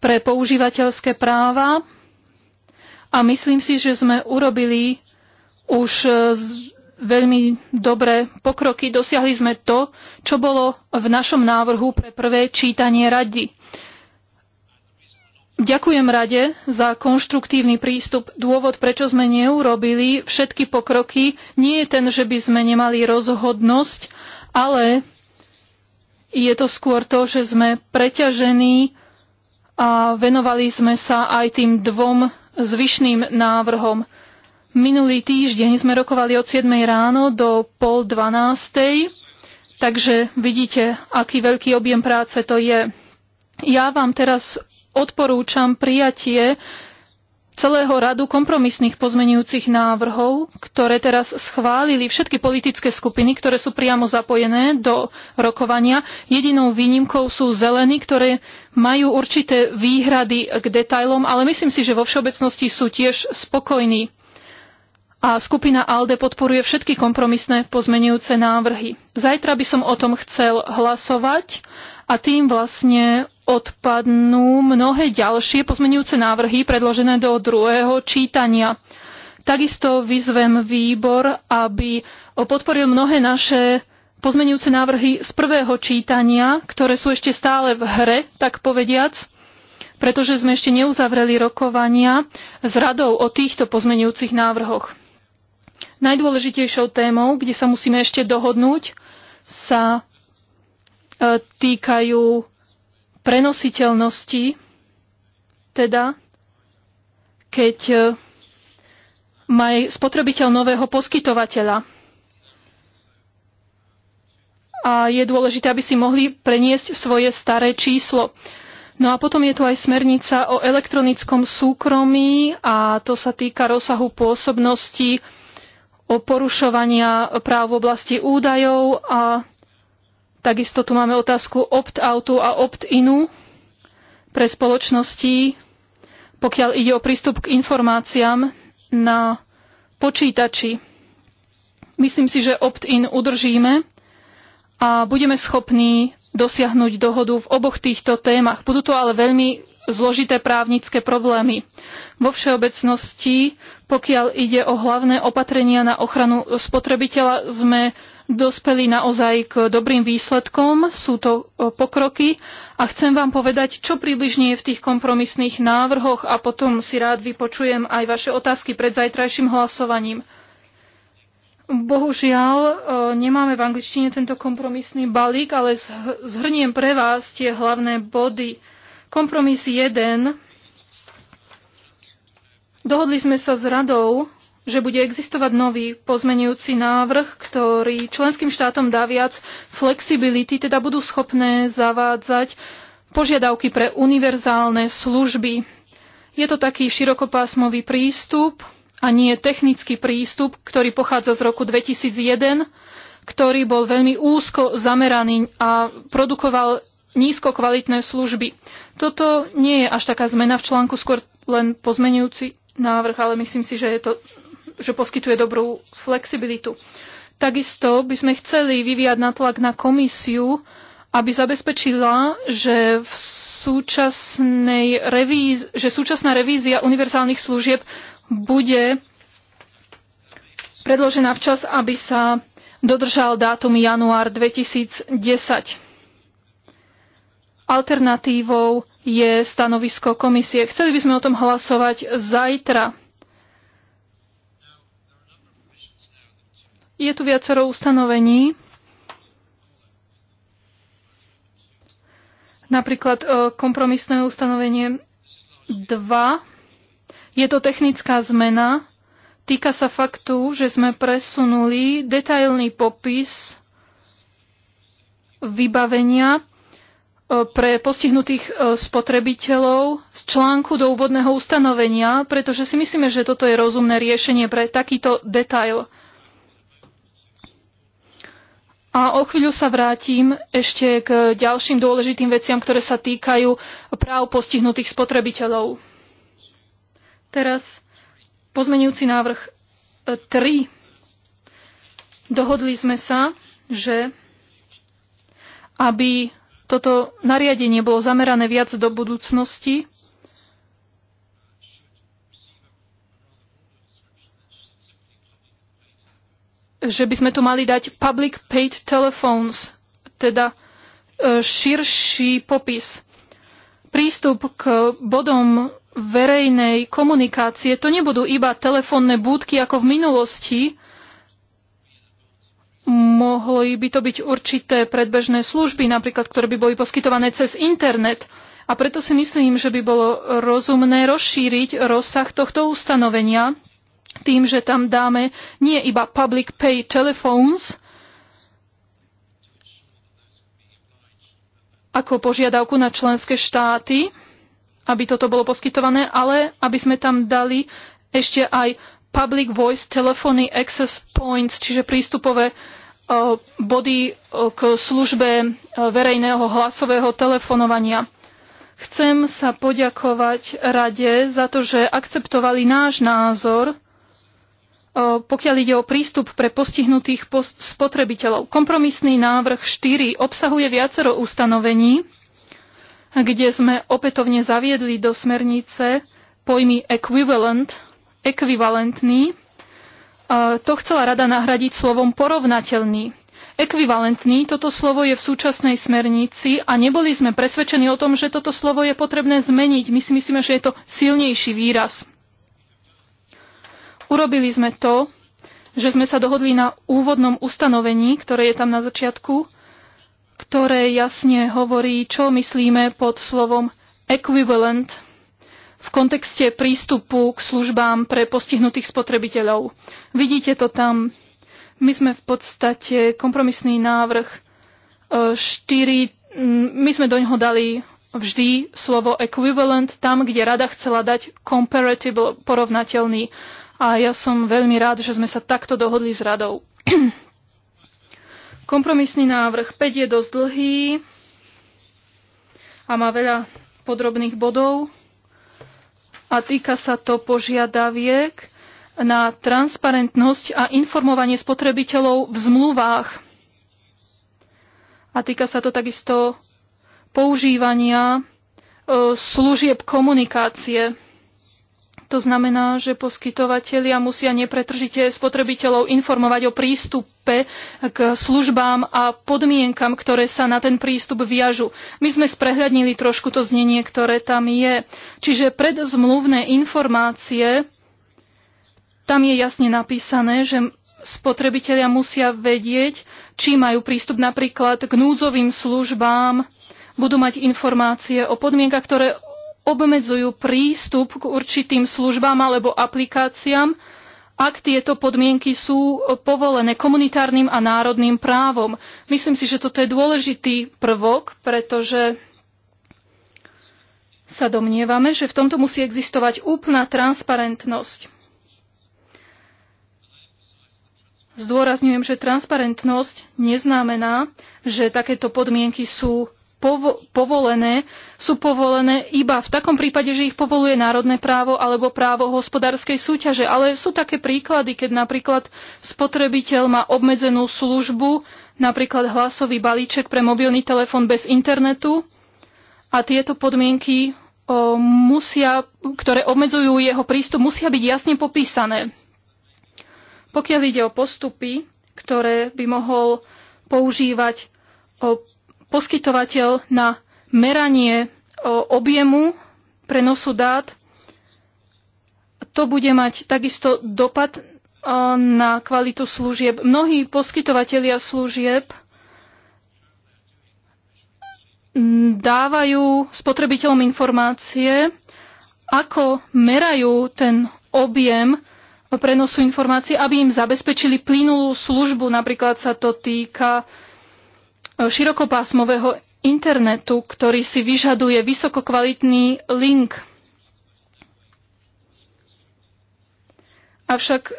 [SPEAKER 3] pre používateľské práva a myslím si, že sme urobili už e, veľmi dobré pokroky. Dosiahli sme to, čo bolo v našom návrhu pre prvé čítanie rady. Ďakujem rade za konštruktívny prístup. Dôvod, prečo sme neurobili všetky pokroky, nie je ten, že by sme nemali rozhodnosť, ale je to skôr to, že sme preťažení a venovali sme sa aj tým dvom zvyšným návrhom. Minulý týždeň sme rokovali od 7 ráno do pol 12. Takže vidíte, aký veľký objem práce to je. Ja vám teraz odporúčam prijatie celého radu kompromisných pozmenujúcich návrhov, ktoré teraz schválili všetky politické skupiny, ktoré sú priamo zapojené do rokovania. Jedinou výnimkou sú zelení, ktoré majú určité výhrady k detailom, ale myslím si, že vo všeobecnosti sú tiež spokojní. A skupina ALDE podporuje všetky kompromisné pozmenujúce návrhy. Zajtra by som o tom chcel hlasovať a tým vlastne odpadnú mnohé ďalšie pozmenujúce návrhy predložené do druhého čítania. Takisto vyzvem výbor, aby podporil mnohé naše pozmenujúce návrhy z prvého čítania, ktoré sú ešte stále v hre, tak povediac, pretože sme ešte neuzavreli rokovania s radou o týchto pozmenujúcich návrhoch. Najdôležitejšou témou, kde sa musíme ešte dohodnúť, sa e, týkajú prenositeľnosti, teda keď e, má spotrebiteľ nového poskytovateľa. A je dôležité, aby si mohli preniesť svoje staré číslo. No a potom je tu aj smernica o elektronickom súkromí a to sa týka rozsahu pôsobnosti o porušovania práv v oblasti údajov a Takisto tu máme otázku opt-outu a opt-inu pre spoločnosti, pokiaľ ide o prístup k informáciám na počítači. Myslím si, že opt-in udržíme a budeme schopní dosiahnuť dohodu v oboch týchto témach. Budú to ale veľmi zložité právnické problémy. Vo všeobecnosti, pokiaľ ide o hlavné opatrenia na ochranu spotrebiteľa, sme dospeli naozaj k dobrým výsledkom, sú to e, pokroky a chcem vám povedať, čo približne je v tých kompromisných návrhoch a potom si rád vypočujem aj vaše otázky pred zajtrajším hlasovaním. Bohužiaľ, e, nemáme v angličtine tento kompromisný balík, ale zhrniem pre vás tie hlavné body. Kompromis 1. Dohodli sme sa s radou, že bude existovať nový pozmenujúci návrh, ktorý členským štátom dá viac flexibility, teda budú schopné zavádzať požiadavky pre univerzálne služby. Je to taký širokopásmový prístup a nie technický prístup, ktorý pochádza z roku 2001, ktorý bol veľmi úzko zameraný a produkoval nízkokvalitné služby. Toto nie je až taká zmena v článku, skôr len pozmenujúci návrh, ale myslím si, že je to že poskytuje dobrú flexibilitu. Takisto by sme chceli vyvíjať natlak na komisiu, aby zabezpečila, že, v súčasnej revíz- že súčasná revízia univerzálnych služieb bude predložená včas, aby sa dodržal dátum január 2010. Alternatívou je stanovisko komisie. Chceli by sme o tom hlasovať zajtra. Je tu viacero ustanovení, napríklad e, kompromisné ustanovenie 2. Je to technická zmena, týka sa faktu, že sme presunuli detailný popis vybavenia e, pre postihnutých e, spotrebiteľov z článku do úvodného ustanovenia, pretože si myslíme, že toto je rozumné riešenie pre takýto detail. A o chvíľu sa vrátim ešte k ďalším dôležitým veciam, ktoré sa týkajú práv postihnutých spotrebiteľov. Teraz pozmenujúci návrh 3. E, Dohodli sme sa, že aby toto nariadenie bolo zamerané viac do budúcnosti, že by sme tu mali dať public paid telephones, teda e, širší popis. Prístup k bodom verejnej komunikácie to nebudú iba telefónne búdky ako v minulosti, Mohli by to byť určité predbežné služby, napríklad, ktoré by boli poskytované cez internet. A preto si myslím, že by bolo rozumné rozšíriť rozsah tohto ustanovenia tým, že tam dáme nie iba public pay telephones, ako požiadavku na členské štáty, aby toto bolo poskytované, ale aby sme tam dali ešte aj public voice telephony access points, čiže prístupové e, body e, k službe e, verejného hlasového telefonovania. Chcem sa poďakovať rade za to, že akceptovali náš názor pokiaľ ide o prístup pre postihnutých spotrebiteľov. Kompromisný návrh 4 obsahuje viacero ustanovení, kde sme opätovne zaviedli do smernice pojmy equivalent, ekvivalentný. To chcela rada nahradiť slovom porovnateľný. Ekvivalentný toto slovo je v súčasnej smernici a neboli sme presvedčení o tom, že toto slovo je potrebné zmeniť. My si myslíme, že je to silnejší výraz. Urobili sme to, že sme sa dohodli na úvodnom ustanovení, ktoré je tam na začiatku, ktoré jasne hovorí, čo myslíme pod slovom equivalent v kontexte prístupu k službám pre postihnutých spotrebiteľov. Vidíte to tam. My sme v podstate kompromisný návrh 4. E, my sme do ňoho dali vždy slovo equivalent tam, kde rada chcela dať comparable, porovnateľný a ja som veľmi rád, že sme sa takto dohodli s radou. Kompromisný návrh 5 je dosť dlhý a má veľa podrobných bodov a týka sa to požiadaviek na transparentnosť a informovanie spotrebiteľov v zmluvách. A týka sa to takisto používania e, služieb komunikácie to znamená, že poskytovatelia musia nepretržite spotrebiteľov informovať o prístupe k službám a podmienkam, ktoré sa na ten prístup viažu. My sme sprehľadnili trošku to znenie, ktoré tam je. Čiže predzmluvné informácie, tam je jasne napísané, že spotrebitelia musia vedieť, či majú prístup napríklad k núdzovým službám, budú mať informácie o podmienkach, ktoré obmedzujú prístup k určitým službám alebo aplikáciám, ak tieto podmienky sú povolené komunitárnym a národným právom. Myslím si, že toto je dôležitý prvok, pretože sa domnievame, že v tomto musí existovať úplná transparentnosť. Zdôrazňujem, že transparentnosť neznamená, že takéto podmienky sú povolené, sú povolené iba v takom prípade, že ich povoluje národné právo alebo právo hospodárskej súťaže. Ale sú také príklady, keď napríklad spotrebiteľ má obmedzenú službu, napríklad hlasový balíček pre mobilný telefón bez internetu a tieto podmienky o, musia, ktoré obmedzujú jeho prístup, musia byť jasne popísané. Pokiaľ ide o postupy, ktoré by mohol používať o poskytovateľ na meranie e, objemu prenosu dát. To bude mať takisto dopad e, na kvalitu služieb. Mnohí poskytovateľia služieb dávajú spotrebiteľom informácie, ako merajú ten objem prenosu informácií, aby im zabezpečili plynulú službu. Napríklad sa to týka uh, E, širokopásmového internetu, ktorý si vyžaduje vysokokvalitný link. Avšak e,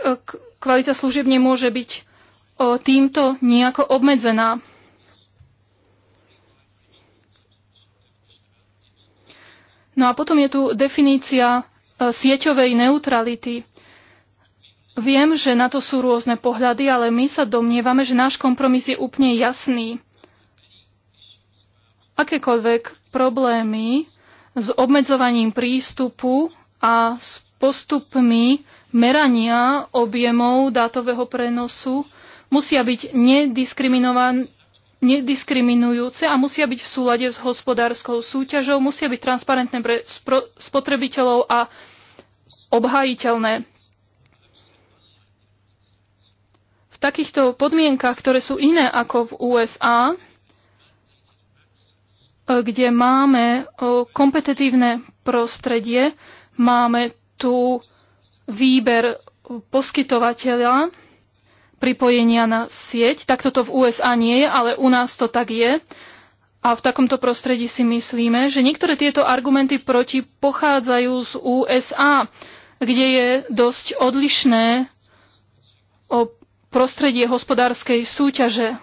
[SPEAKER 3] kvalita služieb nemôže byť e, týmto nejako obmedzená. No a potom je tu definícia sieťovej neutrality. Viem, že na to sú rôzne pohľady, ale my sa domnievame, že náš kompromis je úplne jasný akékoľvek problémy s obmedzovaním prístupu a s postupmi merania objemov dátového prenosu musia byť nediskriminujúce a musia byť v súlade s hospodárskou súťažou, musia byť transparentné pre spotrebiteľov a obhajiteľné. V takýchto podmienkach, ktoré sú iné ako v USA, kde máme kompetitívne prostredie, máme tu výber poskytovateľa pripojenia na sieť. Takto to v USA nie je, ale u nás to tak je. A v takomto prostredí si myslíme, že niektoré tieto argumenty proti pochádzajú z USA, kde je dosť odlišné o prostredie hospodárskej súťaže.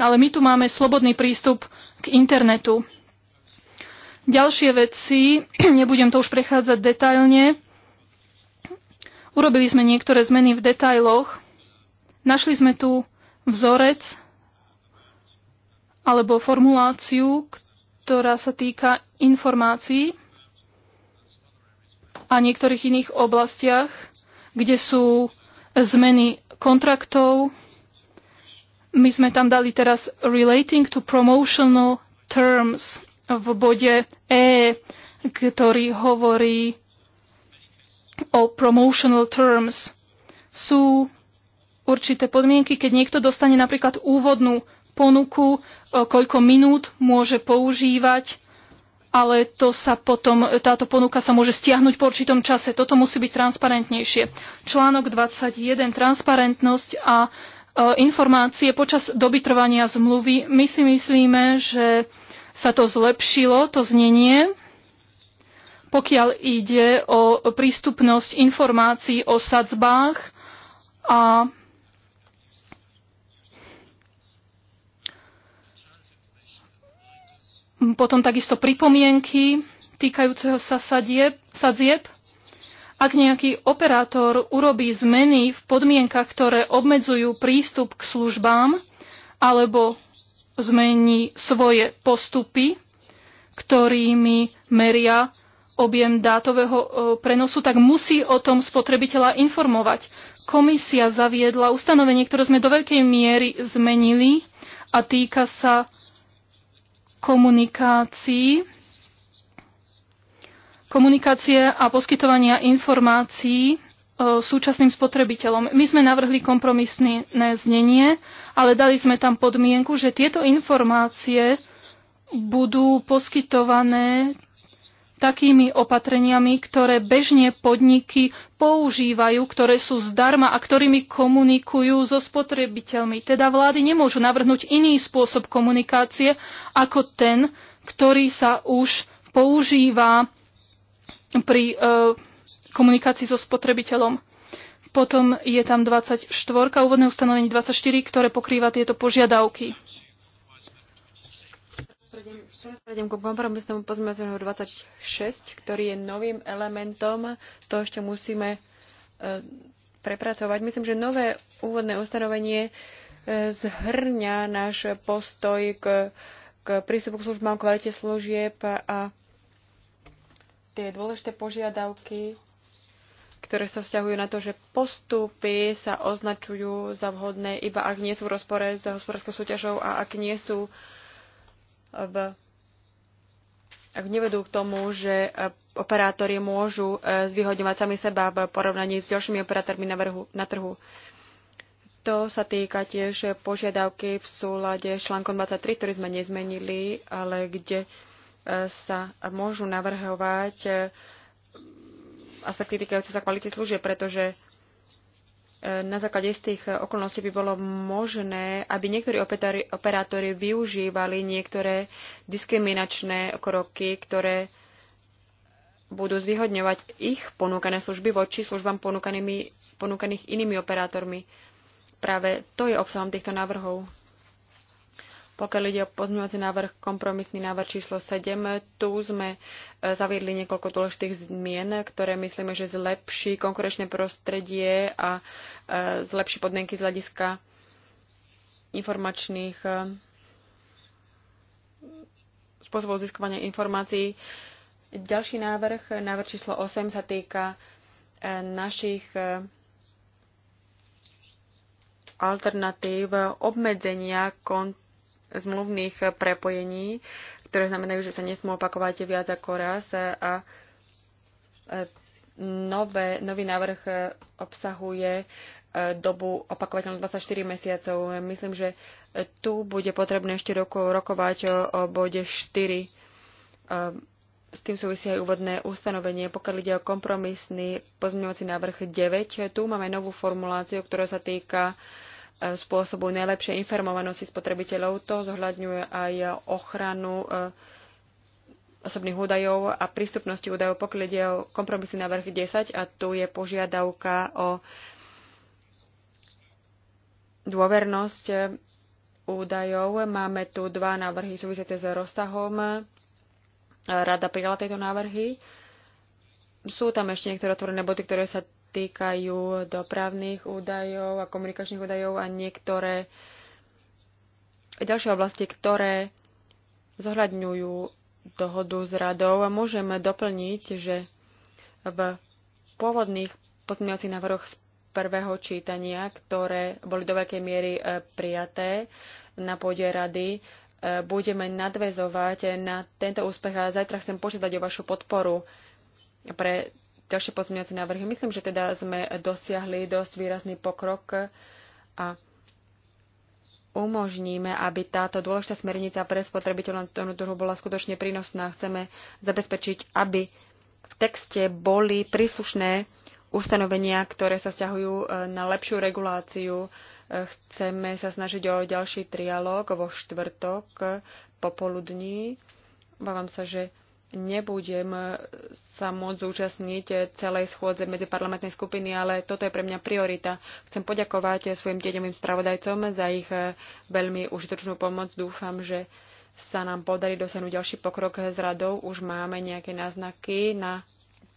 [SPEAKER 3] Ale my tu máme slobodný prístup k internetu. Ďalšie veci, nebudem to už prechádzať detailne. Urobili sme niektoré zmeny v detailoch. Našli sme tu vzorec alebo formuláciu, ktorá sa týka informácií a niektorých iných oblastiach, kde sú zmeny kontraktov. My sme tam dali teraz relating to promotional terms v bode E, ktorý hovorí o promotional terms. Sú určité podmienky, keď niekto dostane napríklad úvodnú ponuku, e, koľko minút môže používať, ale to sa potom, táto ponuka sa môže stiahnuť po určitom čase. Toto musí byť transparentnejšie. Článok 21. Transparentnosť a e, informácie počas doby trvania zmluvy. My si myslíme, že sa to zlepšilo, to znenie, pokiaľ ide o prístupnosť informácií o sadzbách a potom takisto pripomienky týkajúceho sa sadieb, sadzieb. Ak nejaký operátor urobí zmeny v podmienkach, ktoré obmedzujú prístup k službám alebo zmení svoje postupy, ktorými meria objem dátového e, prenosu, tak musí o tom spotrebiteľa informovať. Komisia zaviedla ustanovenie, ktoré sme do veľkej miery zmenili a týka sa komunikácií, komunikácie a poskytovania informácií E, súčasným spotrebiteľom. My sme navrhli kompromisné znenie, ale dali sme tam podmienku, že tieto informácie budú poskytované takými opatreniami, ktoré bežne podniky používajú, ktoré sú zdarma a ktorými komunikujú so spotrebiteľmi. Teda vlády nemôžu navrhnúť iný spôsob komunikácie ako ten, ktorý sa už používa pri e, komunikácii so spotrebiteľom. Potom je tam 24, úvodné ustanovenie 24, ktoré pokrýva tieto požiadavky.
[SPEAKER 2] prejdem k kompromisnému pozmeňovacímu 26, ktorý je novým elementom. To ešte musíme e, prepracovať. Myslím, že nové úvodné ustanovenie e, zhrňa náš postoj k, k prístupu k službám, kvalite služieb a tie dôležité požiadavky ktoré sa vzťahujú na to, že postupy sa označujú za vhodné, iba ak nie sú v rozpore s hospodárskou súťažou a ak nie sú v ak nevedú k tomu, že e, operátori môžu e, zvyhodňovať sami seba v porovnaní s ďalšími operátormi na, vrhu, na trhu. To sa týka tiež požiadavky v súlade s článkom 23, ktorý sme nezmenili, ale kde e, sa môžu navrhovať aspekty týkajúce sa kvality služieb, pretože e, na základe istých e, okolností by bolo možné, aby niektorí operátori využívali niektoré diskriminačné kroky, ktoré budú zvyhodňovať ich ponúkané služby voči službám ponúkaných inými operátormi. Práve to je obsahom týchto návrhov. Pokiaľ ide o pozňovací návrh, kompromisný návrh číslo 7, tu sme e, zaviedli niekoľko dôležitých zmien, ktoré myslíme, že zlepší konkurenčné prostredie a e, zlepší podmienky z hľadiska informačných e, spôsobov získovania informácií. Ďalší návrh, návrh číslo 8, sa týka našich alternatív obmedzenia kont zmluvných prepojení, ktoré znamenajú, že sa nesmú opakovať viac ako raz a nové, nový návrh obsahuje e, dobu opakovateľnú 24 mesiacov. Myslím, že tu bude potrebné ešte roko, rokovať o, o bode 4. E, s tým súvisí aj úvodné ustanovenie. Pokiaľ ide o kompromisný pozmeňovací návrh 9, tu máme novú formuláciu, ktorá sa týka uh, spôsobu najlepšie informovanosti spotrebiteľov. To zohľadňuje aj ochranu eh, osobných údajov a prístupnosti údajov, pokiaľ ide o kompromisný návrh 10 a tu je požiadavka o dôvernosť údajov. Máme tu dva návrhy súvisiace s rozsahom. Rada prijala tieto návrhy. Sú tam ešte niektoré otvorené body, ktoré sa týkajú dopravných údajov a komunikačných údajov a niektoré ďalšie oblasti, ktoré zohľadňujú dohodu s radou. A môžeme doplniť, že v pôvodných pozmeňovacích návrhoch z prvého čítania, ktoré boli do veľkej miery e, prijaté na pôde rady, e, budeme nadvezovať na tento úspech a zajtra chcem požiadať o vašu podporu pre ďalšie pozmeňovacie návrhy. Myslím, že teda sme dosiahli dosť výrazný pokrok a umožníme, aby táto dôležitá smernica pre spotrebiteľov na tom druhu bola skutočne prínosná. Chceme zabezpečiť, aby v texte boli príslušné ustanovenia, ktoré sa stiahujú e, na lepšiu reguláciu. E, chceme sa snažiť o ďalší trialóg vo štvrtok popoludní. Bávam sa, že nebudem e, sa môcť zúčastniť e, celej schôdze medziparlamentnej skupiny, ale toto je pre mňa priorita. Chcem poďakovať e, svojim tieňovým spravodajcom za ich veľmi užitočnú pomoc. Dúfam, že sa nám podarí dosiahnuť ďalší pokrok s radou. Už máme nejaké náznaky na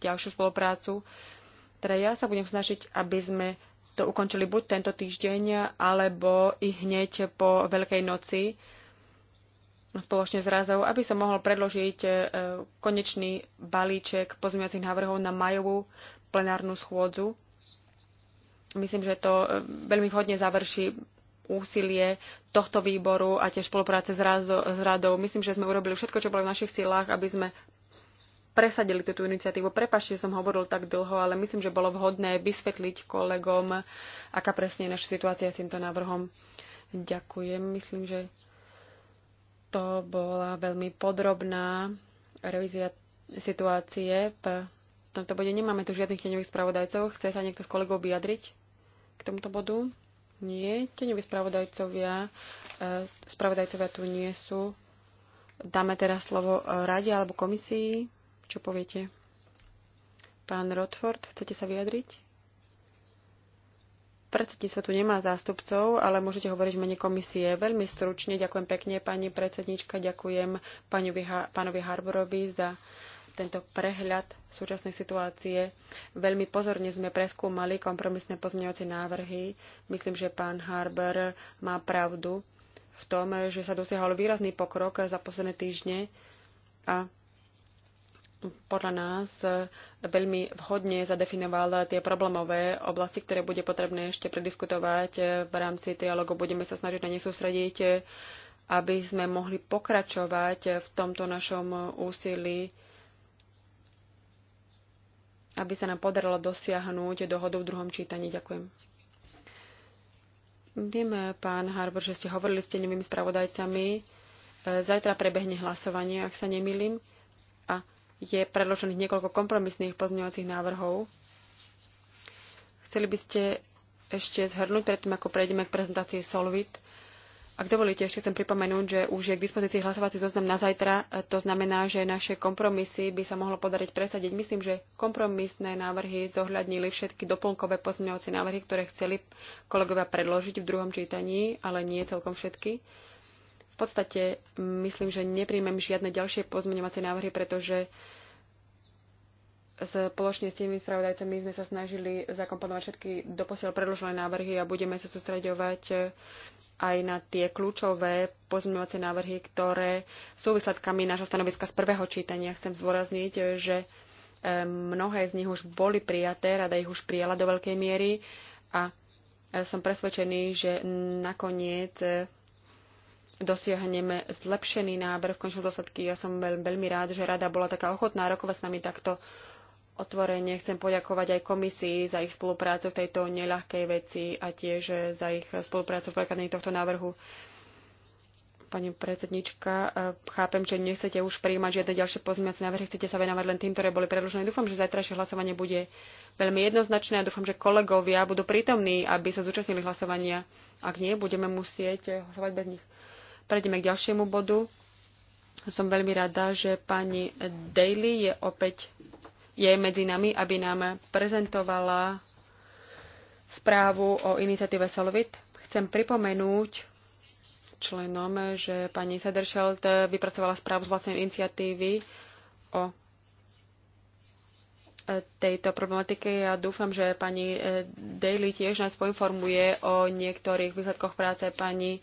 [SPEAKER 2] ďalšiu spoluprácu. Teda ja sa budem snažiť, aby sme to ukončili buď tento týždeň, alebo i hneď po Veľkej noci spoločne s Razou, aby sa mohol predložiť e, konečný balíček pozmiacich návrhov na majovú plenárnu schôdzu. Myslím, že to e, veľmi vhodne završí úsilie tohto výboru a tiež spolupráce s, s radou. Myslím, že sme urobili všetko, čo bolo v našich silách, aby sme presadili túto iniciatívu. Prepašte, som hovoril tak dlho, ale myslím, že bolo vhodné vysvetliť kolegom, aká presne je naša situácia s týmto návrhom. Ďakujem. Myslím, že to bola veľmi podrobná revízia situácie v tomto bode. Nemáme tu žiadnych teňových spravodajcov. Chce sa niekto z kolegov vyjadriť k tomuto bodu? Nie, teňoví spravodajcovia, e, spravodajcovia tu nie sú. Dáme teraz slovo e, rade alebo komisii. Čo poviete? Pán Rodford, chcete sa vyjadriť? Predsednica tu nemá zástupcov, ale môžete hovoriť v mene komisie. Veľmi stručne ďakujem pekne, pani predsednička, ďakujem pánovi Harborovi za tento prehľad súčasnej situácie. Veľmi pozorne sme preskúmali kompromisné pozmeňovacie návrhy. Myslím, že pán Harbor má pravdu v tom, že sa dosiahol výrazný pokrok za posledné týždne a podľa nás e, veľmi vhodne zadefinoval tie problémové oblasti, ktoré bude potrebné ešte prediskutovať e, v rámci trialogu. Budeme sa snažiť na ne sústrediť, e, aby sme mohli pokračovať v tomto našom úsilí, aby sa nám podarilo dosiahnuť dohodu v druhom čítaní. Ďakujem. Viem, pán Harbor, že ste hovorili s novými spravodajcami. Zajtra prebehne hlasovanie, ak sa nemýlim. A je predložených niekoľko kompromisných pozňovacích návrhov. Chceli by ste ešte zhrnúť predtým, ako prejdeme k prezentácii Solvit. Ak dovolíte, ešte chcem pripomenúť, že už je k dispozícii hlasovací zoznam na zajtra. To znamená, že naše kompromisy by sa mohlo podariť presadiť. Myslím, že kompromisné návrhy zohľadnili všetky doplnkové pozmeňovacie návrhy, ktoré chceli kolegovia predložiť v druhom čítaní, ale nie celkom všetky. V podstate myslím, že nepríjmem žiadne ďalšie pozmeňovacie návrhy, pretože spoločne s tými spravodajcami sme sa snažili zakomponovať všetky doposiaľ predložené návrhy a budeme sa sústreďovať eh, aj na tie kľúčové pozmeňovacie návrhy, ktoré sú výsledkami nášho stanoviska z prvého čítania. Chcem zvorazniť, eh, že eh, mnohé z nich už boli prijaté, rada ich už prijala do veľkej miery a som presvedčený, že nakoniec dosiahneme zlepšený návrh. V končnom dôsledku ja som veľ, veľmi rád, že rada bola taká ochotná rokovať s nami takto otvorene. Chcem poďakovať aj komisii za ich spoluprácu v tejto neľahkej veci a tiež eh, za ich spoluprácu v prekladaní tohto návrhu. Pani predsednička, eh, chápem, že nechcete už prijímať žiadne ďalšie pozmeňovacie návrhy, chcete sa venovať len tým, ktoré boli predložené. Dúfam, že zajtrajšie hlasovanie bude veľmi jednoznačné a dúfam, že kolegovia budú prítomní, aby sa zúčastnili hlasovania. Ak nie, budeme musieť eh, hlasovať bez nich. Prejdeme k ďalšiemu bodu. Som veľmi rada, že pani Daly je opäť je medzi nami, aby nám prezentovala správu o iniciatíve Solvit. Chcem pripomenúť členom, že pani Sederschelt vypracovala správu z vlastnej iniciatívy o tejto problematike. Ja dúfam, že pani Daly tiež nás poinformuje o niektorých výsledkoch práce pani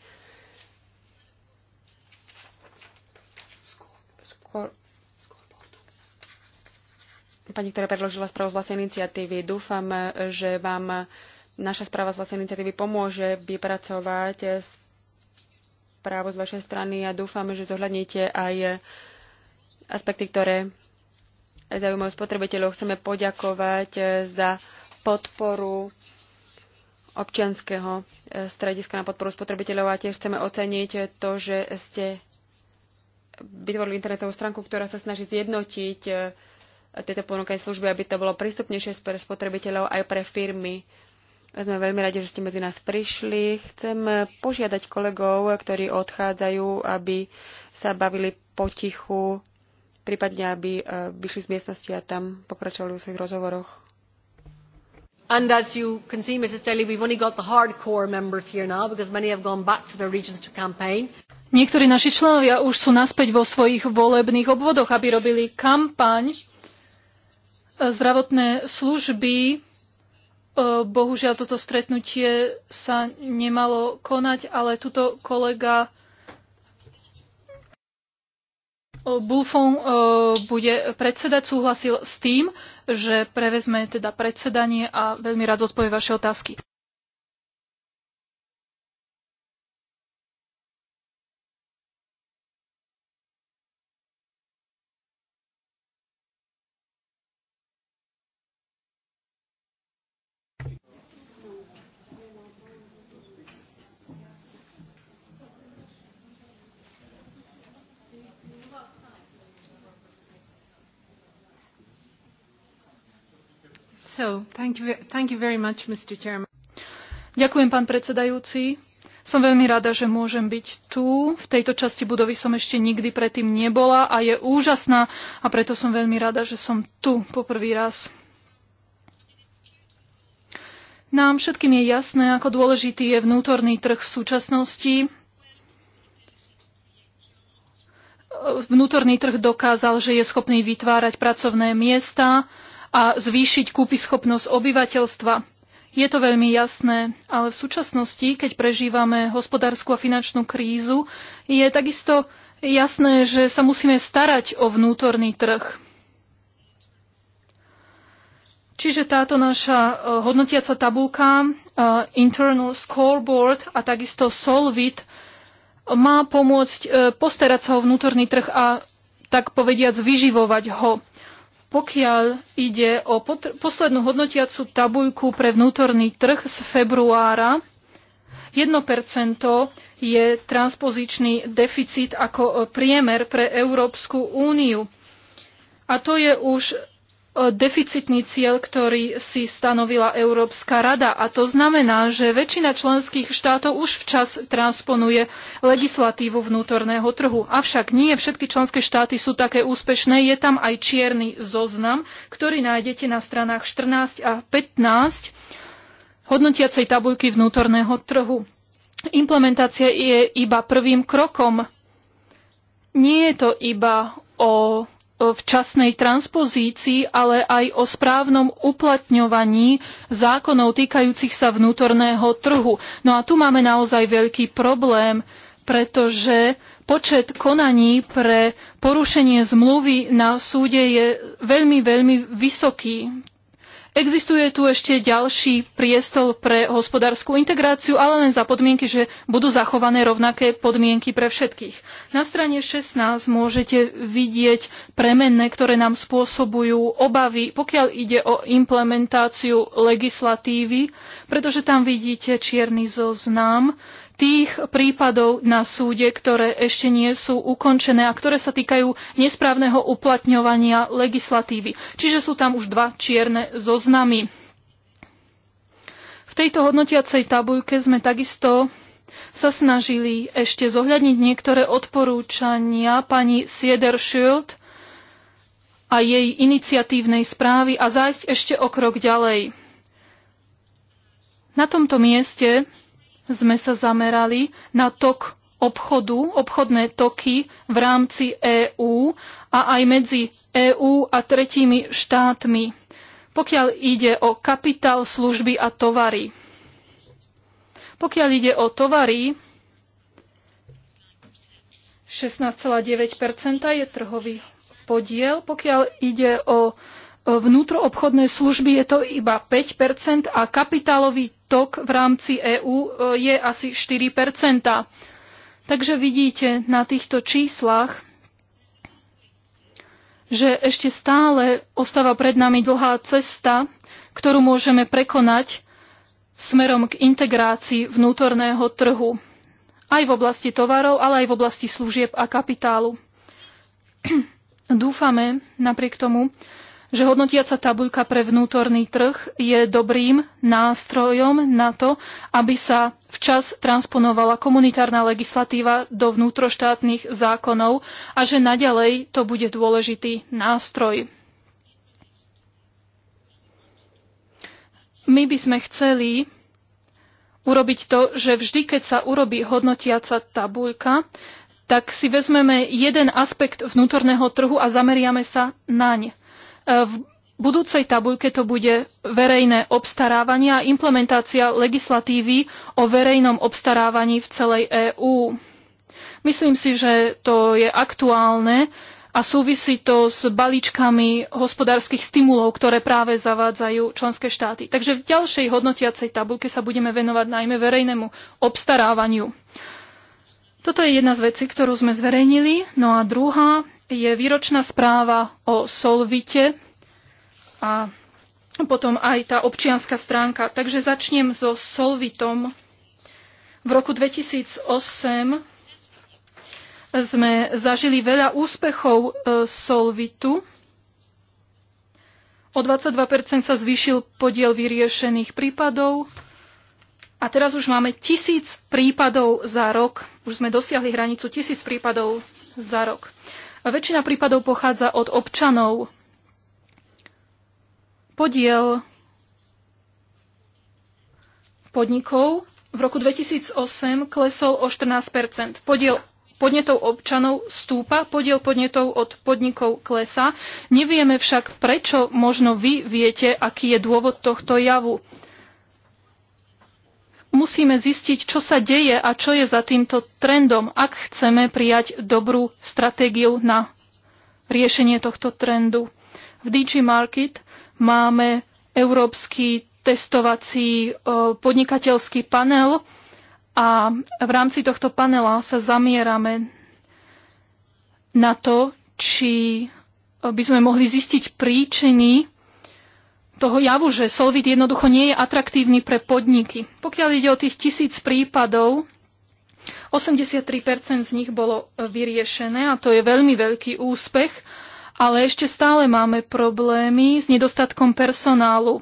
[SPEAKER 2] pani, ktorá predložila správu z vlastnej iniciatívy. Dúfam, že vám naša správa z vlastnej iniciatívy pomôže vypracovať správu z vašej strany a dúfam, že zohľadníte aj aspekty, ktoré zaujímajú spotrebiteľov. Chceme poďakovať za podporu občianskeho strediska na podporu spotrebiteľov a tiež chceme oceniť to, že ste vytvorili internetovú stránku, ktorá sa snaží zjednotiť tieto ponúkajú služby, aby to bolo prístupnejšie pre spotrebiteľov aj pre firmy. Sme veľmi radi, že ste medzi nás prišli. Chcem požiadať kolegov, ktorí odchádzajú, aby sa bavili potichu, prípadne aby e, vyšli z miestnosti a tam pokračovali v svojich rozhovoroch.
[SPEAKER 3] And as you can see, Mrs. Daly, we've only got the hardcore members
[SPEAKER 2] here now because many have gone back to their regions to campaign.
[SPEAKER 3] Niektorí naši členovia už sú naspäť vo svojich volebných obvodoch, aby robili kampaň zdravotné služby. E, bohužiaľ toto stretnutie sa nemalo konať, ale tuto kolega e, Bulfon e, bude predsedať, súhlasil s tým, že prevezme teda predsedanie a veľmi rád zodpovie vaše otázky. Ďakujem, pán predsedajúci. Som veľmi rada, že môžem byť tu. V tejto časti budovy som ešte nikdy predtým nebola a je úžasná a preto som veľmi rada, že som tu poprvý raz. Nám všetkým je jasné, ako dôležitý je vnútorný trh v súčasnosti. Vnútorný trh dokázal, že je schopný vytvárať pracovné miesta a zvýšiť kúpyschopnosť obyvateľstva. Je to veľmi jasné, ale v súčasnosti, keď prežívame hospodárskú a finančnú krízu, je takisto jasné, že sa musíme starať o vnútorný trh. Čiže táto naša eh, hodnotiaca tabulka, eh, internal scoreboard a takisto Solvit eh, má pomôcť postarať sa o vnútorný trh a tak povediac vyživovať ho. Pokiaľ ide o poslednú hodnotiacu tabuľku pre vnútorný trh z februára, 1% je transpozičný deficit ako priemer pre Európsku úniu. A to je už E, deficitný cieľ, ktorý si stanovila Európska rada. A to znamená, že väčšina členských štátov už včas transponuje legislatívu vnútorného trhu. Avšak nie všetky členské štáty sú také úspešné. Je tam aj čierny zoznam, ktorý nájdete na stranách 14 a 15 hodnotiacej tabuľky vnútorného trhu. Implementácia je iba prvým krokom. Nie je to iba o včasnej transpozícii, ale aj o správnom uplatňovaní zákonov týkajúcich sa vnútorného trhu. No a tu máme naozaj veľký problém, pretože počet konaní pre porušenie zmluvy na súde je veľmi, veľmi vysoký. Existuje tu ešte ďalší priestor pre hospodárskú integráciu, ale len za podmienky, že budú zachované rovnaké podmienky pre všetkých. Na strane 16 môžete vidieť premenné, ktoré nám spôsobujú obavy, pokiaľ ide o implementáciu legislatívy, pretože tam vidíte čierny zoznam tých prípadov na súde, ktoré ešte nie sú ukončené a ktoré sa týkajú nesprávneho uplatňovania legislatívy. Čiže sú tam už dva čierne zoznamy. V tejto hodnotiacej tabuľke sme takisto sa snažili ešte zohľadniť niektoré odporúčania pani Schild a jej iniciatívnej správy a zájsť ešte o krok ďalej. Na tomto mieste sme sa zamerali na tok obchodu, obchodné toky v rámci EÚ a aj medzi EÚ a tretími štátmi, pokiaľ ide o kapitál, služby a tovary. Pokiaľ ide o tovary, 16,9 je trhový podiel. Pokiaľ ide o vnútroobchodné služby je to iba 5 a kapitálový tok v rámci EÚ e, je asi 4 Takže vidíte na týchto číslach, že ešte stále ostáva pred nami dlhá cesta, ktorú môžeme prekonať smerom k integrácii vnútorného trhu. Aj v oblasti tovarov, ale aj v oblasti služieb a kapitálu. Dúfame napriek tomu, že hodnotiaca tabuľka pre vnútorný trh je dobrým nástrojom na to, aby sa včas transponovala komunitárna legislatíva do vnútroštátnych zákonov a že naďalej to bude dôležitý nástroj. My by sme chceli urobiť to, že vždy, keď sa urobí hodnotiaca tabuľka, tak si vezmeme jeden aspekt vnútorného trhu a zameriame sa naň. E, v budúcej tabuľke to bude verejné obstarávanie a implementácia legislatívy o verejnom obstarávaní v celej EÚ. Myslím si, že to je aktuálne a súvisí to s balíčkami hospodárskych stimulov, ktoré práve zavádzajú členské štáty. Takže v ďalšej hodnotiacej tabulke sa budeme venovať najmä verejnému obstarávaniu. Toto je jedna z vecí, ktorú sme zverejnili. No a druhá je výročná správa o Solvite a potom aj tá občianská stránka. Takže začnem so Solvitom. V roku 2008 sme zažili veľa úspechov e, Solvitu. O 22% sa zvýšil podiel vyriešených prípadov. A teraz už máme tisíc prípadov za rok. Už sme dosiahli hranicu tisíc prípadov za rok. Väčšina prípadov pochádza od občanov. Podiel podnikov v roku 2008 klesol o 14 Podiel podnetov občanov stúpa, podiel podnetov od podnikov klesa. Nevieme však, prečo možno vy viete, aký je dôvod tohto javu musíme zistiť, čo sa deje a čo je za týmto trendom, ak chceme prijať dobrú stratégiu na riešenie tohto trendu. V DG Market máme európsky testovací e, podnikateľský panel a v rámci tohto panela sa zamierame na to, či by sme mohli zistiť príčiny toho javu, že Solvit jednoducho nie je atraktívny pre podniky. Pokiaľ ide o tých tisíc prípadov, 83% z nich bolo e, vyriešené a to je veľmi veľký úspech, ale ešte stále máme problémy s nedostatkom personálu.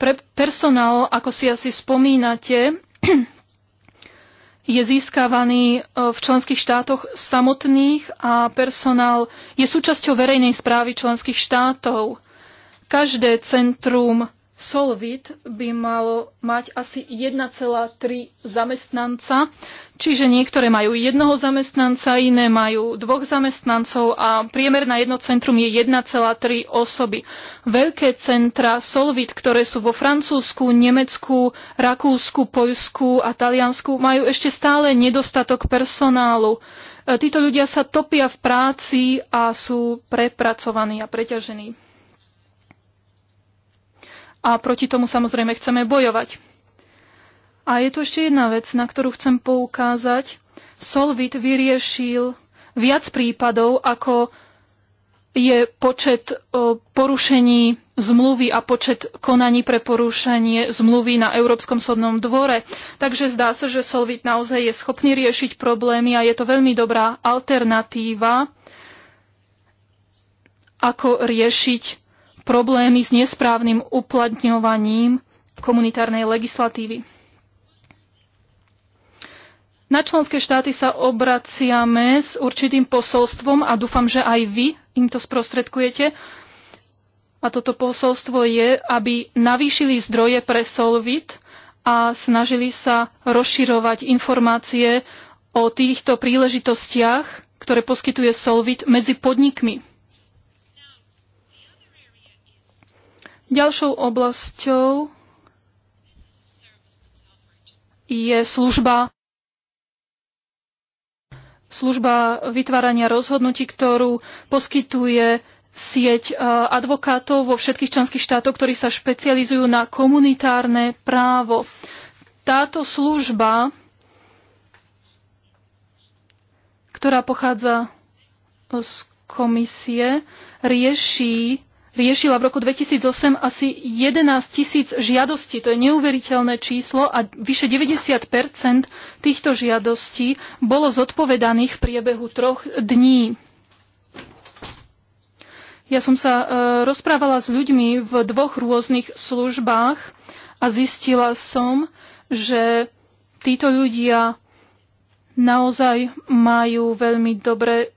[SPEAKER 3] Pre personál, ako si asi spomínate, je získavaný e, v členských štátoch samotných a personál je súčasťou verejnej správy členských štátov. Každé centrum Solvit by malo mať asi 1,3 zamestnanca, čiže niektoré majú jednoho zamestnanca, iné majú dvoch zamestnancov a priemer na jedno centrum je 1,3 osoby. Veľké centra Solvit, ktoré sú vo Francúzsku, Nemecku, Rakúsku, Poľsku a Taliansku, majú ešte stále nedostatok personálu. E, títo ľudia sa topia v práci a sú prepracovaní a preťažení a proti tomu samozrejme chceme bojovať. A je tu ešte jedna vec, na ktorú chcem poukázať. Solvit vyriešil viac prípadov, ako je počet e, porušení zmluvy a počet konaní pre porušenie zmluvy na Európskom súdnom dvore. Takže zdá sa, že Solvit naozaj je schopný riešiť problémy a je to veľmi dobrá alternatíva, ako riešiť problémy s nesprávnym uplatňovaním komunitárnej legislatívy. Na členské štáty sa obraciame s určitým posolstvom a dúfam, že aj vy im to sprostredkujete. A toto posolstvo je, aby navýšili zdroje pre Solvit a snažili sa rozširovať informácie o týchto príležitostiach, ktoré poskytuje Solvit medzi podnikmi. Ďalšou oblasťou je služba služba vytvárania rozhodnutí, ktorú poskytuje sieť e, advokátov vo všetkých členských štátoch, ktorí sa špecializujú na komunitárne právo. Táto služba, ktorá pochádza z komisie, rieši riešila v roku 2008 asi 11 tisíc žiadostí. To je neuveriteľné číslo a vyše 90 týchto žiadostí bolo zodpovedaných v priebehu troch dní. Ja som sa e, rozprávala s ľuďmi v dvoch rôznych službách a zistila som, že títo ľudia naozaj majú veľmi dobré e,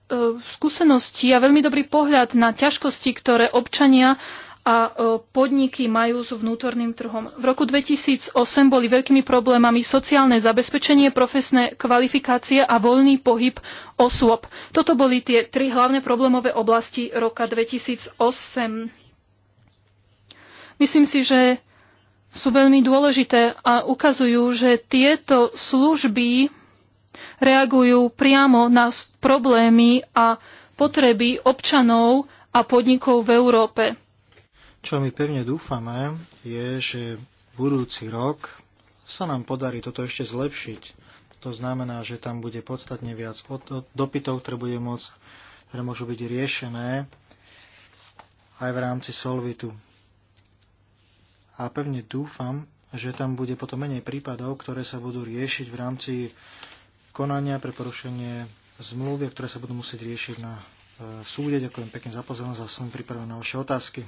[SPEAKER 3] skúsenosti a veľmi dobrý pohľad na ťažkosti, ktoré občania a e, podniky majú s vnútorným trhom. V roku 2008 boli veľkými problémami sociálne zabezpečenie, profesné kvalifikácie a voľný pohyb osôb. Toto boli tie tri hlavné problémové oblasti roka 2008. Myslím si, že sú veľmi dôležité a ukazujú, že tieto služby reagujú priamo na problémy a potreby občanov a podnikov v Európe.
[SPEAKER 4] Čo my pevne dúfame, je, že budúci rok sa nám podarí toto ešte zlepšiť. To znamená, že tam bude podstatne viac dopytov, ktoré, bude môcť, ktoré môžu byť riešené aj v rámci Solvitu. A pevne dúfam, že tam bude potom menej prípadov, ktoré sa budú riešiť v rámci konania pre porušenie zmluvy, ktoré sa budú musieť riešiť na e, súde. Ďakujem pekne za pozornosť a som pripravený na vaše otázky.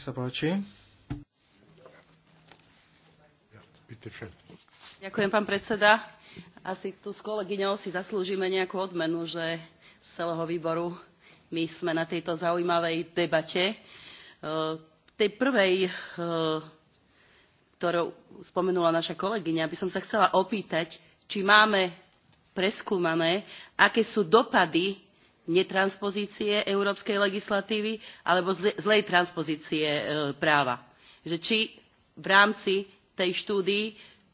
[SPEAKER 4] Sa páči.
[SPEAKER 5] Ďakujem, pán predseda. Asi tu s kolegyňou si zaslúžime nejakú odmenu, že z celého výboru my sme na tejto zaujímavej debate. Eh, tej prvej, eh, ktorú spomenula naša kolegyňa, by som sa chcela opýtať, či máme preskúmané, aké sú dopady netranspozície európskej legislatívy alebo zlej transpozície eh, práva. Že či v rámci tej štúdii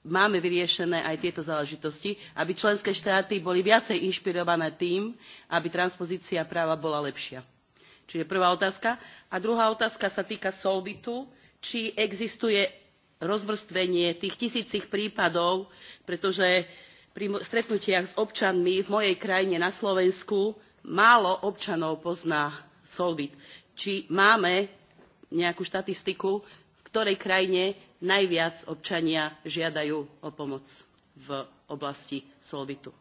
[SPEAKER 5] máme vyriešené aj tieto záležitosti, aby členské štáty boli viacej inšpirované tým, aby transpozícia práva bola lepšia. Čiže prvá otázka. A druhá otázka sa týka solbitu, či existuje rozvrstvenie tých tisícich prípadov, pretože pri stretnutiach s občanmi v mojej krajine na Slovensku málo občanov pozná solvit. Či máme nejakú štatistiku, ktorej krajine najviac občania žiadajú o pomoc v oblasti solvitu.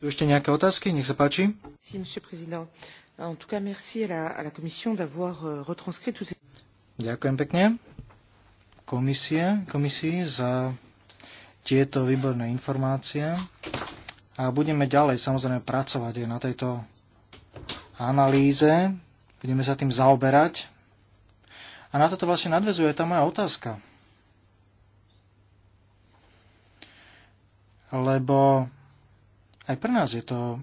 [SPEAKER 4] ešte nejaké otázky? Nech sa páči. Euh, Ďakujem pekne komisie, komisii za tieto výborné informácie. A budeme ďalej samozrejme pracovať aj na tejto analýze, budeme sa tým zaoberať. A na toto vlastne nadvezuje tá moja otázka. Lebo aj pre nás je to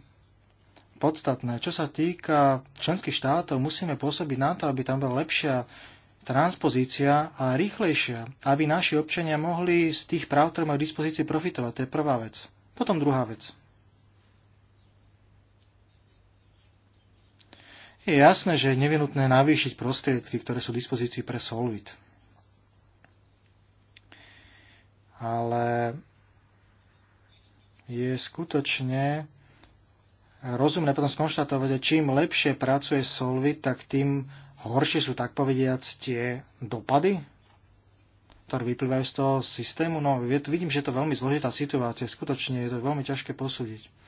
[SPEAKER 4] podstatné. Čo sa týka členských štátov, musíme pôsobiť na to, aby tam bola lepšia transpozícia a rýchlejšia, aby naši občania mohli z tých práv, ktoré majú dispozícii, profitovať. To je prvá vec. Potom druhá vec. Je jasné, že je nevinutné navýšiť prostriedky, ktoré sú v dispozícii pre Solvit. Ale je skutočne rozumné potom skonštatovať, že čím lepšie pracuje Solvit, tak tým horšie sú, tak povediac, tie dopady, ktoré vyplývajú z toho systému. No vidím, že je to veľmi zložitá situácia, skutočne je to veľmi ťažké posúdiť.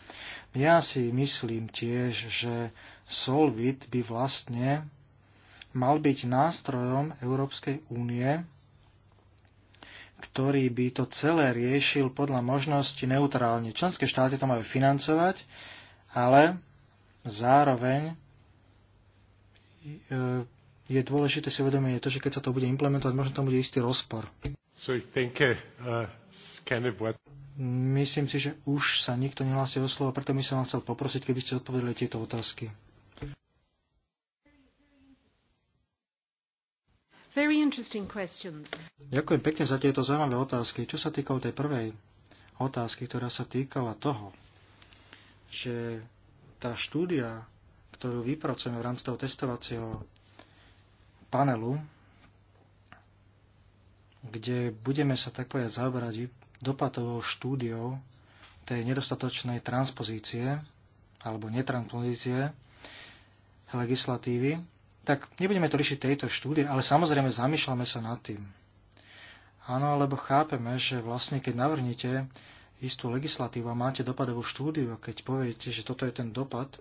[SPEAKER 4] Ja si myslím tiež, že Solvit by vlastne mal byť nástrojom Európskej únie, ktorý by to celé riešil podľa možnosti neutrálne. Členské štáty to majú financovať, ale zároveň e, je dôležité si uvedomiť to, že keď sa to bude implementovať, možno tam bude istý rozpor.
[SPEAKER 5] So uh, uh
[SPEAKER 4] Myslím si, že už sa nikto nehlási o slovo, preto by som vám chcel poprosiť, keby ste odpovedali tieto otázky. Ďakujem pekne za tieto zaujímavé otázky. Čo sa týkalo tej prvej otázky, ktorá sa týkala toho, že tá štúdia, ktorú vypracujeme v rámci toho testovacieho panelu, kde budeme sa tak povedať zaoberať dopadovou štúdiou tej nedostatočnej transpozície alebo netranspozície legislatívy, tak nebudeme to riešiť tejto štúdie, ale samozrejme zamýšľame sa nad tým. Áno, alebo chápeme, že vlastne keď navrhnete istú legislatívu a máte dopadovú štúdiu a keď poviete, že toto je ten dopad,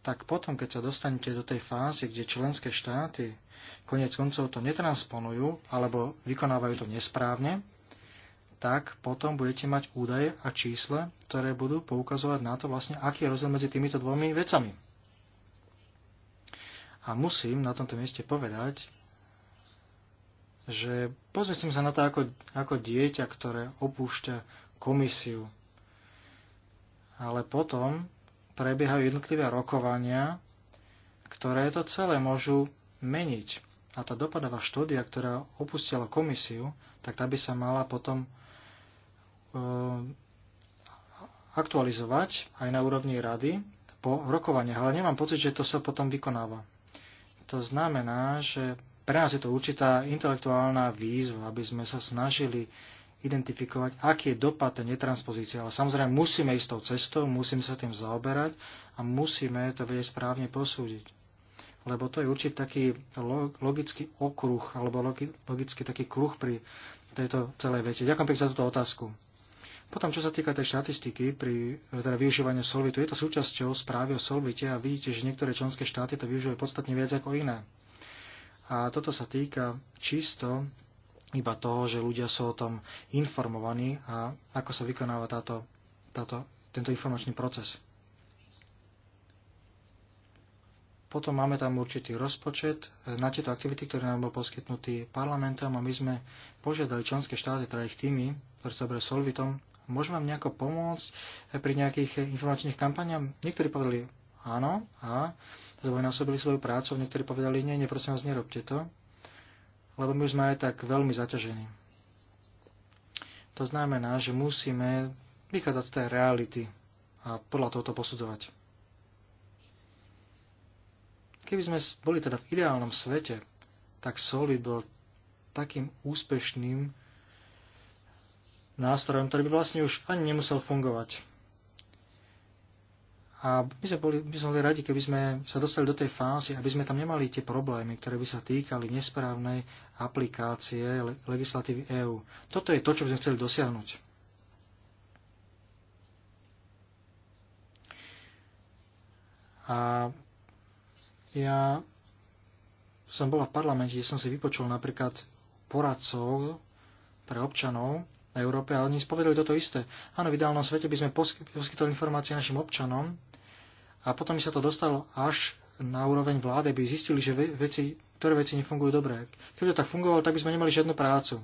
[SPEAKER 4] tak potom, keď sa dostanete do tej fázy, kde členské štáty konec koncov to netransponujú alebo vykonávajú to nesprávne, tak potom budete mať údaje a čísla, ktoré budú poukazovať na to vlastne, aký je rozdiel medzi týmito dvomi vecami. A musím na tomto mieste povedať, že pozrite sa na to ako, ako dieťa, ktoré opúšťa komisiu. Ale potom prebiehajú jednotlivé rokovania, ktoré to celé môžu meniť. A tá dopadová štúdia, ktorá opustila komisiu, tak tá by sa mala potom Eh, aktualizovať aj na úrovni rady po rokovaniach, ale nemám pocit, že to sa potom vykonáva. To znamená, že pre nás je to určitá intelektuálna výzva, aby sme sa snažili identifikovať, aký je dopad tej netranspozície. Ale samozrejme musíme ísť tou cestou, musíme sa tým zaoberať a musíme to vedieť správne posúdiť. Lebo to je určitý taký logický okruh, alebo logický taký kruh pri tejto celej veci. Ďakujem pekne za túto otázku. Potom, čo sa týka tej štatistiky pri teda využívaní solvitu, je to súčasťou správy o solvite a vidíte, že niektoré členské štáty to využívajú podstatne viac ako iné. A toto sa týka čisto iba toho, že ľudia sú o tom informovaní a ako sa vykonáva táto, táto, tento informačný proces. Potom máme tam určitý rozpočet na tieto aktivity, ktoré nám bol poskytnutý parlamentom a my sme požiadali členské štáty, teda ich týmy, ktoré sa berú solvitom, Môžem vám nejako pomôcť pri nejakých informačných kampaniach? Niektorí povedali áno a zvojnásobili svoju prácu, niektorí povedali nie, neprosím vás, nerobte to, lebo my už sme aj tak veľmi zaťažení. To znamená, že musíme vychádzať z tej reality a podľa to posudzovať. Keby sme boli teda v ideálnom svete, tak Soli bol takým úspešným nástrojom, ktorý by vlastne už ani nemusel fungovať. A my sme boli, my sme boli radi, keby sme sa dostali do tej fázy, aby sme tam nemali tie problémy, ktoré by sa týkali nesprávnej aplikácie legislatívy EÚ. Toto je to, čo by sme chceli dosiahnuť. A ja som bola v parlamente, kde som si vypočul napríklad poradcov pre občanov, Európe a oni spovedali toto isté. Áno, v ideálnom svete by sme poskytli informácie našim občanom a potom by sa to dostalo až na úroveň vlády, by zistili, že veci, ktoré veci nefungujú dobre. Keby to tak fungovalo, tak by sme nemali žiadnu prácu.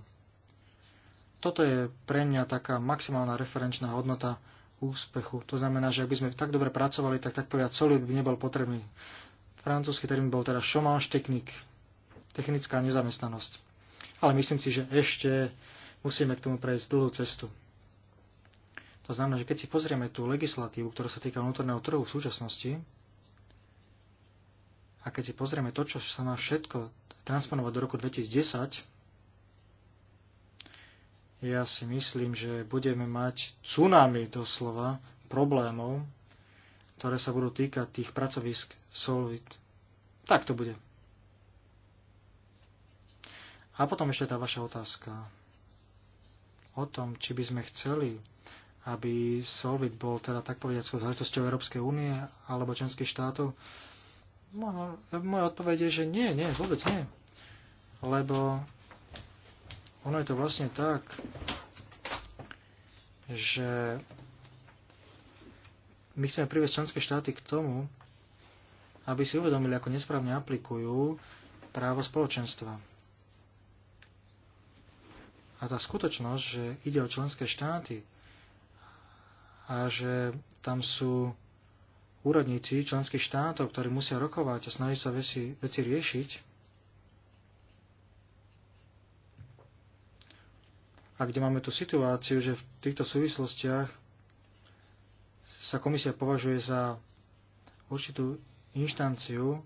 [SPEAKER 4] Toto je pre mňa taká maximálna referenčná hodnota úspechu. To znamená, že ak by sme tak dobre pracovali, tak tak povedať solid by nebol potrebný. Francúzsky termín bol teda chômage technik, technická nezamestnanosť. Ale myslím si, že ešte musíme k tomu prejsť dlhú cestu. To znamená, že keď si pozrieme tú legislatívu, ktorá sa týka vnútorného trhu v súčasnosti, a keď si pozrieme to, čo sa má všetko transponovať do roku 2010, ja si myslím, že budeme mať tsunami doslova problémov, ktoré sa budú týkať tých pracovisk Solvit. Tak to bude. A potom ešte tá vaša otázka o tom, či by sme chceli, aby Solvit bol teda tak povediať záležitosťou Európskej únie alebo členských štátov, moja odpoveď je, že nie, nie, vôbec nie. Lebo ono je to vlastne tak, že my chceme priviesť členské štáty k tomu, aby si uvedomili, ako nesprávne aplikujú právo spoločenstva. A tá skutočnosť, že ide o členské štáty a že tam sú úradníci členských štátov, ktorí musia rokovať a snažiť sa veci, veci riešiť, a kde máme tú situáciu, že v týchto súvislostiach sa komisia považuje za určitú inštanciu,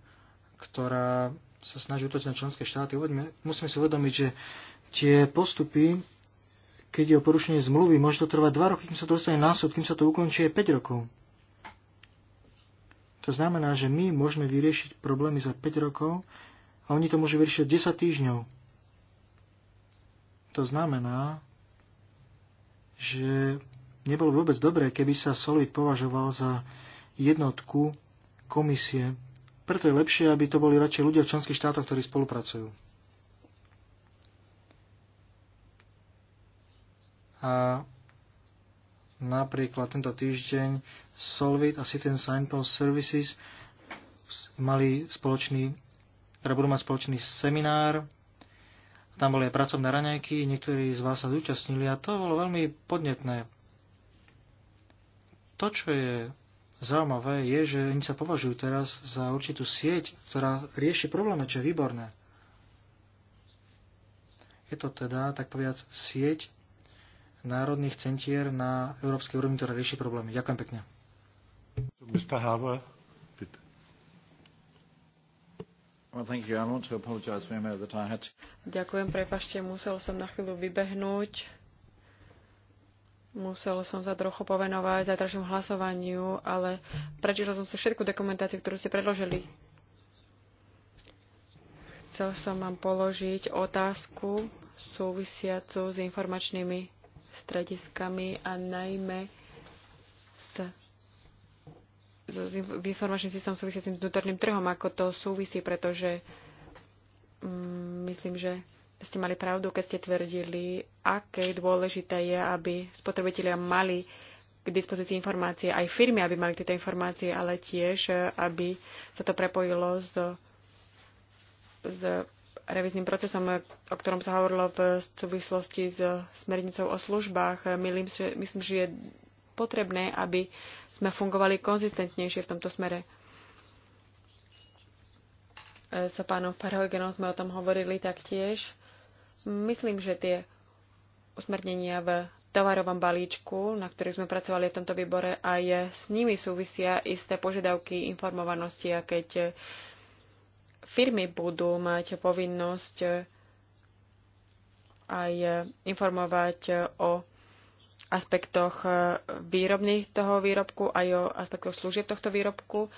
[SPEAKER 4] ktorá sa snaží útočiť na členské štáty. Uvedme, musíme si uvedomiť, že tie postupy, keď je o porušenie zmluvy, môže to trvať 2 roky, kým sa to dostane na súd, kým sa to ukončí je 5 rokov. To znamená, že my môžeme vyriešiť problémy za 5 rokov a oni to môžu vyriešiť 10 týždňov. To znamená, že nebolo vôbec dobré, keby sa Solvit považoval za jednotku komisie. Preto je lepšie, aby to boli radšej ľudia v členských štátoch, ktorí spolupracujú. A napríklad tento týždeň Solvit a Citizen Signpost Services mali spoločný, teda budú mať spoločný seminár, tam boli aj pracovné raňajky, niektorí z vás sa zúčastnili a to bolo veľmi podnetné. To, čo je zaujímavé, je, že oni sa považujú teraz za určitú sieť, ktorá rieši problémy, čo je výborné. Je to teda, tak povedať, sieť národných centier na európskej úrovni, ktoré rieši problémy. Ďakujem pekne.
[SPEAKER 2] Ďakujem, prepašte, musel som na chvíľu vybehnúť. Musel som sa trochu povenovať zajtrajšiemu hlasovaniu, ale prečítal som si všetku dokumentáciu, ktorú ste predložili. Chcel som vám položiť otázku súvisiacu s informačnými strediskami a najmä s, informačným systémom súvisiacím s vnútorným trhom, ako to súvisí, pretože mm, myslím, že ste mali pravdu, keď ste tvrdili, aké dôležité je, aby spotrebitelia mali k dispozícii informácie, aj firmy, aby mali tieto informácie, ale tiež, aby sa to prepojilo s, s revizným procesom, e, o ktorom sa hovorilo v súvislosti s smernicou o službách. E, Milím, že, myslím, že je potrebné, aby sme fungovali konzistentnejšie v tomto smere. E, so pánom Farhojgenom sme o tom hovorili taktiež. Myslím, že tie usmernenia v tovarovom balíčku, na ktorých sme pracovali v tomto výbore, aj s nimi súvisia isté požiadavky informovanosti a keď firmy budú mať povinnosť aj informovať o aspektoch výrobných toho výrobku, aj o aspektoch služieb tohto výrobku.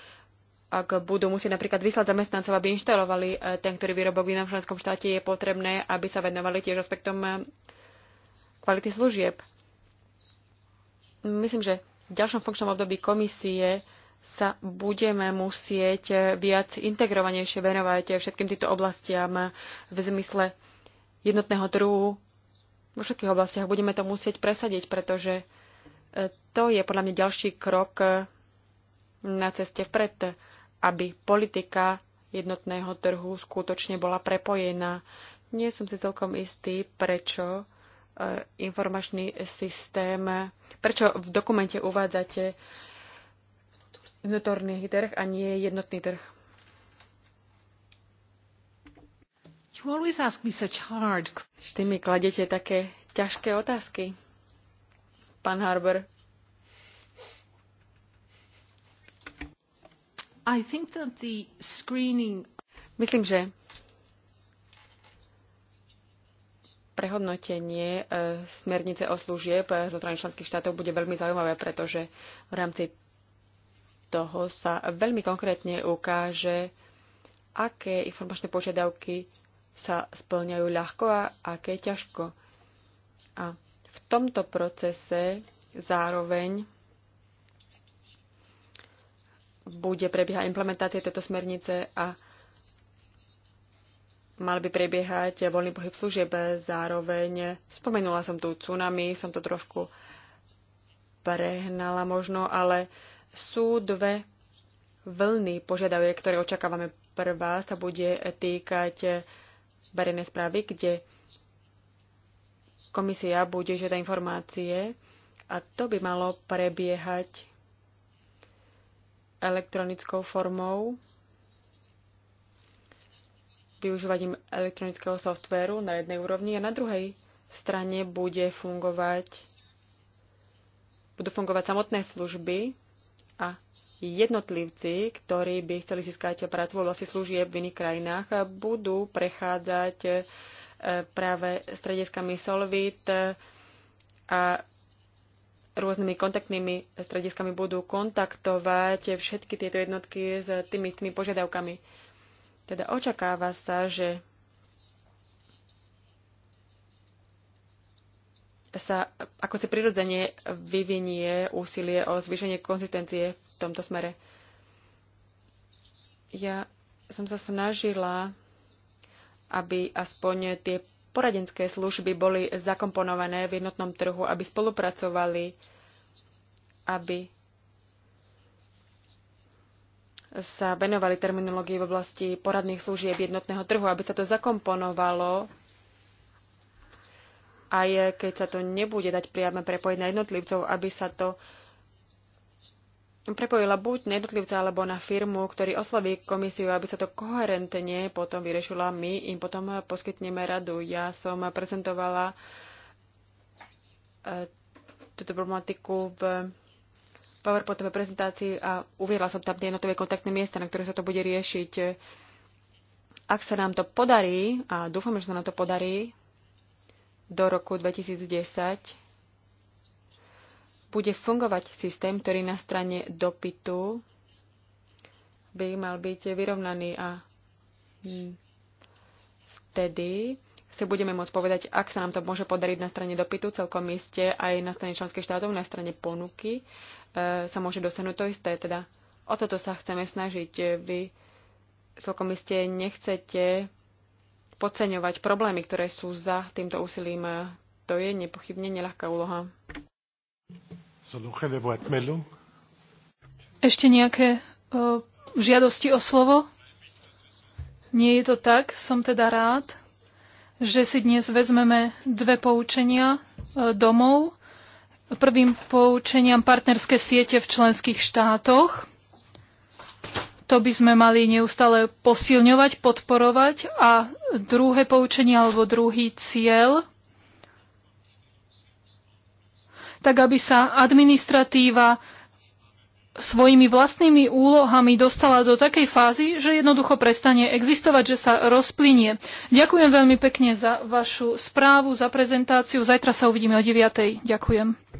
[SPEAKER 2] Ak budú musieť napríklad vyslať zamestnancov, aby inštalovali eh, ten, ktorý výrobok v inom členskom štáte, je potrebné, aby sa venovali tiež aspektom eh, kvality služieb. Myslím, že v ďalšom funkčnom období komisie sa budeme musieť viac integrovanejšie venovať všetkým týmto oblastiam v zmysle jednotného trhu. Vo všetkých oblastiach budeme to musieť presadiť, pretože e, to je podľa mňa ďalší krok e, na ceste vpred, aby politika jednotného trhu skutočne bola prepojená. Nie som si celkom istý, prečo e, informačný systém, prečo v dokumente uvádzate vnútorný trh a nie jednotný trh. Vždy mi kladete také ťažké otázky, pán Harbour. I think that the screening... Myslím, že prehodnotenie eh, smernice o služieb eh, zo strany členských štátov bude veľmi zaujímavé, pretože v rámci toho sa veľmi konkrétne ukáže, aké informačné požiadavky sa splňajú ľahko a aké ťažko. A v tomto procese zároveň bude prebiehať implementácia tejto smernice a mal by prebiehať voľný pohyb služieb zároveň. Spomenula som tu tsunami, som to trošku prehnala možno, ale sú dve vlny požiadavie, ktoré očakávame. Prvá sa bude týkať verejnej správy, kde komisia bude žiadať informácie a to by malo prebiehať elektronickou formou, využívaním elektronického softvéru na jednej úrovni a na druhej strane bude fungovať, budú fungovať samotné služby, a jednotlivci, ktorí by chceli získať prácu v oblasti služieb v iných krajinách, budú prechádzať e, práve strediskami Solvit e, a rôznymi kontaktnými strediskami budú kontaktovať všetky tieto jednotky s tými istými požiadavkami. Teda očakáva sa, že sa ako si prirodzene vyvinie úsilie o zvýšenie konzistencie v tomto smere. Ja som sa snažila, aby aspoň tie poradenské služby boli zakomponované v jednotnom trhu, aby spolupracovali, aby sa venovali terminológii v oblasti poradných služieb jednotného trhu, aby sa to zakomponovalo aj keď sa to nebude dať priame prepojiť na jednotlivcov, aby sa to prepojila buď na jednotlivca alebo na firmu, ktorý osloví komisiu, aby sa to koherentne potom vyriešila. My im potom poskytneme radu. Ja som prezentovala eh, túto problematiku v PowerPointovej prezentácii a uviedla som tam tie jednotlivé kontaktné miesta, na ktoré sa to bude riešiť. Ak sa nám to podarí, a dúfam, že sa nám to podarí, do roku 2010 bude fungovať systém, ktorý na strane dopytu by mal byť vyrovnaný a vtedy si budeme môcť povedať, ak sa nám to môže podariť na strane dopytu celkom iste, aj na strane členských štátov, na strane ponuky e, sa môže dosiahnuť to isté. Teda o toto sa chceme snažiť. E, vy celkom iste nechcete podceňovať problémy, ktoré sú za týmto úsilím. To je nepochybne neľahká úloha.
[SPEAKER 3] Ešte nejaké o, žiadosti o slovo? Nie je to tak. Som teda rád, že si dnes vezmeme dve poučenia domov. Prvým poučeniam partnerské siete v členských štátoch to by sme mali neustále posilňovať, podporovať. A druhé poučenie alebo druhý cieľ, tak aby sa administratíva svojimi vlastnými úlohami dostala do takej fázy, že jednoducho prestane existovať, že sa rozplynie. Ďakujem veľmi pekne za vašu správu, za prezentáciu. Zajtra sa uvidíme o 9. Ďakujem.